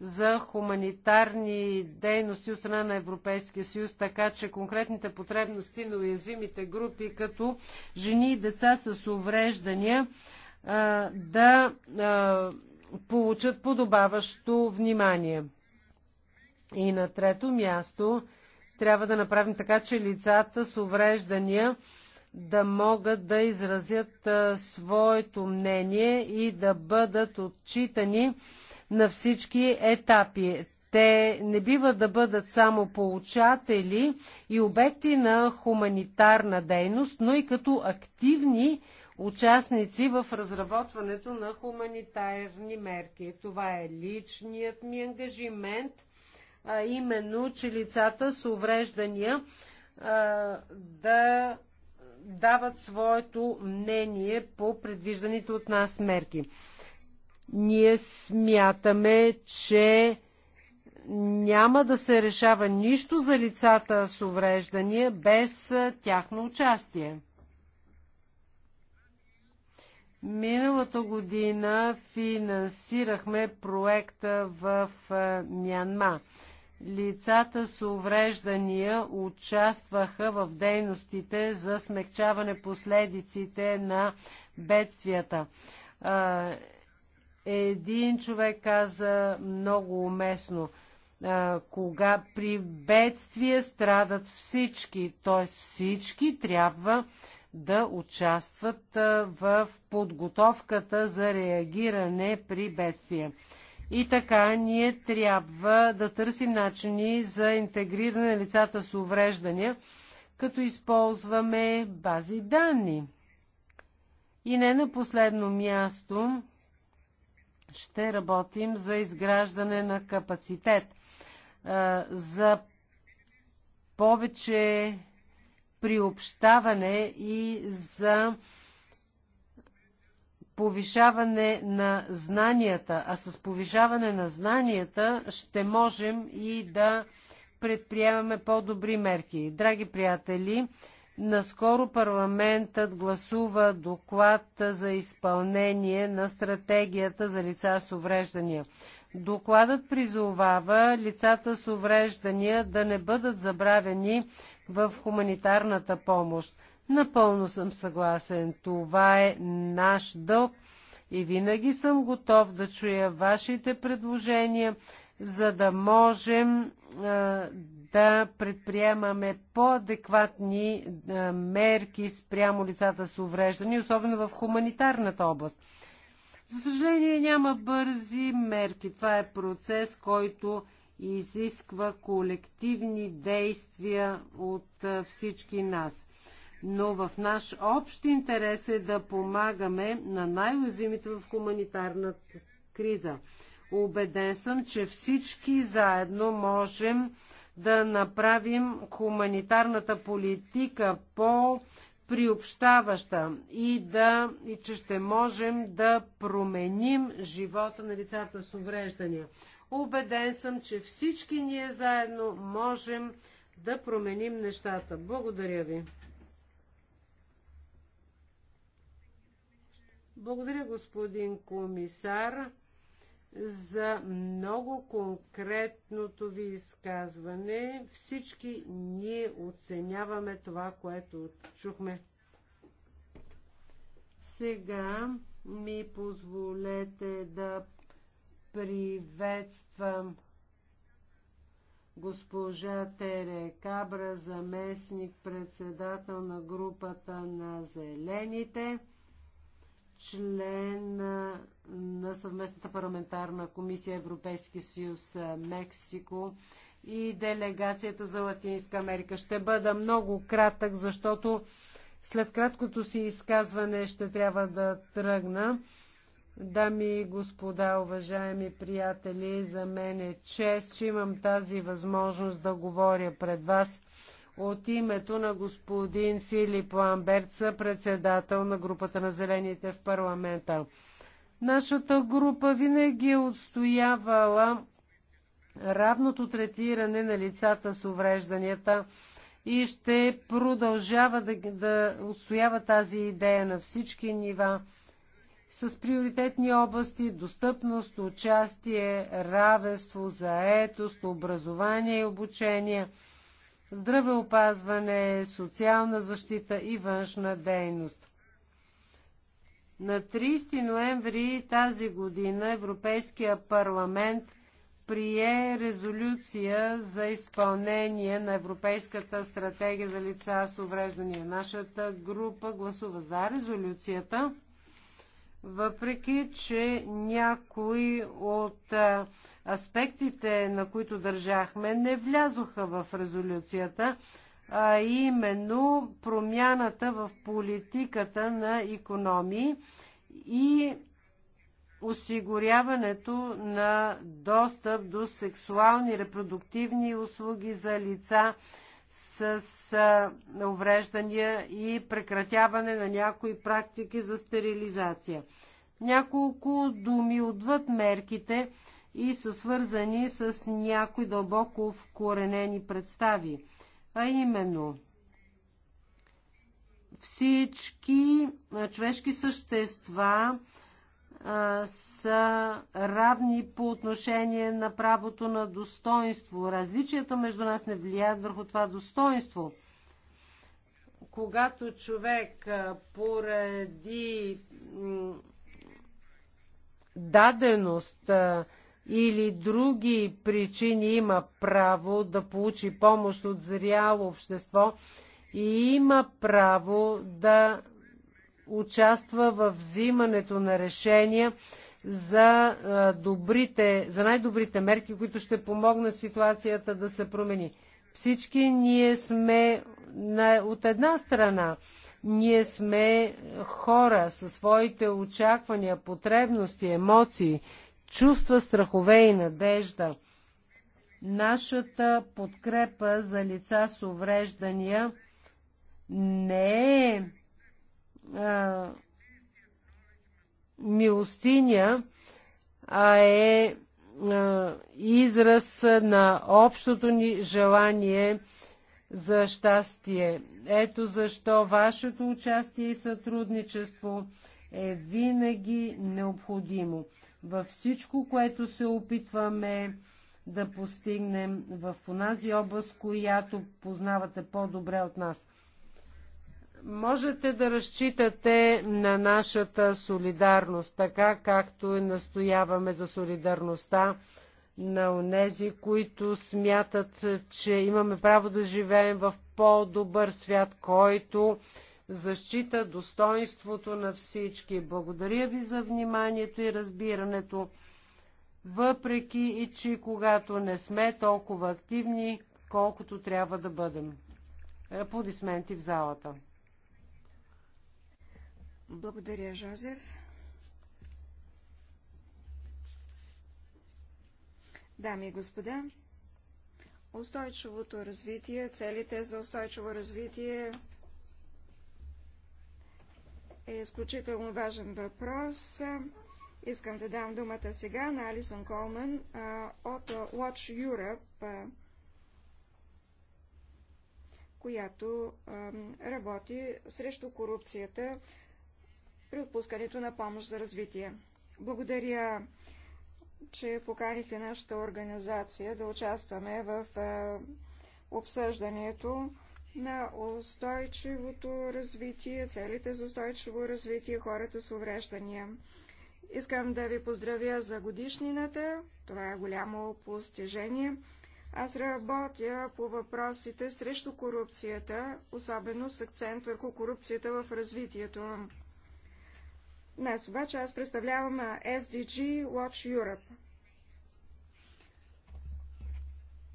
за хуманитарни дейности от страна на Европейския съюз, така че конкретните потребности на уязвимите групи, като жени и деца с увреждания, да получат подобаващо внимание. И на трето място трябва да направим така, че лицата с увреждания да могат да изразят своето мнение и да бъдат отчитани на всички етапи. Те не бива да бъдат само получатели и обекти на хуманитарна дейност, но и като активни участници в разработването на хуманитарни мерки. Това е личният ми ангажимент – а именно, че лицата с увреждания да дават своето мнение по предвижданите от нас мерки. Ние смятаме, че няма да се решава нищо за лицата с увреждания без тяхно участие. Миналата година финансирахме проекта в Мянма. Лицата с увреждания участваха в дейностите за смягчаване последиците на бедствията. Един човек каза много уместно, кога при бедствие страдат всички, т.е. всички трябва да участват в подготовката за реагиране при бедствие. И така ние трябва да търсим начини за интегриране на лицата с увреждания, като използваме бази данни. И не на последно място ще работим за изграждане на капацитет за повече приобщаване и за повишаване на знанията, а с повишаване на знанията ще можем и да предприемаме по-добри мерки. Драги приятели, наскоро парламентът гласува доклад за изпълнение на стратегията за лица с увреждания. Докладът призовава лицата с увреждания да не бъдат забравени в хуманитарната помощ. Напълно съм съгласен. Това е наш дълг и винаги съм готов да чуя вашите предложения, за да можем а, да предприемаме по-адекватни мерки спрямо лицата с увреждани, особено в хуманитарната област. За съжаление няма бързи мерки. Това е процес, който изисква колективни действия от всички нас но в наш общ интерес е да помагаме на най-уязвимите в хуманитарната криза. Убеден съм, че всички заедно можем да направим хуманитарната политика по приобщаваща и, да, и че ще можем да променим живота на лицата с увреждания. Убеден съм, че всички ние заедно можем да променим нещата. Благодаря ви. Благодаря, господин комисар, за много конкретното ви изказване. Всички ние оценяваме това, което чухме. Сега ми позволете да приветствам госпожа Тере Кабра, заместник председател на групата на Зелените член на съвместната парламентарна комисия Европейски съюз Мексико и делегацията за Латинска Америка. Ще бъда много кратък, защото след краткото си изказване ще трябва да тръгна. Дами и господа, уважаеми приятели, за мен е чест, че имам тази възможност да говоря пред вас. От името на господин Филип Ламберт, председател на групата на зелените в парламента. Нашата група винаги е отстоявала равното третиране на лицата с уврежданията и ще продължава да, да отстоява тази идея на всички нива с приоритетни области достъпност, участие, равенство, заетост, образование и обучение – здравеопазване, социална защита и външна дейност. На 30 ноември тази година Европейския парламент прие резолюция за изпълнение на Европейската стратегия за лица с увреждания. Нашата група гласува за резолюцията, въпреки че някои от Аспектите, на които държахме, не влязоха в резолюцията, а именно промяната в политиката на економии и осигуряването на достъп до сексуални репродуктивни услуги за лица с увреждания и прекратяване на някои практики за стерилизация. Няколко думи отвъд мерките и са свързани с някои дълбоко вкоренени представи. А именно, всички човешки същества а, са равни по отношение на правото на достоинство. Различията между нас не влияят върху това достоинство. Когато човек а, поради даденост а, или други причини има право да получи помощ от зряло общество и има право да участва в взимането на решения за, добрите, за най-добрите мерки, които ще помогнат ситуацията да се промени. Всички ние сме на, от една страна. Ние сме хора със своите очаквания, потребности, емоции – чувства, страхове и надежда. Нашата подкрепа за лица с увреждания не е а, милостиня, а е а, израз на общото ни желание за щастие. Ето защо вашето участие и сътрудничество е винаги необходимо. Във всичко, което се опитваме да постигнем в онази област, която познавате по-добре от нас. Можете да разчитате на нашата солидарност, така както и настояваме за солидарността на онези, които смятат, че имаме право да живеем в по-добър свят, който защита достоинството на всички. Благодаря ви за вниманието и разбирането. Въпреки и че когато не сме толкова активни, колкото трябва да бъдем. Аплодисменти в залата. Благодаря, Жозеф. Дами и господа, устойчивото развитие, целите за устойчиво развитие е изключително важен въпрос. Искам да дам думата сега на Алисън Колман от Watch Europe, която работи срещу корупцията при отпускането на помощ за развитие. Благодаря, че поканихте нашата организация да участваме в обсъждането на устойчивото развитие, целите за устойчиво развитие, хората с увреждания. Искам да ви поздравя за годишнината. Това е голямо постижение. Аз работя по въпросите срещу корупцията, особено с акцент върху корупцията в развитието. Днес обаче аз представлявам SDG Watch Europe.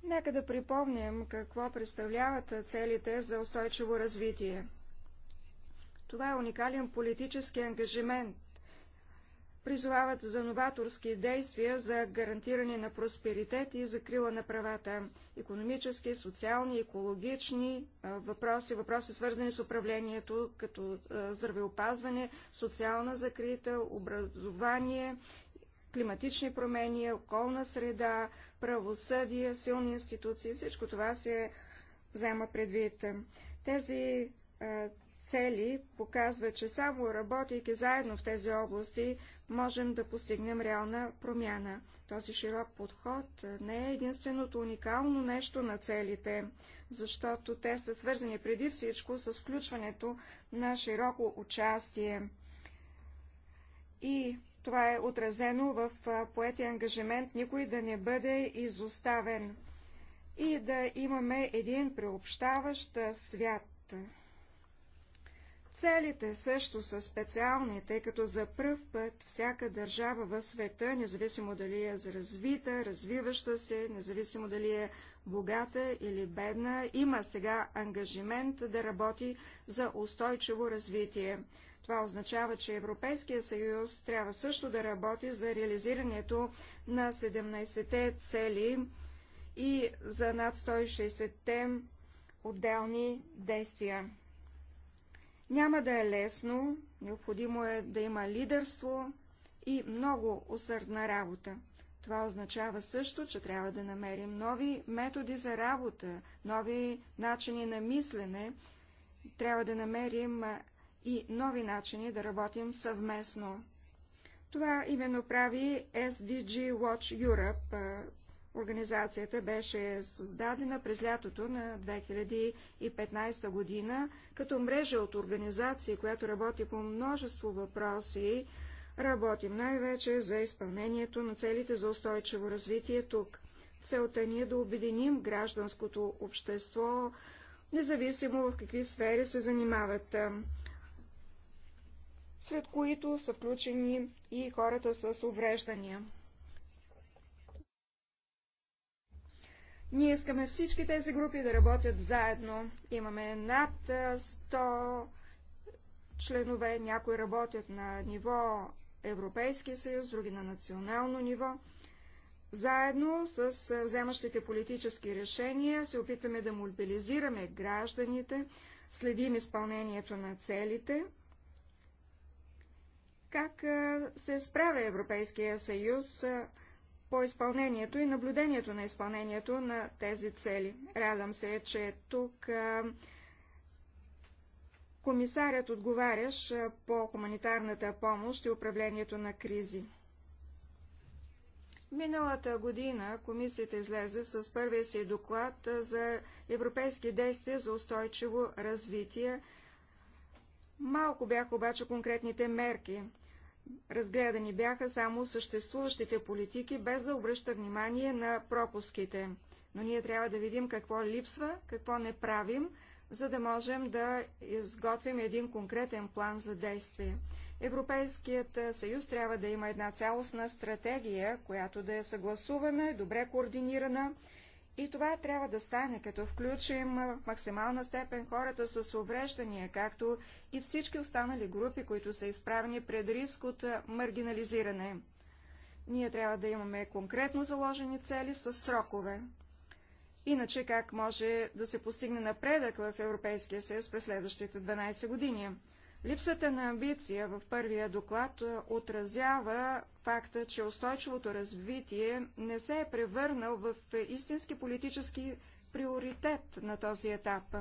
Нека да припомним какво представляват целите за устойчиво развитие. Това е уникален политически ангажимент. Призовават за новаторски действия за гарантиране на просперитет и закрила на правата. Економически, социални, екологични въпроси, въпроси свързани с управлението, като здравеопазване, социална закрита, образование климатични промени, околна среда, правосъдие, силни институции. Всичко това се взема предвид. Тези е, цели показват, че само работейки заедно в тези области, можем да постигнем реална промяна. Този широк подход не е единственото уникално нещо на целите, защото те са свързани преди всичко с включването на широко участие. И това е отразено в поетия ангажимент никой да не бъде изоставен и да имаме един приобщаващ свят. Целите също са специални, тъй като за пръв път всяка държава в света, независимо дали е развита, развиваща се, независимо дали е богата или бедна, има сега ангажимент да работи за устойчиво развитие. Това означава, че Европейския съюз трябва също да работи за реализирането на 17-те цели и за над 160-те отделни действия. Няма да е лесно, необходимо е да има лидерство и много усърдна работа. Това означава също, че трябва да намерим нови методи за работа, нови начини на мислене. Трябва да намерим и нови начини да работим съвместно. Това именно прави SDG Watch Europe. Организацията беше създадена през лятото на 2015 година като мрежа от организации, която работи по множество въпроси. Работим най-вече за изпълнението на целите за устойчиво развитие тук. Целта ни е да обединим гражданското общество, независимо в какви сфери се занимават сред които са включени и хората с увреждания. Ние искаме всички тези групи да работят заедно. Имаме над 100 членове, някои работят на ниво Европейски съюз, други на национално ниво. Заедно с вземащите политически решения се опитваме да мобилизираме гражданите, следим изпълнението на целите – как се справя Европейския съюз по изпълнението и наблюдението на изпълнението на тези цели. Радвам се, че тук комисарят отговаряш по хуманитарната помощ и управлението на кризи. Миналата година комисията излезе с първия си доклад за европейски действия за устойчиво развитие Малко бяха обаче конкретните мерки. Разгледани бяха само съществуващите политики, без да обръща внимание на пропуските. Но ние трябва да видим какво липсва, какво не правим, за да можем да изготвим един конкретен план за действие. Европейският съюз трябва да има една цялостна стратегия, която да е съгласувана и добре координирана, и това трябва да стане, като включим в максимална степен хората с увреждания, както и всички останали групи, които са изправени пред риск от маргинализиране. Ние трябва да имаме конкретно заложени цели с срокове. Иначе как може да се постигне напредък в Европейския съюз през следващите 12 години? Липсата на амбиция в първия доклад е, отразява факта, че устойчивото развитие не се е превърнал в истински политически приоритет на този етап.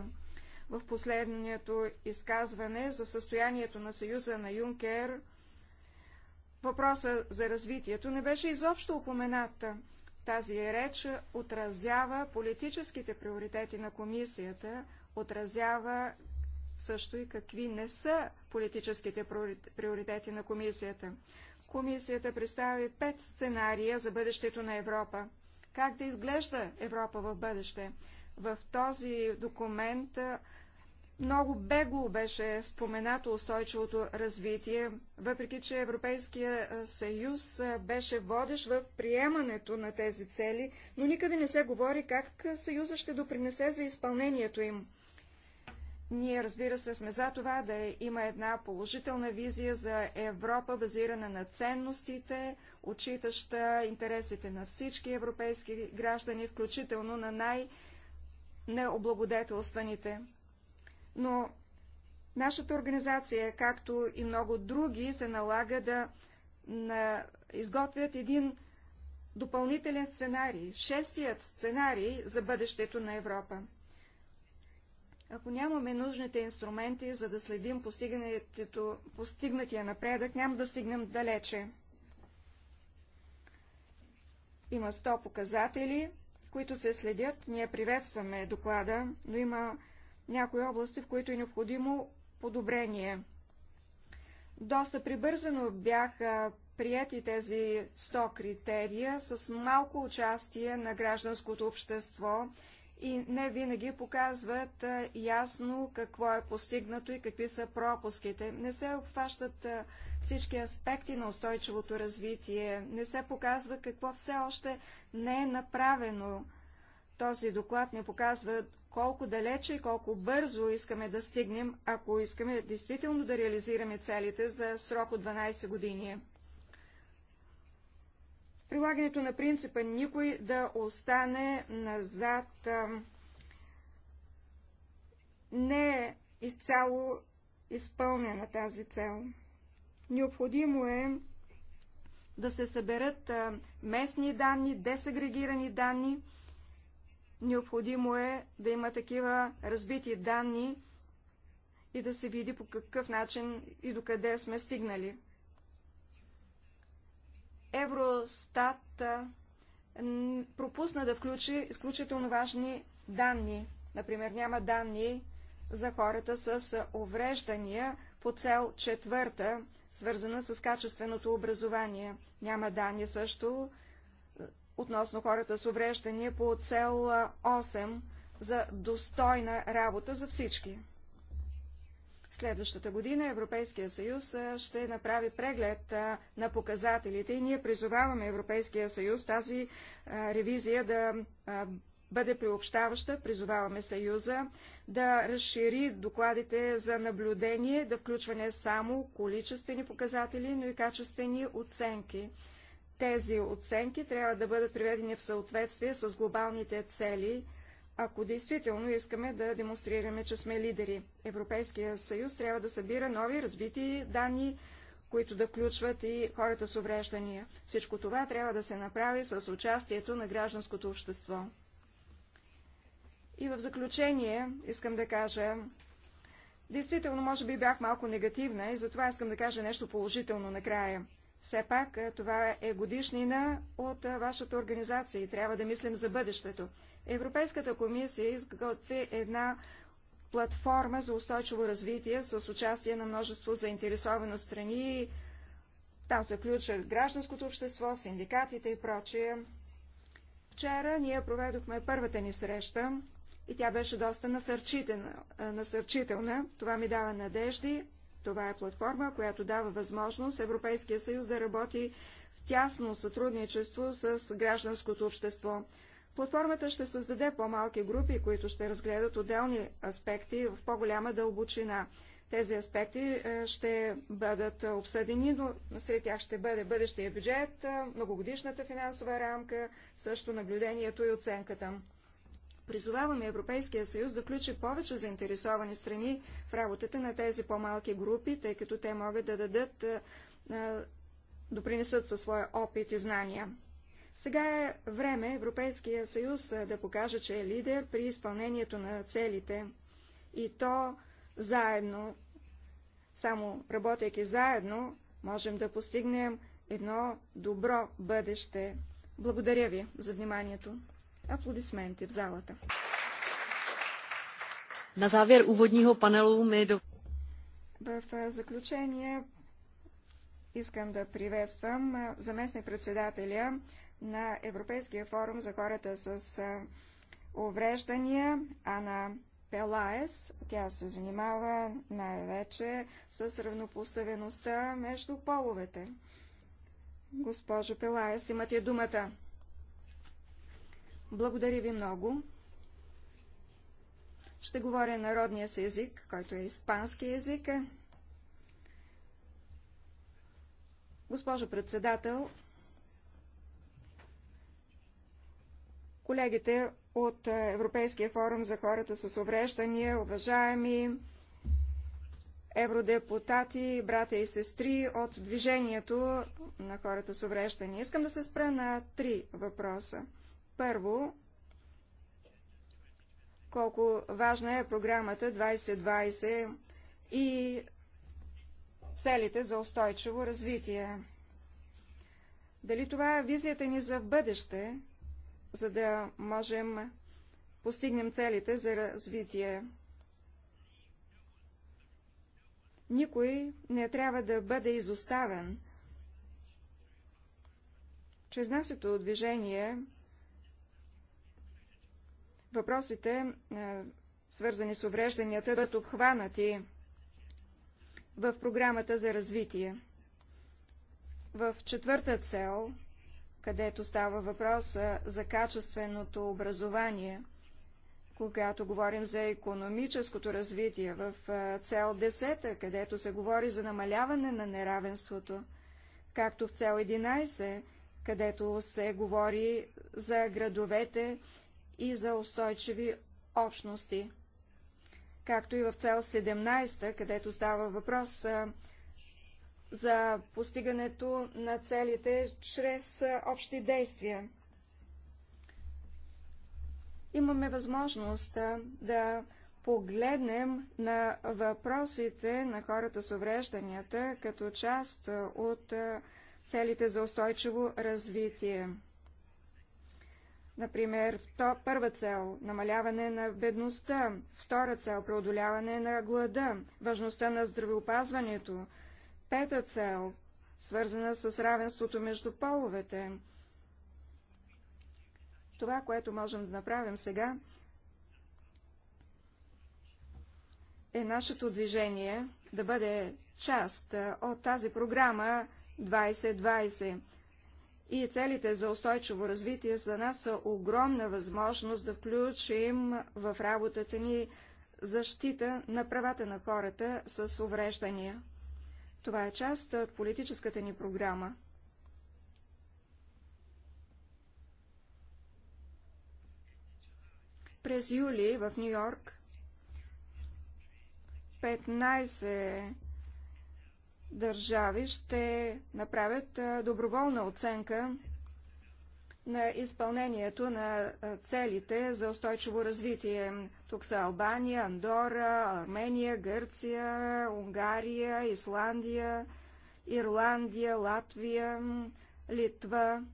В последното изказване за състоянието на Съюза на Юнкер въпроса за развитието не беше изобщо упомената. Тази реч отразява политическите приоритети на комисията, отразява също и какви не са политическите приоритети на комисията. Комисията представи пет сценария за бъдещето на Европа. Как да изглежда Европа в бъдеще? В този документ много бегло беше споменато устойчивото развитие, въпреки че Европейския съюз беше водещ в приемането на тези цели, но никъде не се говори как съюза ще допринесе за изпълнението им. Ние, разбира се, сме за това да има една положителна визия за Европа, базирана на ценностите, отчитаща интересите на всички европейски граждани, включително на най-необлагодетелстваните. Но нашата организация, както и много други, се налага да на... изготвят един допълнителен сценарий, шестият сценарий за бъдещето на Европа. Ако нямаме нужните инструменти, за да следим постигнатия напредък, няма да стигнем далече. Има 100 показатели, които се следят. Ние приветстваме доклада, но има някои области, в които е необходимо подобрение. Доста прибързано бяха прияти тези 100 критерия с малко участие на гражданското общество и не винаги показват ясно какво е постигнато и какви са пропуските. Не се обхващат всички аспекти на устойчивото развитие, не се показва какво все още не е направено. Този доклад не показва колко далече и колко бързо искаме да стигнем, ако искаме действително да реализираме целите за срок от 12 години. Прилагането на принципа никой да остане назад не е изцяло изпълнена тази цел. Необходимо е да се съберат местни данни, десагрегирани данни. Необходимо е да има такива разбити данни и да се види по какъв начин и докъде сме стигнали. Евростат пропусна да включи изключително важни данни. Например, няма данни за хората с увреждания по цел четвърта, свързана с качественото образование. Няма данни също относно хората с увреждания по цел 8 за достойна работа за всички. Следващата година Европейския съюз ще направи преглед на показателите и ние призоваваме Европейския съюз тази ревизия да бъде приобщаваща, призоваваме Съюза да разшири докладите за наблюдение, да включва не само количествени показатели, но и качествени оценки. Тези оценки трябва да бъдат приведени в съответствие с глобалните цели – ако действително искаме да демонстрираме, че сме лидери. Европейския съюз трябва да събира нови разбити данни, които да включват и хората с увреждания. Всичко това трябва да се направи с участието на гражданското общество. И в заключение искам да кажа, действително може би бях малко негативна и затова искам да кажа нещо положително накрая. Все пак е, това е годишнина от е, вашата организация и трябва да мислим за бъдещето. Европейската комисия изготви една платформа за устойчиво развитие с участие на множество заинтересовани страни. Там се включат гражданското общество, синдикатите и прочие. Вчера ние проведохме първата ни среща и тя беше доста е, насърчителна. Това ми дава надежди. Това е платформа, която дава възможност Европейския съюз да работи в тясно сътрудничество с гражданското общество. Платформата ще създаде по-малки групи, които ще разгледат отделни аспекти в по-голяма дълбочина. Тези аспекти е, ще бъдат обсъдени, но сред тях ще бъде бъдещия бюджет, е, многогодишната финансова рамка, също наблюдението и оценката. Призоваваме Европейския съюз да включи повече заинтересовани страни в работата на тези по-малки групи, тъй като те могат да дадат, допринесат със своя опит и знания. Сега е време Европейския съюз да покаже, че е лидер при изпълнението на целите. И то заедно, само работейки заедно, можем да постигнем едно добро бъдеще. Благодаря ви за вниманието аплодисменти в залата. На завер уводního панелу ми до... В заключение искам да приветствам заместник-председателя на Европейския форум за хората с увреждания Ана Пелаес. Тя се занимава най-вече с равнопоставеността между половете. Госпожо Пелаес, имате думата. Благодаря ви много. Ще говоря народния си език, който е испански език. Госпожо председател, колегите от Европейския форум за хората с увреждания, уважаеми евродепутати, брата и сестри от движението на хората с увреждания. Искам да се спра на три въпроса. Първо, колко важна е програмата 2020 и целите за устойчиво развитие. Дали това е визията ни за бъдеще, за да можем постигнем целите за развитие? Никой не трябва да бъде изоставен. Чрез нашето движение въпросите, е, свързани с уврежданията, бъдат обхванати в програмата за развитие. В четвърта цел, където става въпрос е, за качественото образование, когато говорим за економическото развитие, в е, цел 10, където се говори за намаляване на неравенството, както в цел 11, където се говори за градовете и за устойчиви общности, както и в цел 17, където става въпрос а, за постигането на целите чрез а, общи действия. Имаме възможност а, да погледнем на въпросите на хората с уврежданията като част от целите за устойчиво развитие. Например, то, първа цел – намаляване на бедността, втора цел – преодоляване на глада, важността на здравеопазването, пета цел – свързана с равенството между половете. Това, което можем да направим сега, е нашето движение да бъде част от тази програма 2020 и целите за устойчиво развитие за нас са огромна възможност да включим в работата ни защита на правата на хората с увреждания. Това е част от политическата ни програма. През юли в Нью-Йорк 15 държави ще направят доброволна оценка на изпълнението на целите за устойчиво развитие. Тук са Албания, Андора, Армения, Гърция, Унгария, Исландия, Ирландия, Латвия, Литва,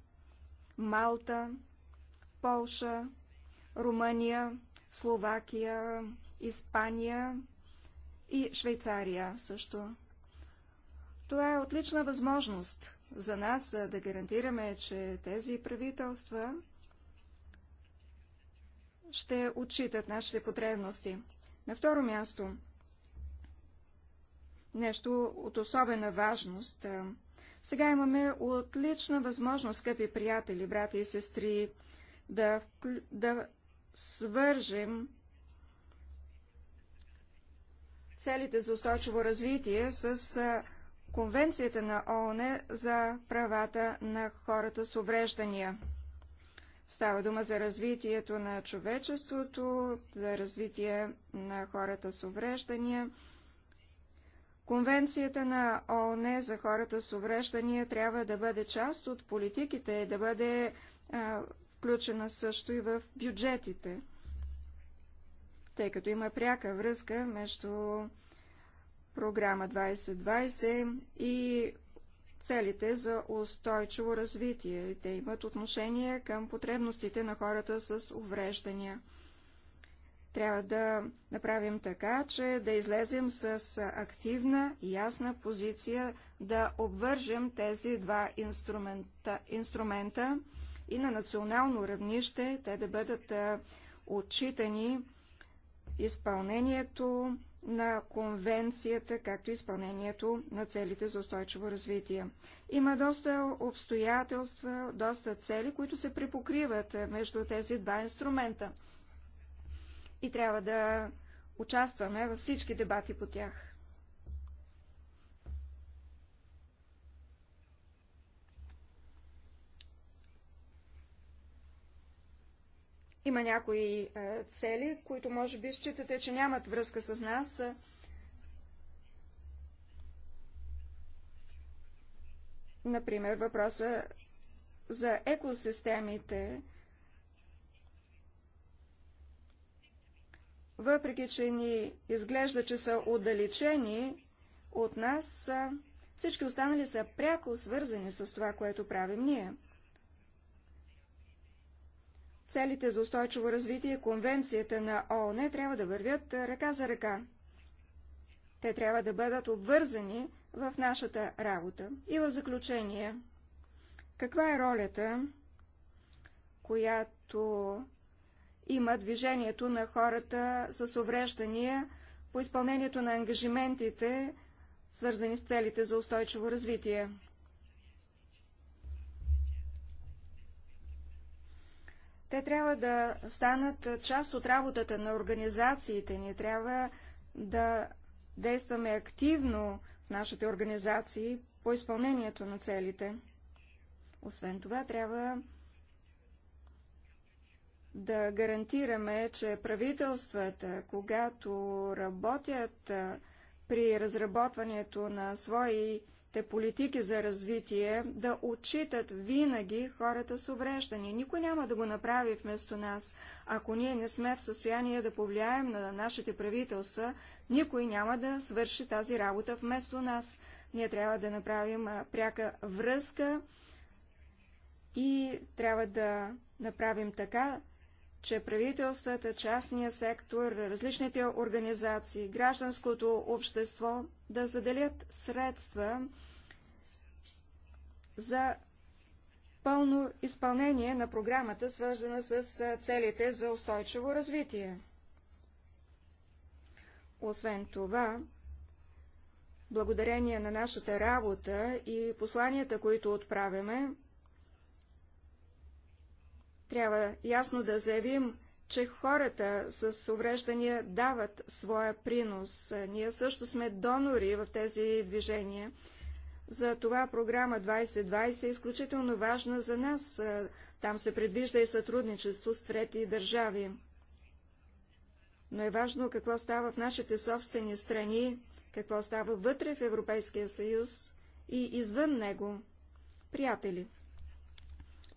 Малта, Полша, Румъния, Словакия, Испания и Швейцария също. Това е отлична възможност за нас да гарантираме, че тези правителства ще отчитат нашите потребности. На второ място, нещо от особена важност. Сега имаме отлична възможност, скъпи приятели, брати и сестри, да, да свържем целите за устойчиво развитие с Конвенцията на ООН за правата на хората с увреждания. Става дума за развитието на човечеството, за развитие на хората с увреждания. Конвенцията на ООН за хората с увреждания трябва да бъде част от политиките, и да бъде а, включена също и в бюджетите, тъй като има пряка връзка между програма 2020 и целите за устойчиво развитие. Те имат отношение към потребностите на хората с увреждания. Трябва да направим така, че да излезем с активна и ясна позиция, да обвържем тези два инструмента, инструмента и на национално равнище те да бъдат отчитани изпълнението на конвенцията, както и изпълнението на целите за устойчиво развитие. Има доста обстоятелства, доста цели, които се припокриват е, между тези два инструмента. И трябва да участваме във всички дебати по тях. Има някои е, цели, които може би считате, че нямат връзка с нас. Например, въпроса за екосистемите. Въпреки, че ни изглежда, че са отдалечени от нас, всички останали са пряко свързани с това, което правим ние целите за устойчиво развитие и конвенцията на ООН трябва да вървят ръка за ръка. Те трябва да бъдат обвързани в нашата работа. И в заключение, каква е ролята, която има движението на хората с увреждания по изпълнението на ангажиментите, свързани с целите за устойчиво развитие? Те трябва да станат част от работата на организациите. Ние трябва да действаме активно в нашите организации по изпълнението на целите. Освен това, трябва да гарантираме, че правителствата, когато работят при разработването на свои те политики за развитие да отчитат винаги хората с увреждания. Никой няма да го направи вместо нас. Ако ние не сме в състояние да повлияем на нашите правителства, никой няма да свърши тази работа вместо нас. Ние трябва да направим пряка връзка и трябва да направим така, че правителствата, частния сектор, различните организации, гражданското общество да заделят средства за пълно изпълнение на програмата, свързана с целите за устойчиво развитие. Освен това, благодарение на нашата работа и посланията, които отправяме, трябва ясно да заявим, че хората с увреждания дават своя принос. Ние също сме донори в тези движения. За това програма 2020 е изключително важна за нас. Там се предвижда и сътрудничество с трети държави. Но е важно какво става в нашите собствени страни, какво става вътре в Европейския съюз и извън него. Приятели,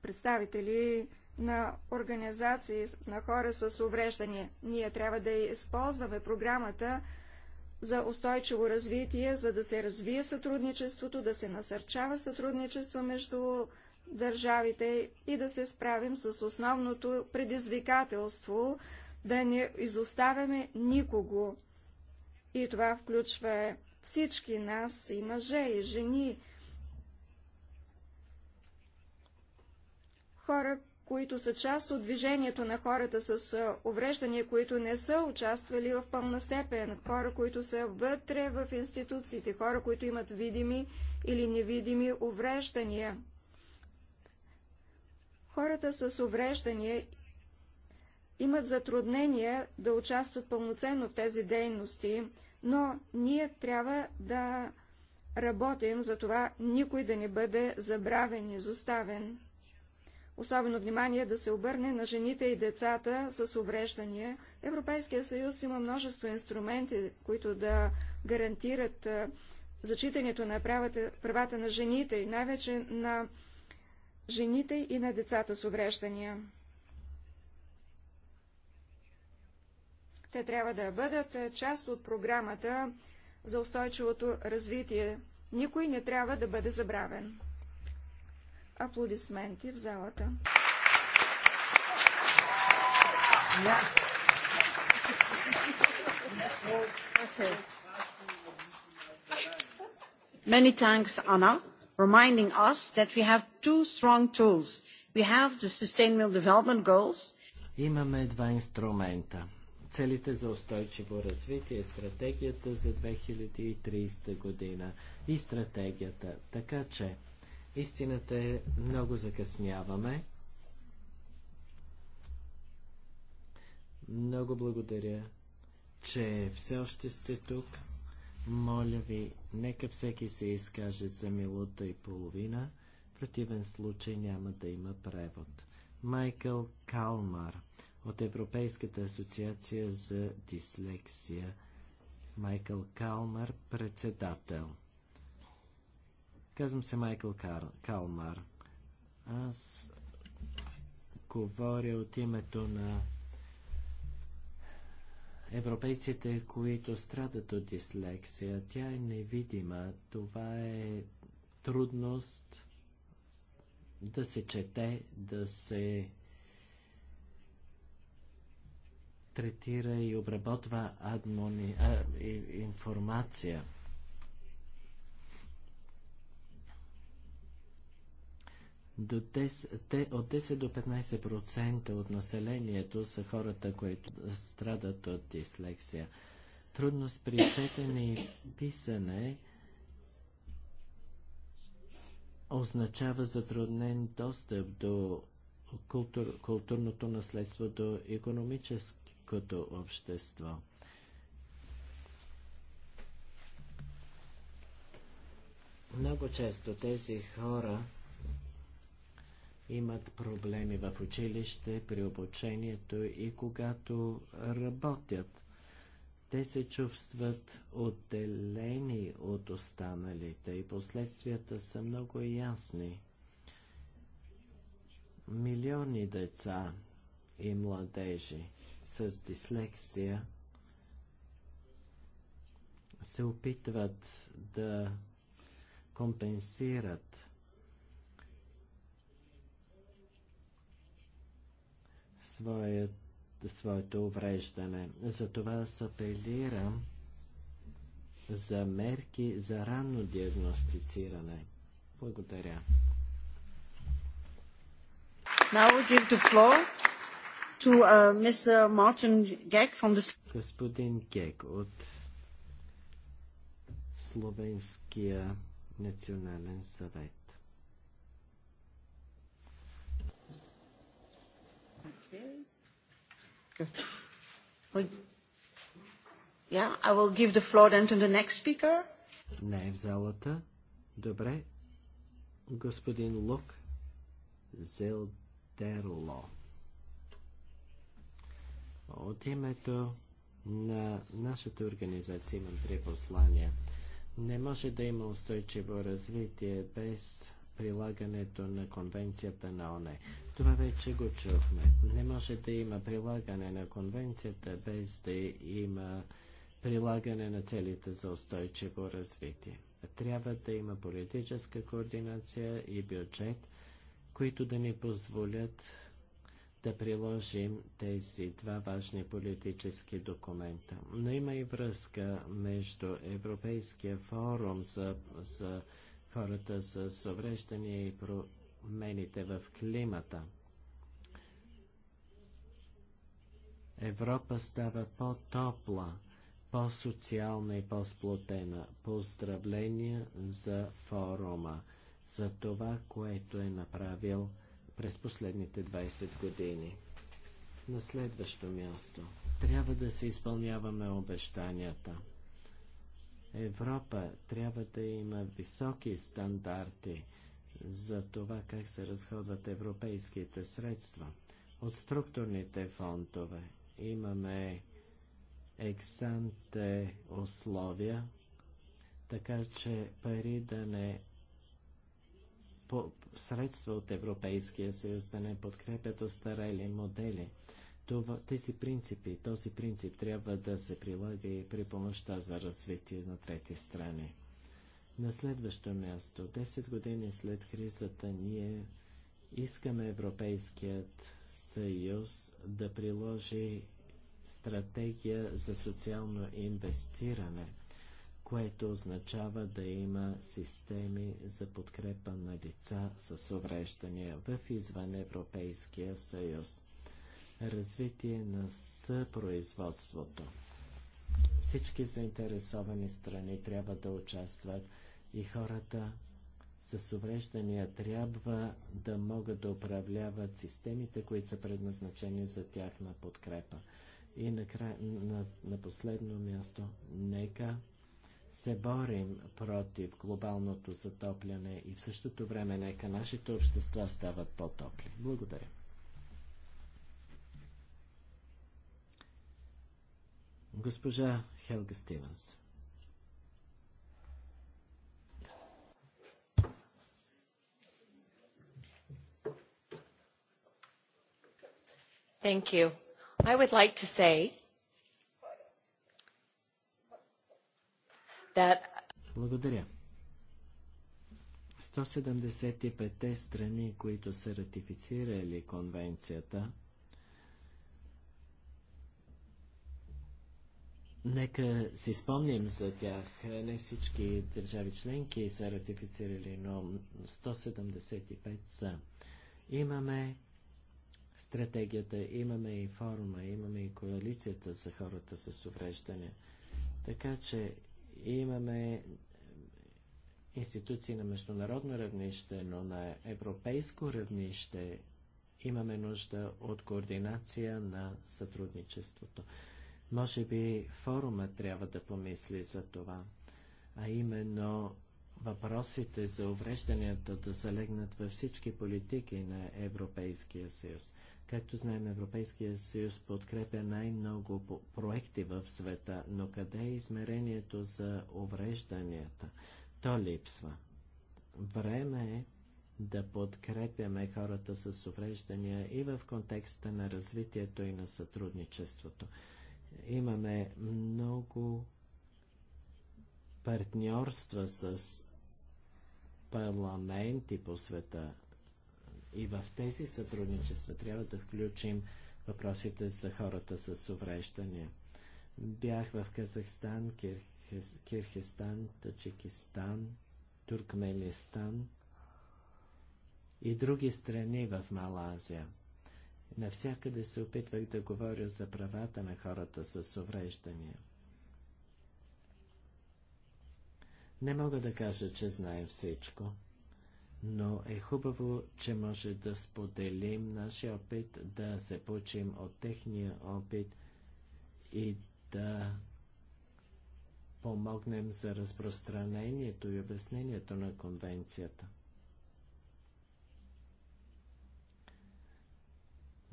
представители на организации на хора с увреждания. Ние трябва да използваме програмата за устойчиво развитие, за да се развие сътрудничеството, да се насърчава сътрудничество между държавите и да се справим с основното предизвикателство, да не изоставяме никого. И това включва всички нас, и мъже, и жени, хора, които са част от движението на хората с увреждания, които не са участвали в пълна степен, хора, които са вътре в институциите, хора, които имат видими или невидими увреждания. Хората с увреждания имат затруднения да участват пълноценно в тези дейности, но ние трябва да работим за това никой да не бъде забравен, изоставен. Особено внимание да се обърне на жените и децата с увреждания. Европейския съюз има множество инструменти, които да гарантират зачитането на правата, правата на жените и най-вече на жените и на децата с увреждания. Те трябва да бъдат част от програмата за устойчивото развитие. Никой не трябва да бъде забравен аплодисменти в залата. Many thanks, Anna, reminding us that we have two strong tools. We have the Sustainable Development Goals. Имаме два инструмента целите за устойчиво развитие, стратегията за 2030 година и стратегията. Така че Истината е, много закъсняваме. Много благодаря, че все още сте тук. Моля ви, нека всеки се изкаже за милута и половина. В противен случай няма да има превод. Майкъл Калмар от Европейската асоциация за дислексия. Майкъл Калмар, председател. Казвам се Майкъл Кар... Калмар. Аз говоря от името на европейците, които страдат от дислексия. Тя е невидима. Това е трудност да се чете, да се третира и обработва адмони... а, информация. До 10, те, от 10 до 15% от населението са хората, които страдат от дислексия. Трудност при четене и писане означава затруднен достъп до култур, културното наследство, до економическото общество. Много често тези хора имат проблеми в училище, при обучението и когато работят. Те се чувстват отделени от останалите и последствията са много ясни. Милиони деца и младежи с дислексия се опитват да компенсират своят, своето увреждане. Затова аз апелирам за мерки за ранно диагностициране. Благодаря. Now we give the floor to uh, Mr. Martin Gek from the... Господин Гек от Словенския национален съвет. Yeah, I will give the floor then to the next speaker. Не е в залата. Добре. Господин Лук Зелдерло. От името на нашата организация имам три послания. Не може да има устойчиво развитие без прилагането на конвенцията на ОНЕ. Това вече го чухме. Не може да има прилагане на конвенцията без да има прилагане на целите за устойчиво развитие. Трябва да има политическа координация и бюджет, които да ни позволят да приложим тези два важни политически документа. Но има и връзка между Европейския форум за, за хората с увреждания и промените в климата. Европа става по-топла, по-социална и по-сплотена. Поздравления за форума, за това, което е направил през последните 20 години. На следващо място трябва да се изпълняваме обещанията – Европа трябва да има високи стандарти за това как се разходват европейските средства. От структурните фондове имаме ексанте условия, така че пари да не по средства от Европейския съюз да не подкрепят остарели модели. Това, тези принципи, този принцип трябва да се прилага и при помощта за развитие на трети страни. На следващо място, 10 години след кризата, ние искаме Европейският съюз да приложи стратегия за социално инвестиране, което означава да има системи за подкрепа на деца с увреждания в извън Европейския съюз развитие на съпроизводството. Всички заинтересовани страни трябва да участват и хората с увреждания трябва да могат да управляват системите, които са предназначени за тяхна подкрепа. И на, кра... на, на последно място, нека се борим против глобалното затопляне и в същото време нека нашите общества стават по-топли. Благодаря. Госпожа Хелга Стивенс. Thank you. I would like to say that... Благодаря. 175-те страни, които са ратифицирали конвенцията, Нека си спомним за тях. Не всички държави членки са ратифицирали, но 175 са. Имаме стратегията, имаме и форума, имаме и коалицията за хората с увреждане. Така че имаме институции на международно равнище, но на европейско равнище имаме нужда от координация на сътрудничеството. Може би форума трябва да помисли за това, а именно въпросите за увреждането да залегнат във всички политики на Европейския съюз. Както знаем, Европейския съюз подкрепя най-много проекти в света, но къде е измерението за уврежданията? То липсва. Време е да подкрепяме хората с увреждания и в контекста на развитието и на сътрудничеството. Имаме много партньорства с парламенти по света. И в тези сътрудничества трябва да включим въпросите за хората с увреждания. Бях в Казахстан, Кирхистан, Таджикистан, Туркменистан и други страни в Малазия. Навсякъде се опитвах да говоря за правата на хората с увреждания. Не мога да кажа, че знаем всичко, но е хубаво, че може да споделим нашия опит, да се получим от техния опит и да помогнем за разпространението и обяснението на конвенцията.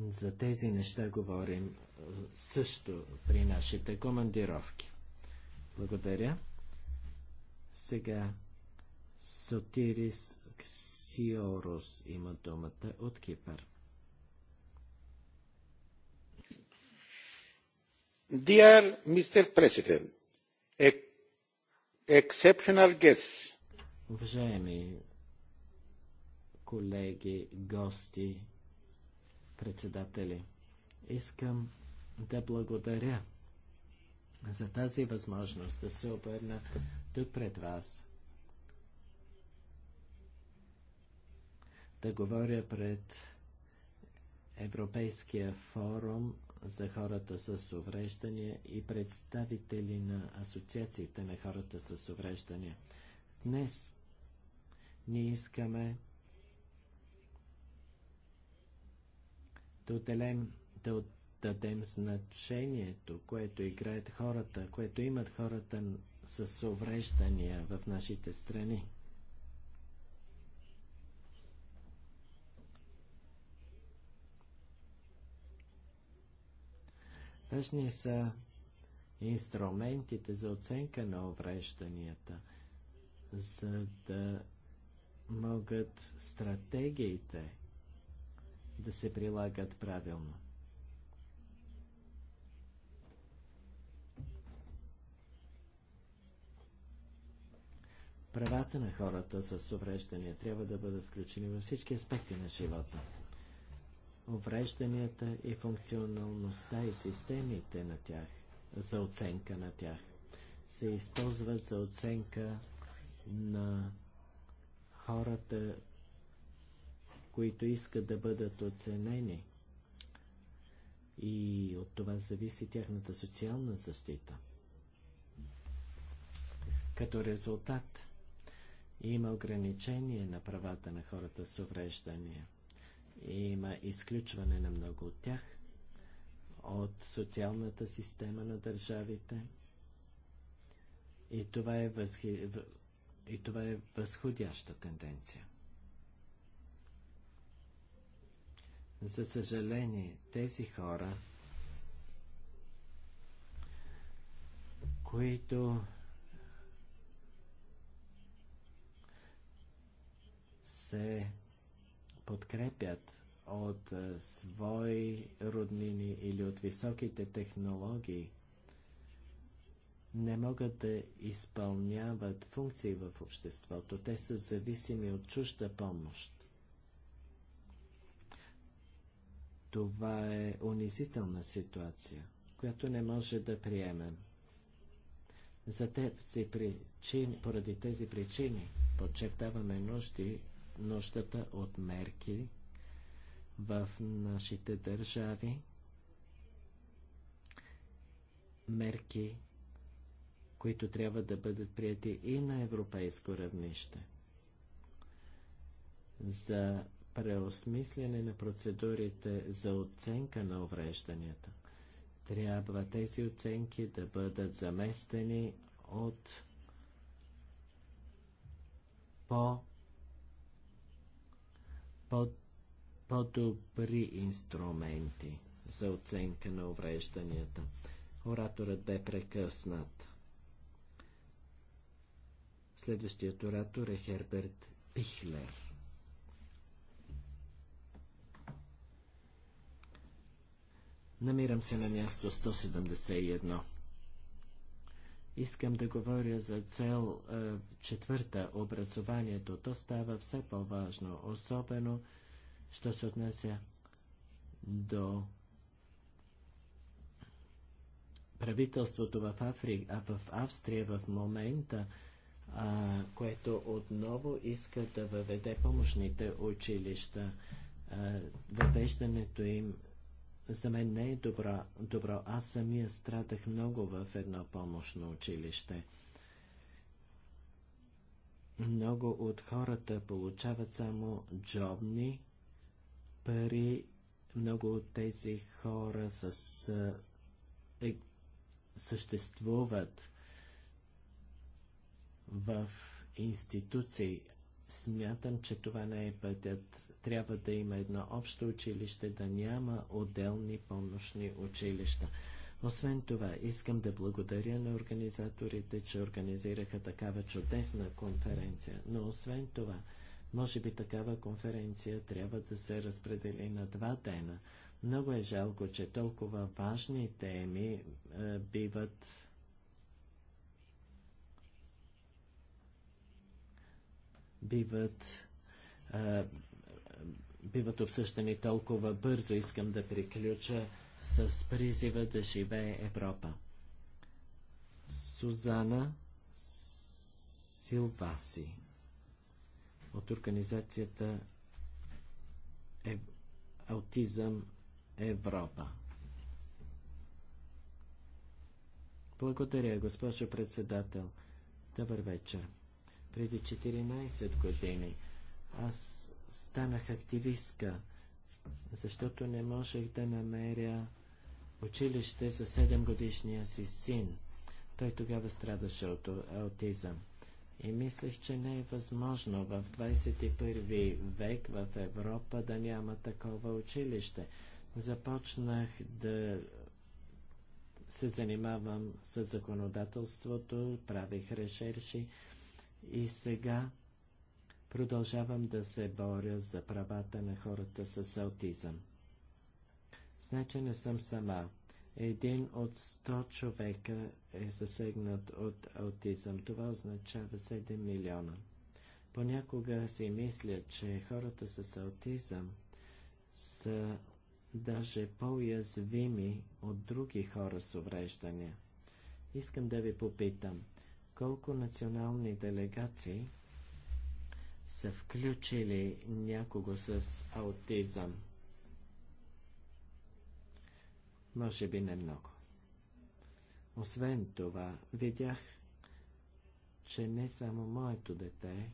За тези неща говорим също при нашите командировки. Благодаря. Сега Сотирис Ксиорус има думата от Кипър. Dear Mr. President, e-, exceptional guests. Уважаеми колеги, гости, председатели. Искам да благодаря за тази възможност да се обърна тук пред вас, да говоря пред Европейския форум за хората с увреждания и представители на асоциациите на хората с увреждания. Днес ние искаме да отделем, да отдадем значението, което играят хората, което имат хората с увреждания в нашите страни. Важни са инструментите за оценка на уврежданията, за да могат стратегиите да се прилагат правилно. Правата на хората с увреждания трябва да бъдат включени във всички аспекти на живота. Уврежданията и функционалността и системите на тях, за оценка на тях, се използват за оценка на хората които искат да бъдат оценени. И от това зависи тяхната социална защита. Като резултат има ограничение на правата на хората с увреждания. Има изключване на много от тях от социалната система на държавите. И това е, възхи... и това е възходяща тенденция. За съжаление, тези хора, които се подкрепят от свои роднини или от високите технологии, не могат да изпълняват функции в обществото. Те са зависими от чужда помощ. Това е унизителна ситуация, която не може да приемем. За теб си причин, поради тези причини подчертаваме нужди, нуждата от мерки в нашите държави, мерки, които трябва да бъдат прияти и на европейско равнище за преосмислене на процедурите за оценка на уврежданията. Трябва тези оценки да бъдат заместени от по по-добри по инструменти за оценка на уврежданията. Ораторът бе прекъснат. Следващият оратор е Херберт Пихлер. Намирам се на място 171. Искам да говоря за цел е, четвърта образованието. То става все по-важно, особено, що се отнася до правителството в Африка, а в Австрия в момента, а, което отново иска да въведе помощните училища. А, въвеждането им за мен не е добро, добро. Аз самия страдах много в едно помощно училище. Много от хората получават само джобни пари. Много от тези хора с, е, съществуват в институции, Смятам, че това не е пътят. Трябва да има едно общо училище, да няма отделни помощни училища. Освен това, искам да благодаря на организаторите, че организираха такава чудесна конференция. Но освен това, може би такава конференция трябва да се разпредели на два дена. Много е жалко, че толкова важни теми е, биват биват, а, биват обсъждани толкова бързо. Искам да приключа с призива да живее Европа. Сузана Силваси от организацията Ев... Аутизъм Европа. Благодаря, госпожо председател. Добър вечер. Преди 14 години аз станах активистка, защото не можех да намеря училище за 7 годишния си син. Той тогава страдаше от аутизъм. И мислех, че не е възможно в 21 век в Европа да няма такова училище. Започнах да се занимавам с законодателството, правих решерши и сега продължавам да се боря за правата на хората с аутизъм. Значи не съм сама. Един от 100 човека е засегнат от аутизъм. Това означава 7 милиона. Понякога си мисля, че хората с аутизъм са даже по-язвими от други хора с увреждания. Искам да ви попитам, колко национални делегации са включили някого с аутизъм? Може би не много. Освен това, видях, че не само моето дете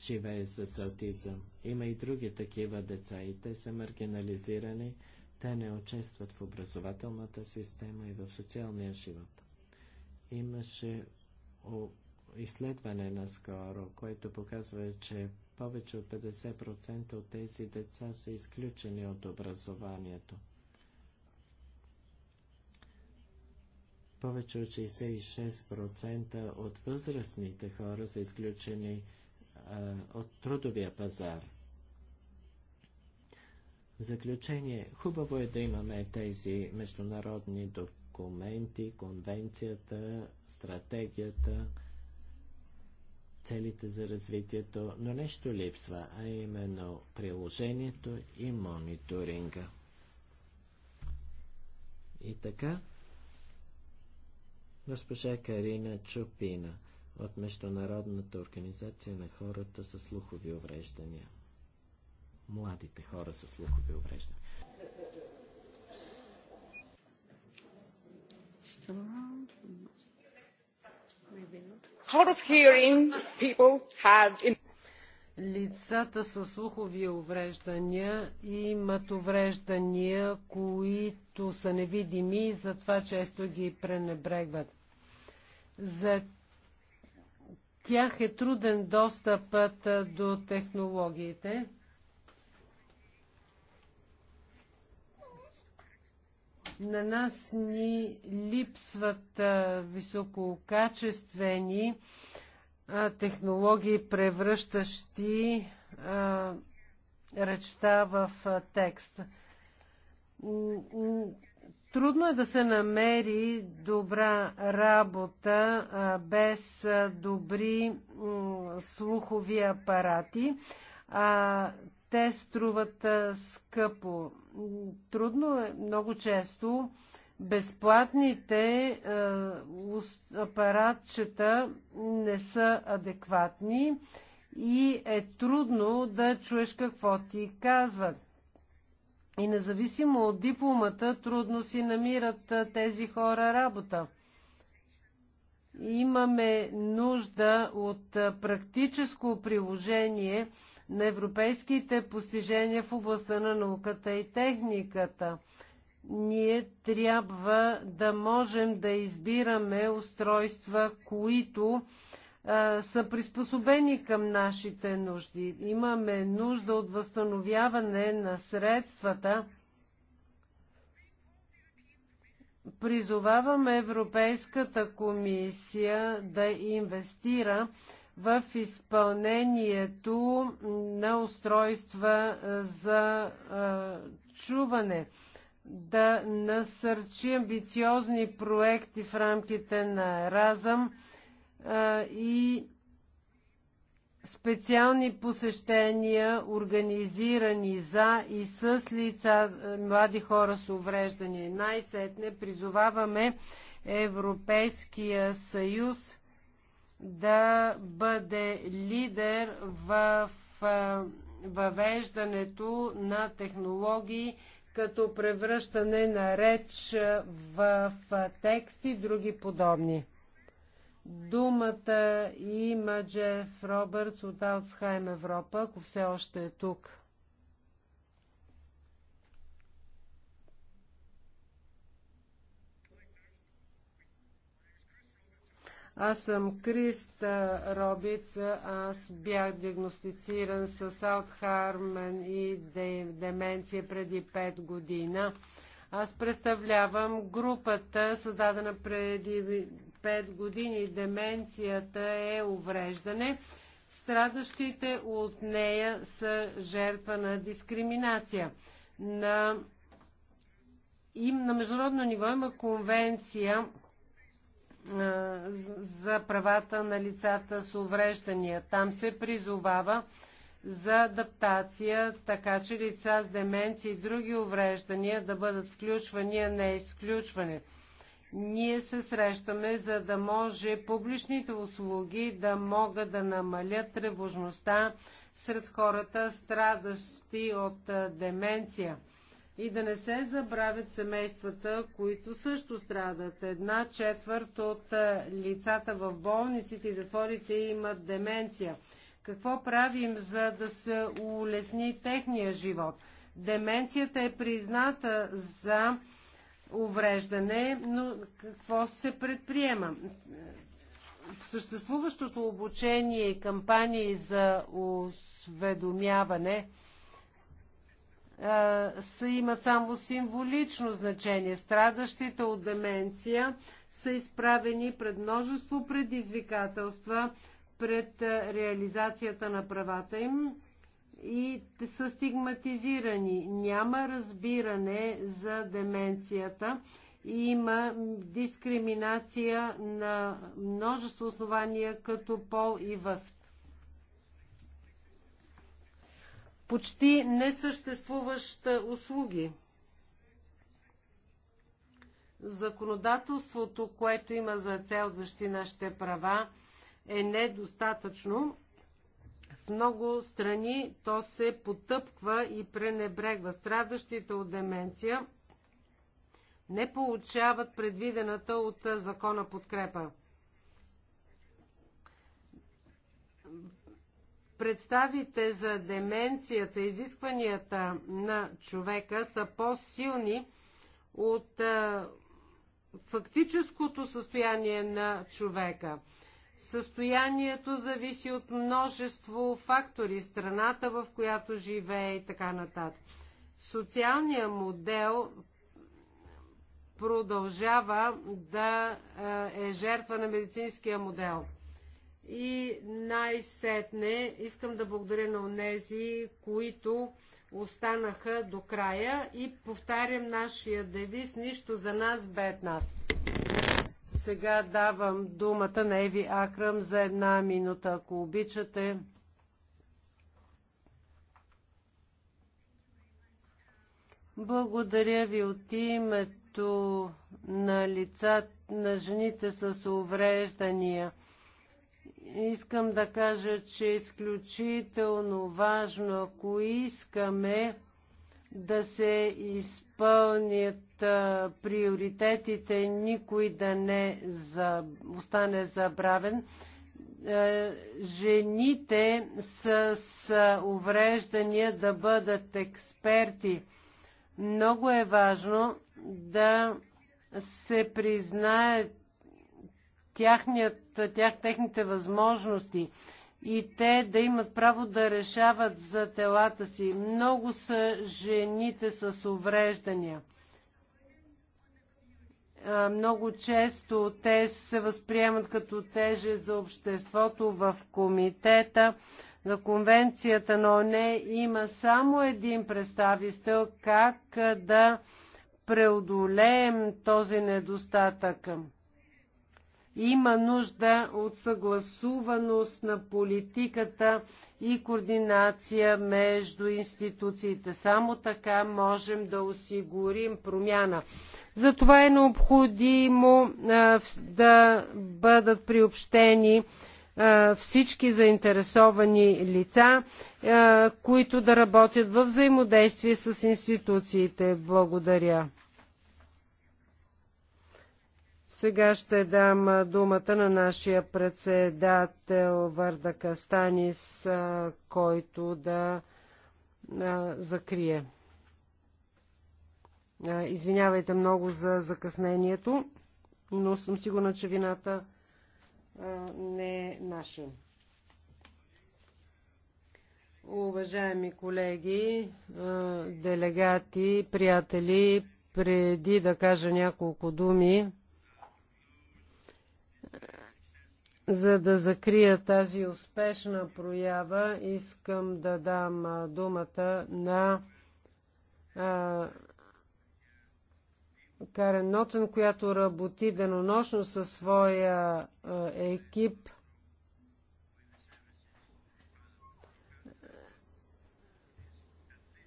живее с аутизъм. Има и други такива деца и те са маргинализирани, те не участват в образователната система и в социалния живот. Имаше изследване наскоро, което показва, че повече от 50% от тези деца са изключени от образованието. Повече от 66% от възрастните хора са изключени а, от трудовия пазар. В заключение, хубаво е да имаме тези международни документи, конвенцията, стратегията, целите за развитието, но нещо липсва, а именно приложението и мониторинга. И така, госпожа Карина Чупина от Международната организация на хората с слухови увреждания. Младите хора с слухови увреждания. Лицата са слухови увреждания имат увреждания, които са невидими и затова често ги пренебрегват. За тях е труден достъпът до технологиите. На нас ни липсват висококачествени технологии, превръщащи а, речта в а, текст. Трудно е да се намери добра работа а, без добри слухови апарати. те струват скъпо трудно е много често безплатните е, апаратчета не са адекватни и е трудно да чуеш какво ти казват. И независимо от дипломата, трудно си намират е, тези хора работа. Имаме нужда от е, практическо приложение на европейските постижения в областта на науката и техниката. Ние трябва да можем да избираме устройства, които а, са приспособени към нашите нужди. Имаме нужда от възстановяване на средствата, призоваваме Европейската комисия да инвестира в изпълнението на устройства за чуване, да насърчи амбициозни проекти в рамките на Разъм и специални посещения, организирани за и с лица млади хора с увреждания. Най-сетне призоваваме Европейския съюз – да бъде лидер в въвеждането на технологии, като превръщане на реч в текст и други подобни. Думата има Джеф Робъртс от Алцхайм Европа, ако все още е тук. Аз съм Криста Робица, Аз бях диагностициран с Аутхармен и деменция преди 5 година. Аз представлявам групата, създадена преди 5 години. Деменцията е увреждане. Страдащите от нея са жертва на дискриминация. На, им, на международно ниво има конвенция за правата на лицата с увреждания. Там се призовава за адаптация, така че лица с деменция и други увреждания да бъдат включвани, а не изключване. Ние се срещаме, за да може публичните услуги да могат да намалят тревожността сред хората, страдащи от деменция и да не се забравят семействата, които също страдат. Една четвърт от е, лицата в болниците и затворите имат деменция. Какво правим, за да се улесни техния живот? Деменцията е призната за увреждане, но какво се предприема? Съществуващото обучение и кампании за осведомяване – са, имат само символично значение. Страдащите от деменция са изправени пред множество предизвикателства пред реализацията на правата им и те са стигматизирани. Няма разбиране за деменцията и има дискриминация на множество основания като пол и възраст. почти несъществуваща услуги. Законодателството, което има за цел защити нашите права, е недостатъчно. В много страни то се потъпква и пренебрегва. Страдащите от деменция не получават предвидената от закона подкрепа. представите за деменцията, изискванията на човека са по-силни от а, фактическото състояние на човека. Състоянието зависи от множество фактори, страната в която живее и така нататък. Социалният модел продължава да е жертва на медицинския модел – и най-сетне искам да благодаря на онези, които останаха до края и повтарям нашия девиз «Нищо за нас без нас». Сега давам думата на Еви Акрам за една минута, ако обичате. Благодаря ви от името на лицата на жените с увреждания – искам да кажа, че е изключително важно, ако искаме да се изпълнят а, приоритетите, никой да не за, остане забравен. А, жените с, с увреждания да бъдат експерти. Много е важно да се признаят тяхният, тях, техните възможности и те да имат право да решават за телата си. Много са жените с увреждания. Много често те се възприемат като теже за обществото в комитета. На конвенцията но не има само един представител как да преодолеем този недостатък. Има нужда от съгласуваност на политиката и координация между институциите. Само така можем да осигурим промяна. Затова е необходимо да бъдат приобщени всички заинтересовани лица, които да работят в взаимодействие с институциите. Благодаря. Сега ще дам думата на нашия председател Варда Кастанис, който да закрие. Извинявайте много за закъснението, но съм сигурна, че вината не е наша. Уважаеми колеги, делегати, приятели, преди да кажа няколко думи За да закрия тази успешна проява, искам да дам думата на а, Карен Нотен, която работи денонощно със своя а, екип.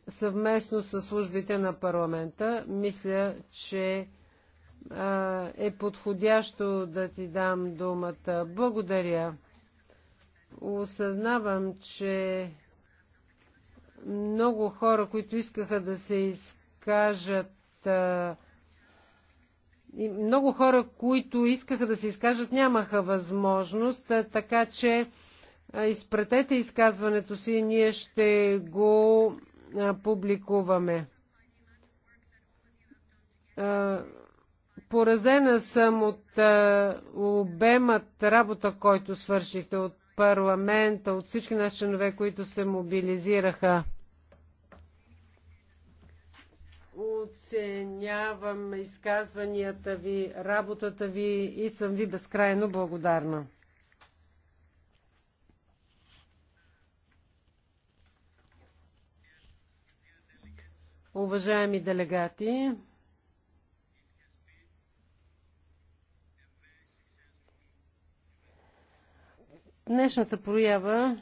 съвместно с службите на парламента. Мисля, че е подходящо да ти дам думата. Благодаря. Осъзнавам, че много хора, които искаха да се изкажат, и много хора, които искаха да се изкажат, нямаха възможност, така че изпратете изказването си, ние ще го публикуваме Поразена съм от а, обемът работа, който свършихте от парламента, от всички наши членове, които се мобилизираха. Оценявам изказванията ви, работата ви и съм ви безкрайно благодарна. Уважаеми делегати, Днешната проява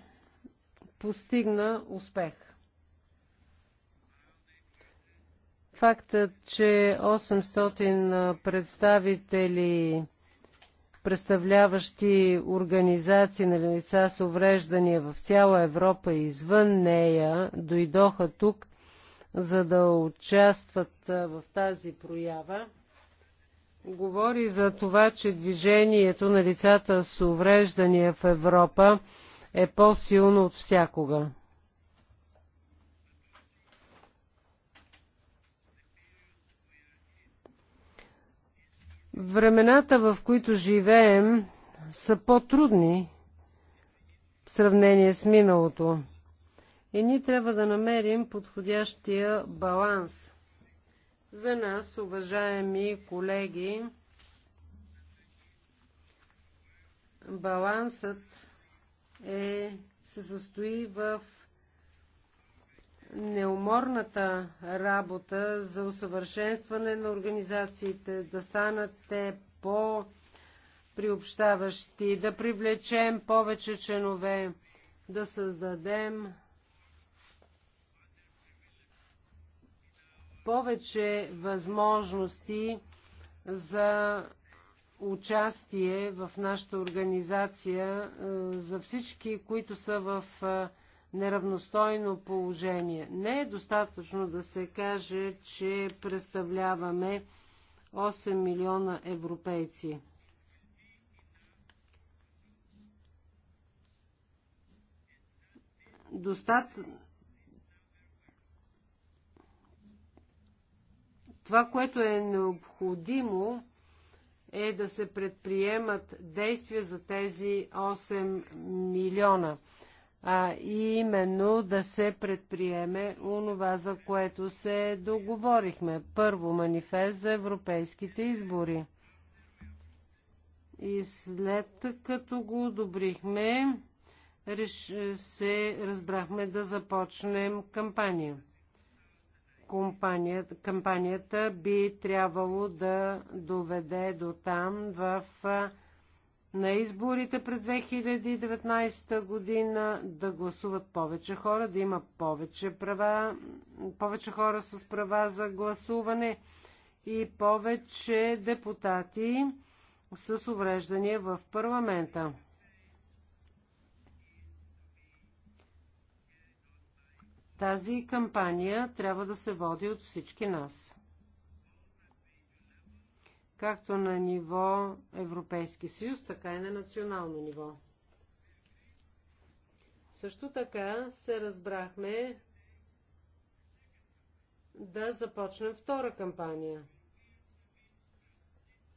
постигна успех. Фактът, че 800 представители, представляващи организации на лица с увреждания в цяла Европа и извън нея, дойдоха тук, за да участват в тази проява – говори за това, че движението на лицата с увреждания в Европа е по-силно от всякога. Времената, в които живеем, са по-трудни в сравнение с миналото. И ние трябва да намерим подходящия баланс – за нас, уважаеми колеги, балансът е, се състои в неуморната работа за усъвършенстване на организациите, да станат те по приобщаващи, да привлечем повече членове, да създадем повече възможности за участие в нашата организация е, за всички, които са в е, неравностойно положение. Не е достатъчно да се каже, че представляваме 8 милиона европейци. Достатъчно Това, което е необходимо, е да се предприемат действия за тези 8 милиона, а именно да се предприеме онова, за което се договорихме. Първо манифест за европейските избори. И след като го одобрихме, реш... се разбрахме да започнем кампания кампанията би трябвало да доведе до там в на изборите през 2019 година да гласуват повече хора, да има повече права, повече хора с права за гласуване и повече депутати с увреждания в парламента. Тази кампания трябва да се води от всички нас. Както на ниво Европейски съюз, така и на национално ниво. Също така се разбрахме да започнем втора кампания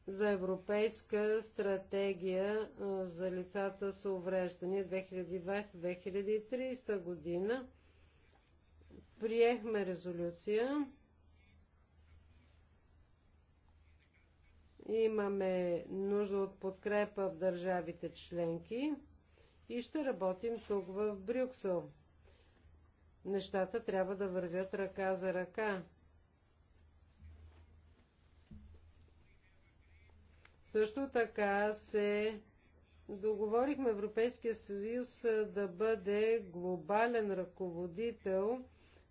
за Европейска стратегия за лицата с увреждания 2020-2030 година приехме резолюция. Имаме нужда от подкрепа в държавите членки и ще работим тук в Брюксел. Нещата трябва да вървят ръка за ръка. Също така се договорихме Европейския съюз да бъде глобален ръководител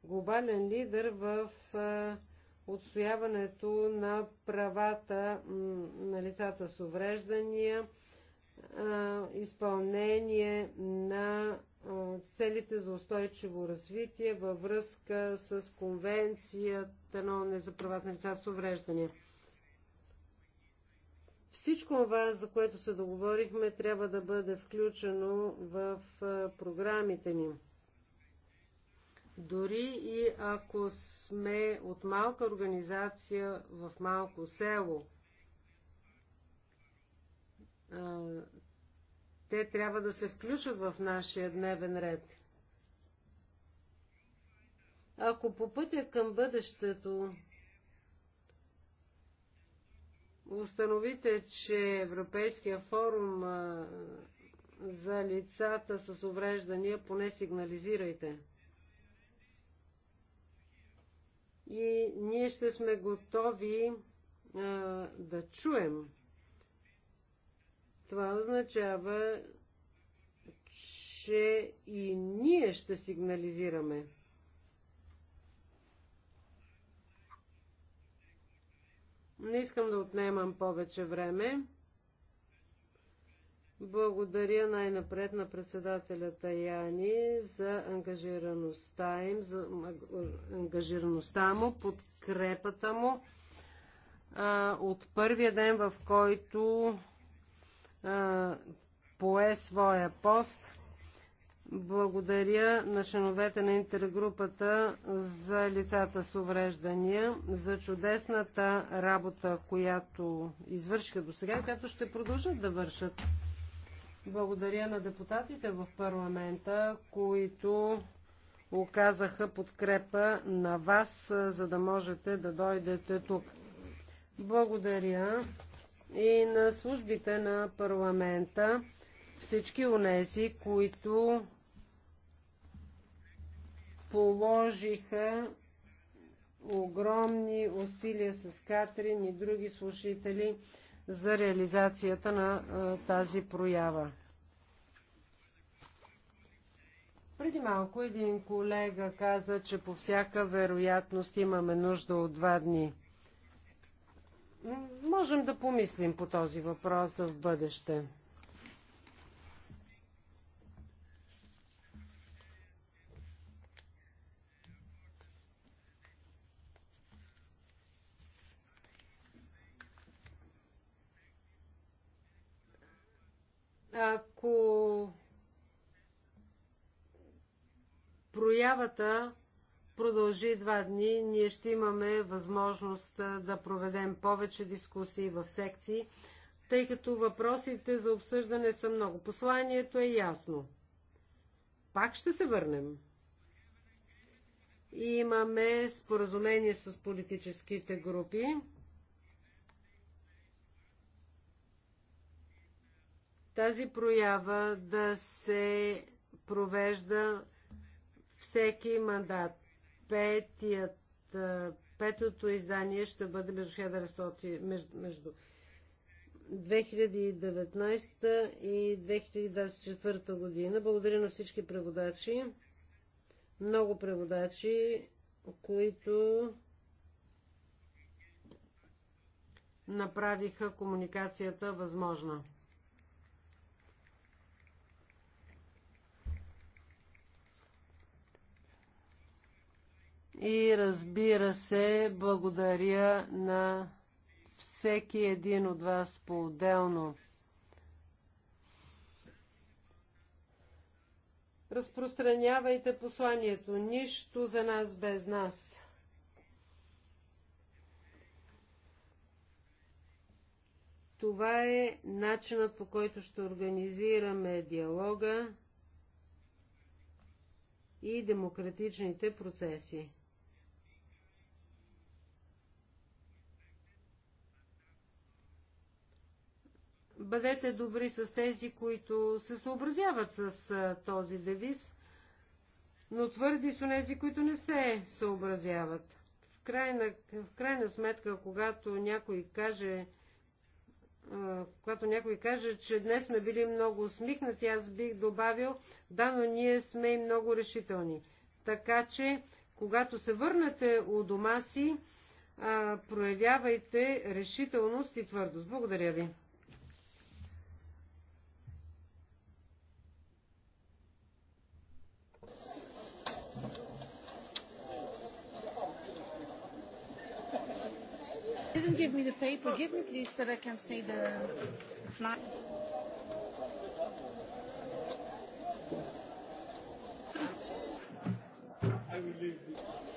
глобален лидер в отстояването на правата на лицата с увреждания, изпълнение на целите за устойчиво развитие във връзка с конвенцията на ОНЕ за правата на лицата с увреждания. Всичко това, за което се договорихме, трябва да бъде включено в програмите ни. Дори и ако сме от малка организация в малко село, те трябва да се включат в нашия дневен ред. Ако по пътя към бъдещето установите, че Европейския форум за лицата с увреждания, поне сигнализирайте. и ние ще сме готови а, да чуем. Това означава, че и ние ще сигнализираме. Не искам да отнемам повече време. Благодаря най-напред на председателя Таяни за ангажираността им, за ангажираността му, подкрепата му. А, от първия ден, в който а, пое своя пост, благодаря на членовете на интергрупата за лицата с увреждания, за чудесната работа, която извършиха до сега, която ще продължат да вършат. Благодаря на депутатите в парламента, които оказаха подкрепа на вас, за да можете да дойдете тук. Благодаря и на службите на парламента, всички унези, които положиха огромни усилия с Катрин и други слушатели за реализацията на тази проява. Преди малко един колега каза, че по всяка вероятност имаме нужда от два дни. Можем да помислим по този въпрос в бъдеще. Ако проявата продължи два дни, ние ще имаме възможност да проведем повече дискусии в секции, тъй като въпросите за обсъждане са много. Посланието е ясно. Пак ще се върнем. И имаме споразумение с политическите групи. Тази проява да се провежда всеки мандат. Петият, петото издание ще бъде между между, между 2019 и 2024 година. Благодаря на всички преводачи. Много преводачи, които направиха комуникацията възможна. И разбира се, благодаря на всеки един от вас по-отделно. Разпространявайте посланието. Нищо за нас без нас. Това е начинът по който ще организираме диалога и демократичните процеси. бъдете добри с тези, които се съобразяват с а, този девиз, но твърди с тези, които не се съобразяват. В крайна, в крайна сметка, когато някой каже, когато някой каже, че днес сме били много усмихнати, аз бих добавил, да, но ние сме и много решителни. Така че, когато се върнете у дома си, проявявайте решителност и твърдост. Благодаря ви. give me the paper. Give me, please, that I can see the flag. I will leave this.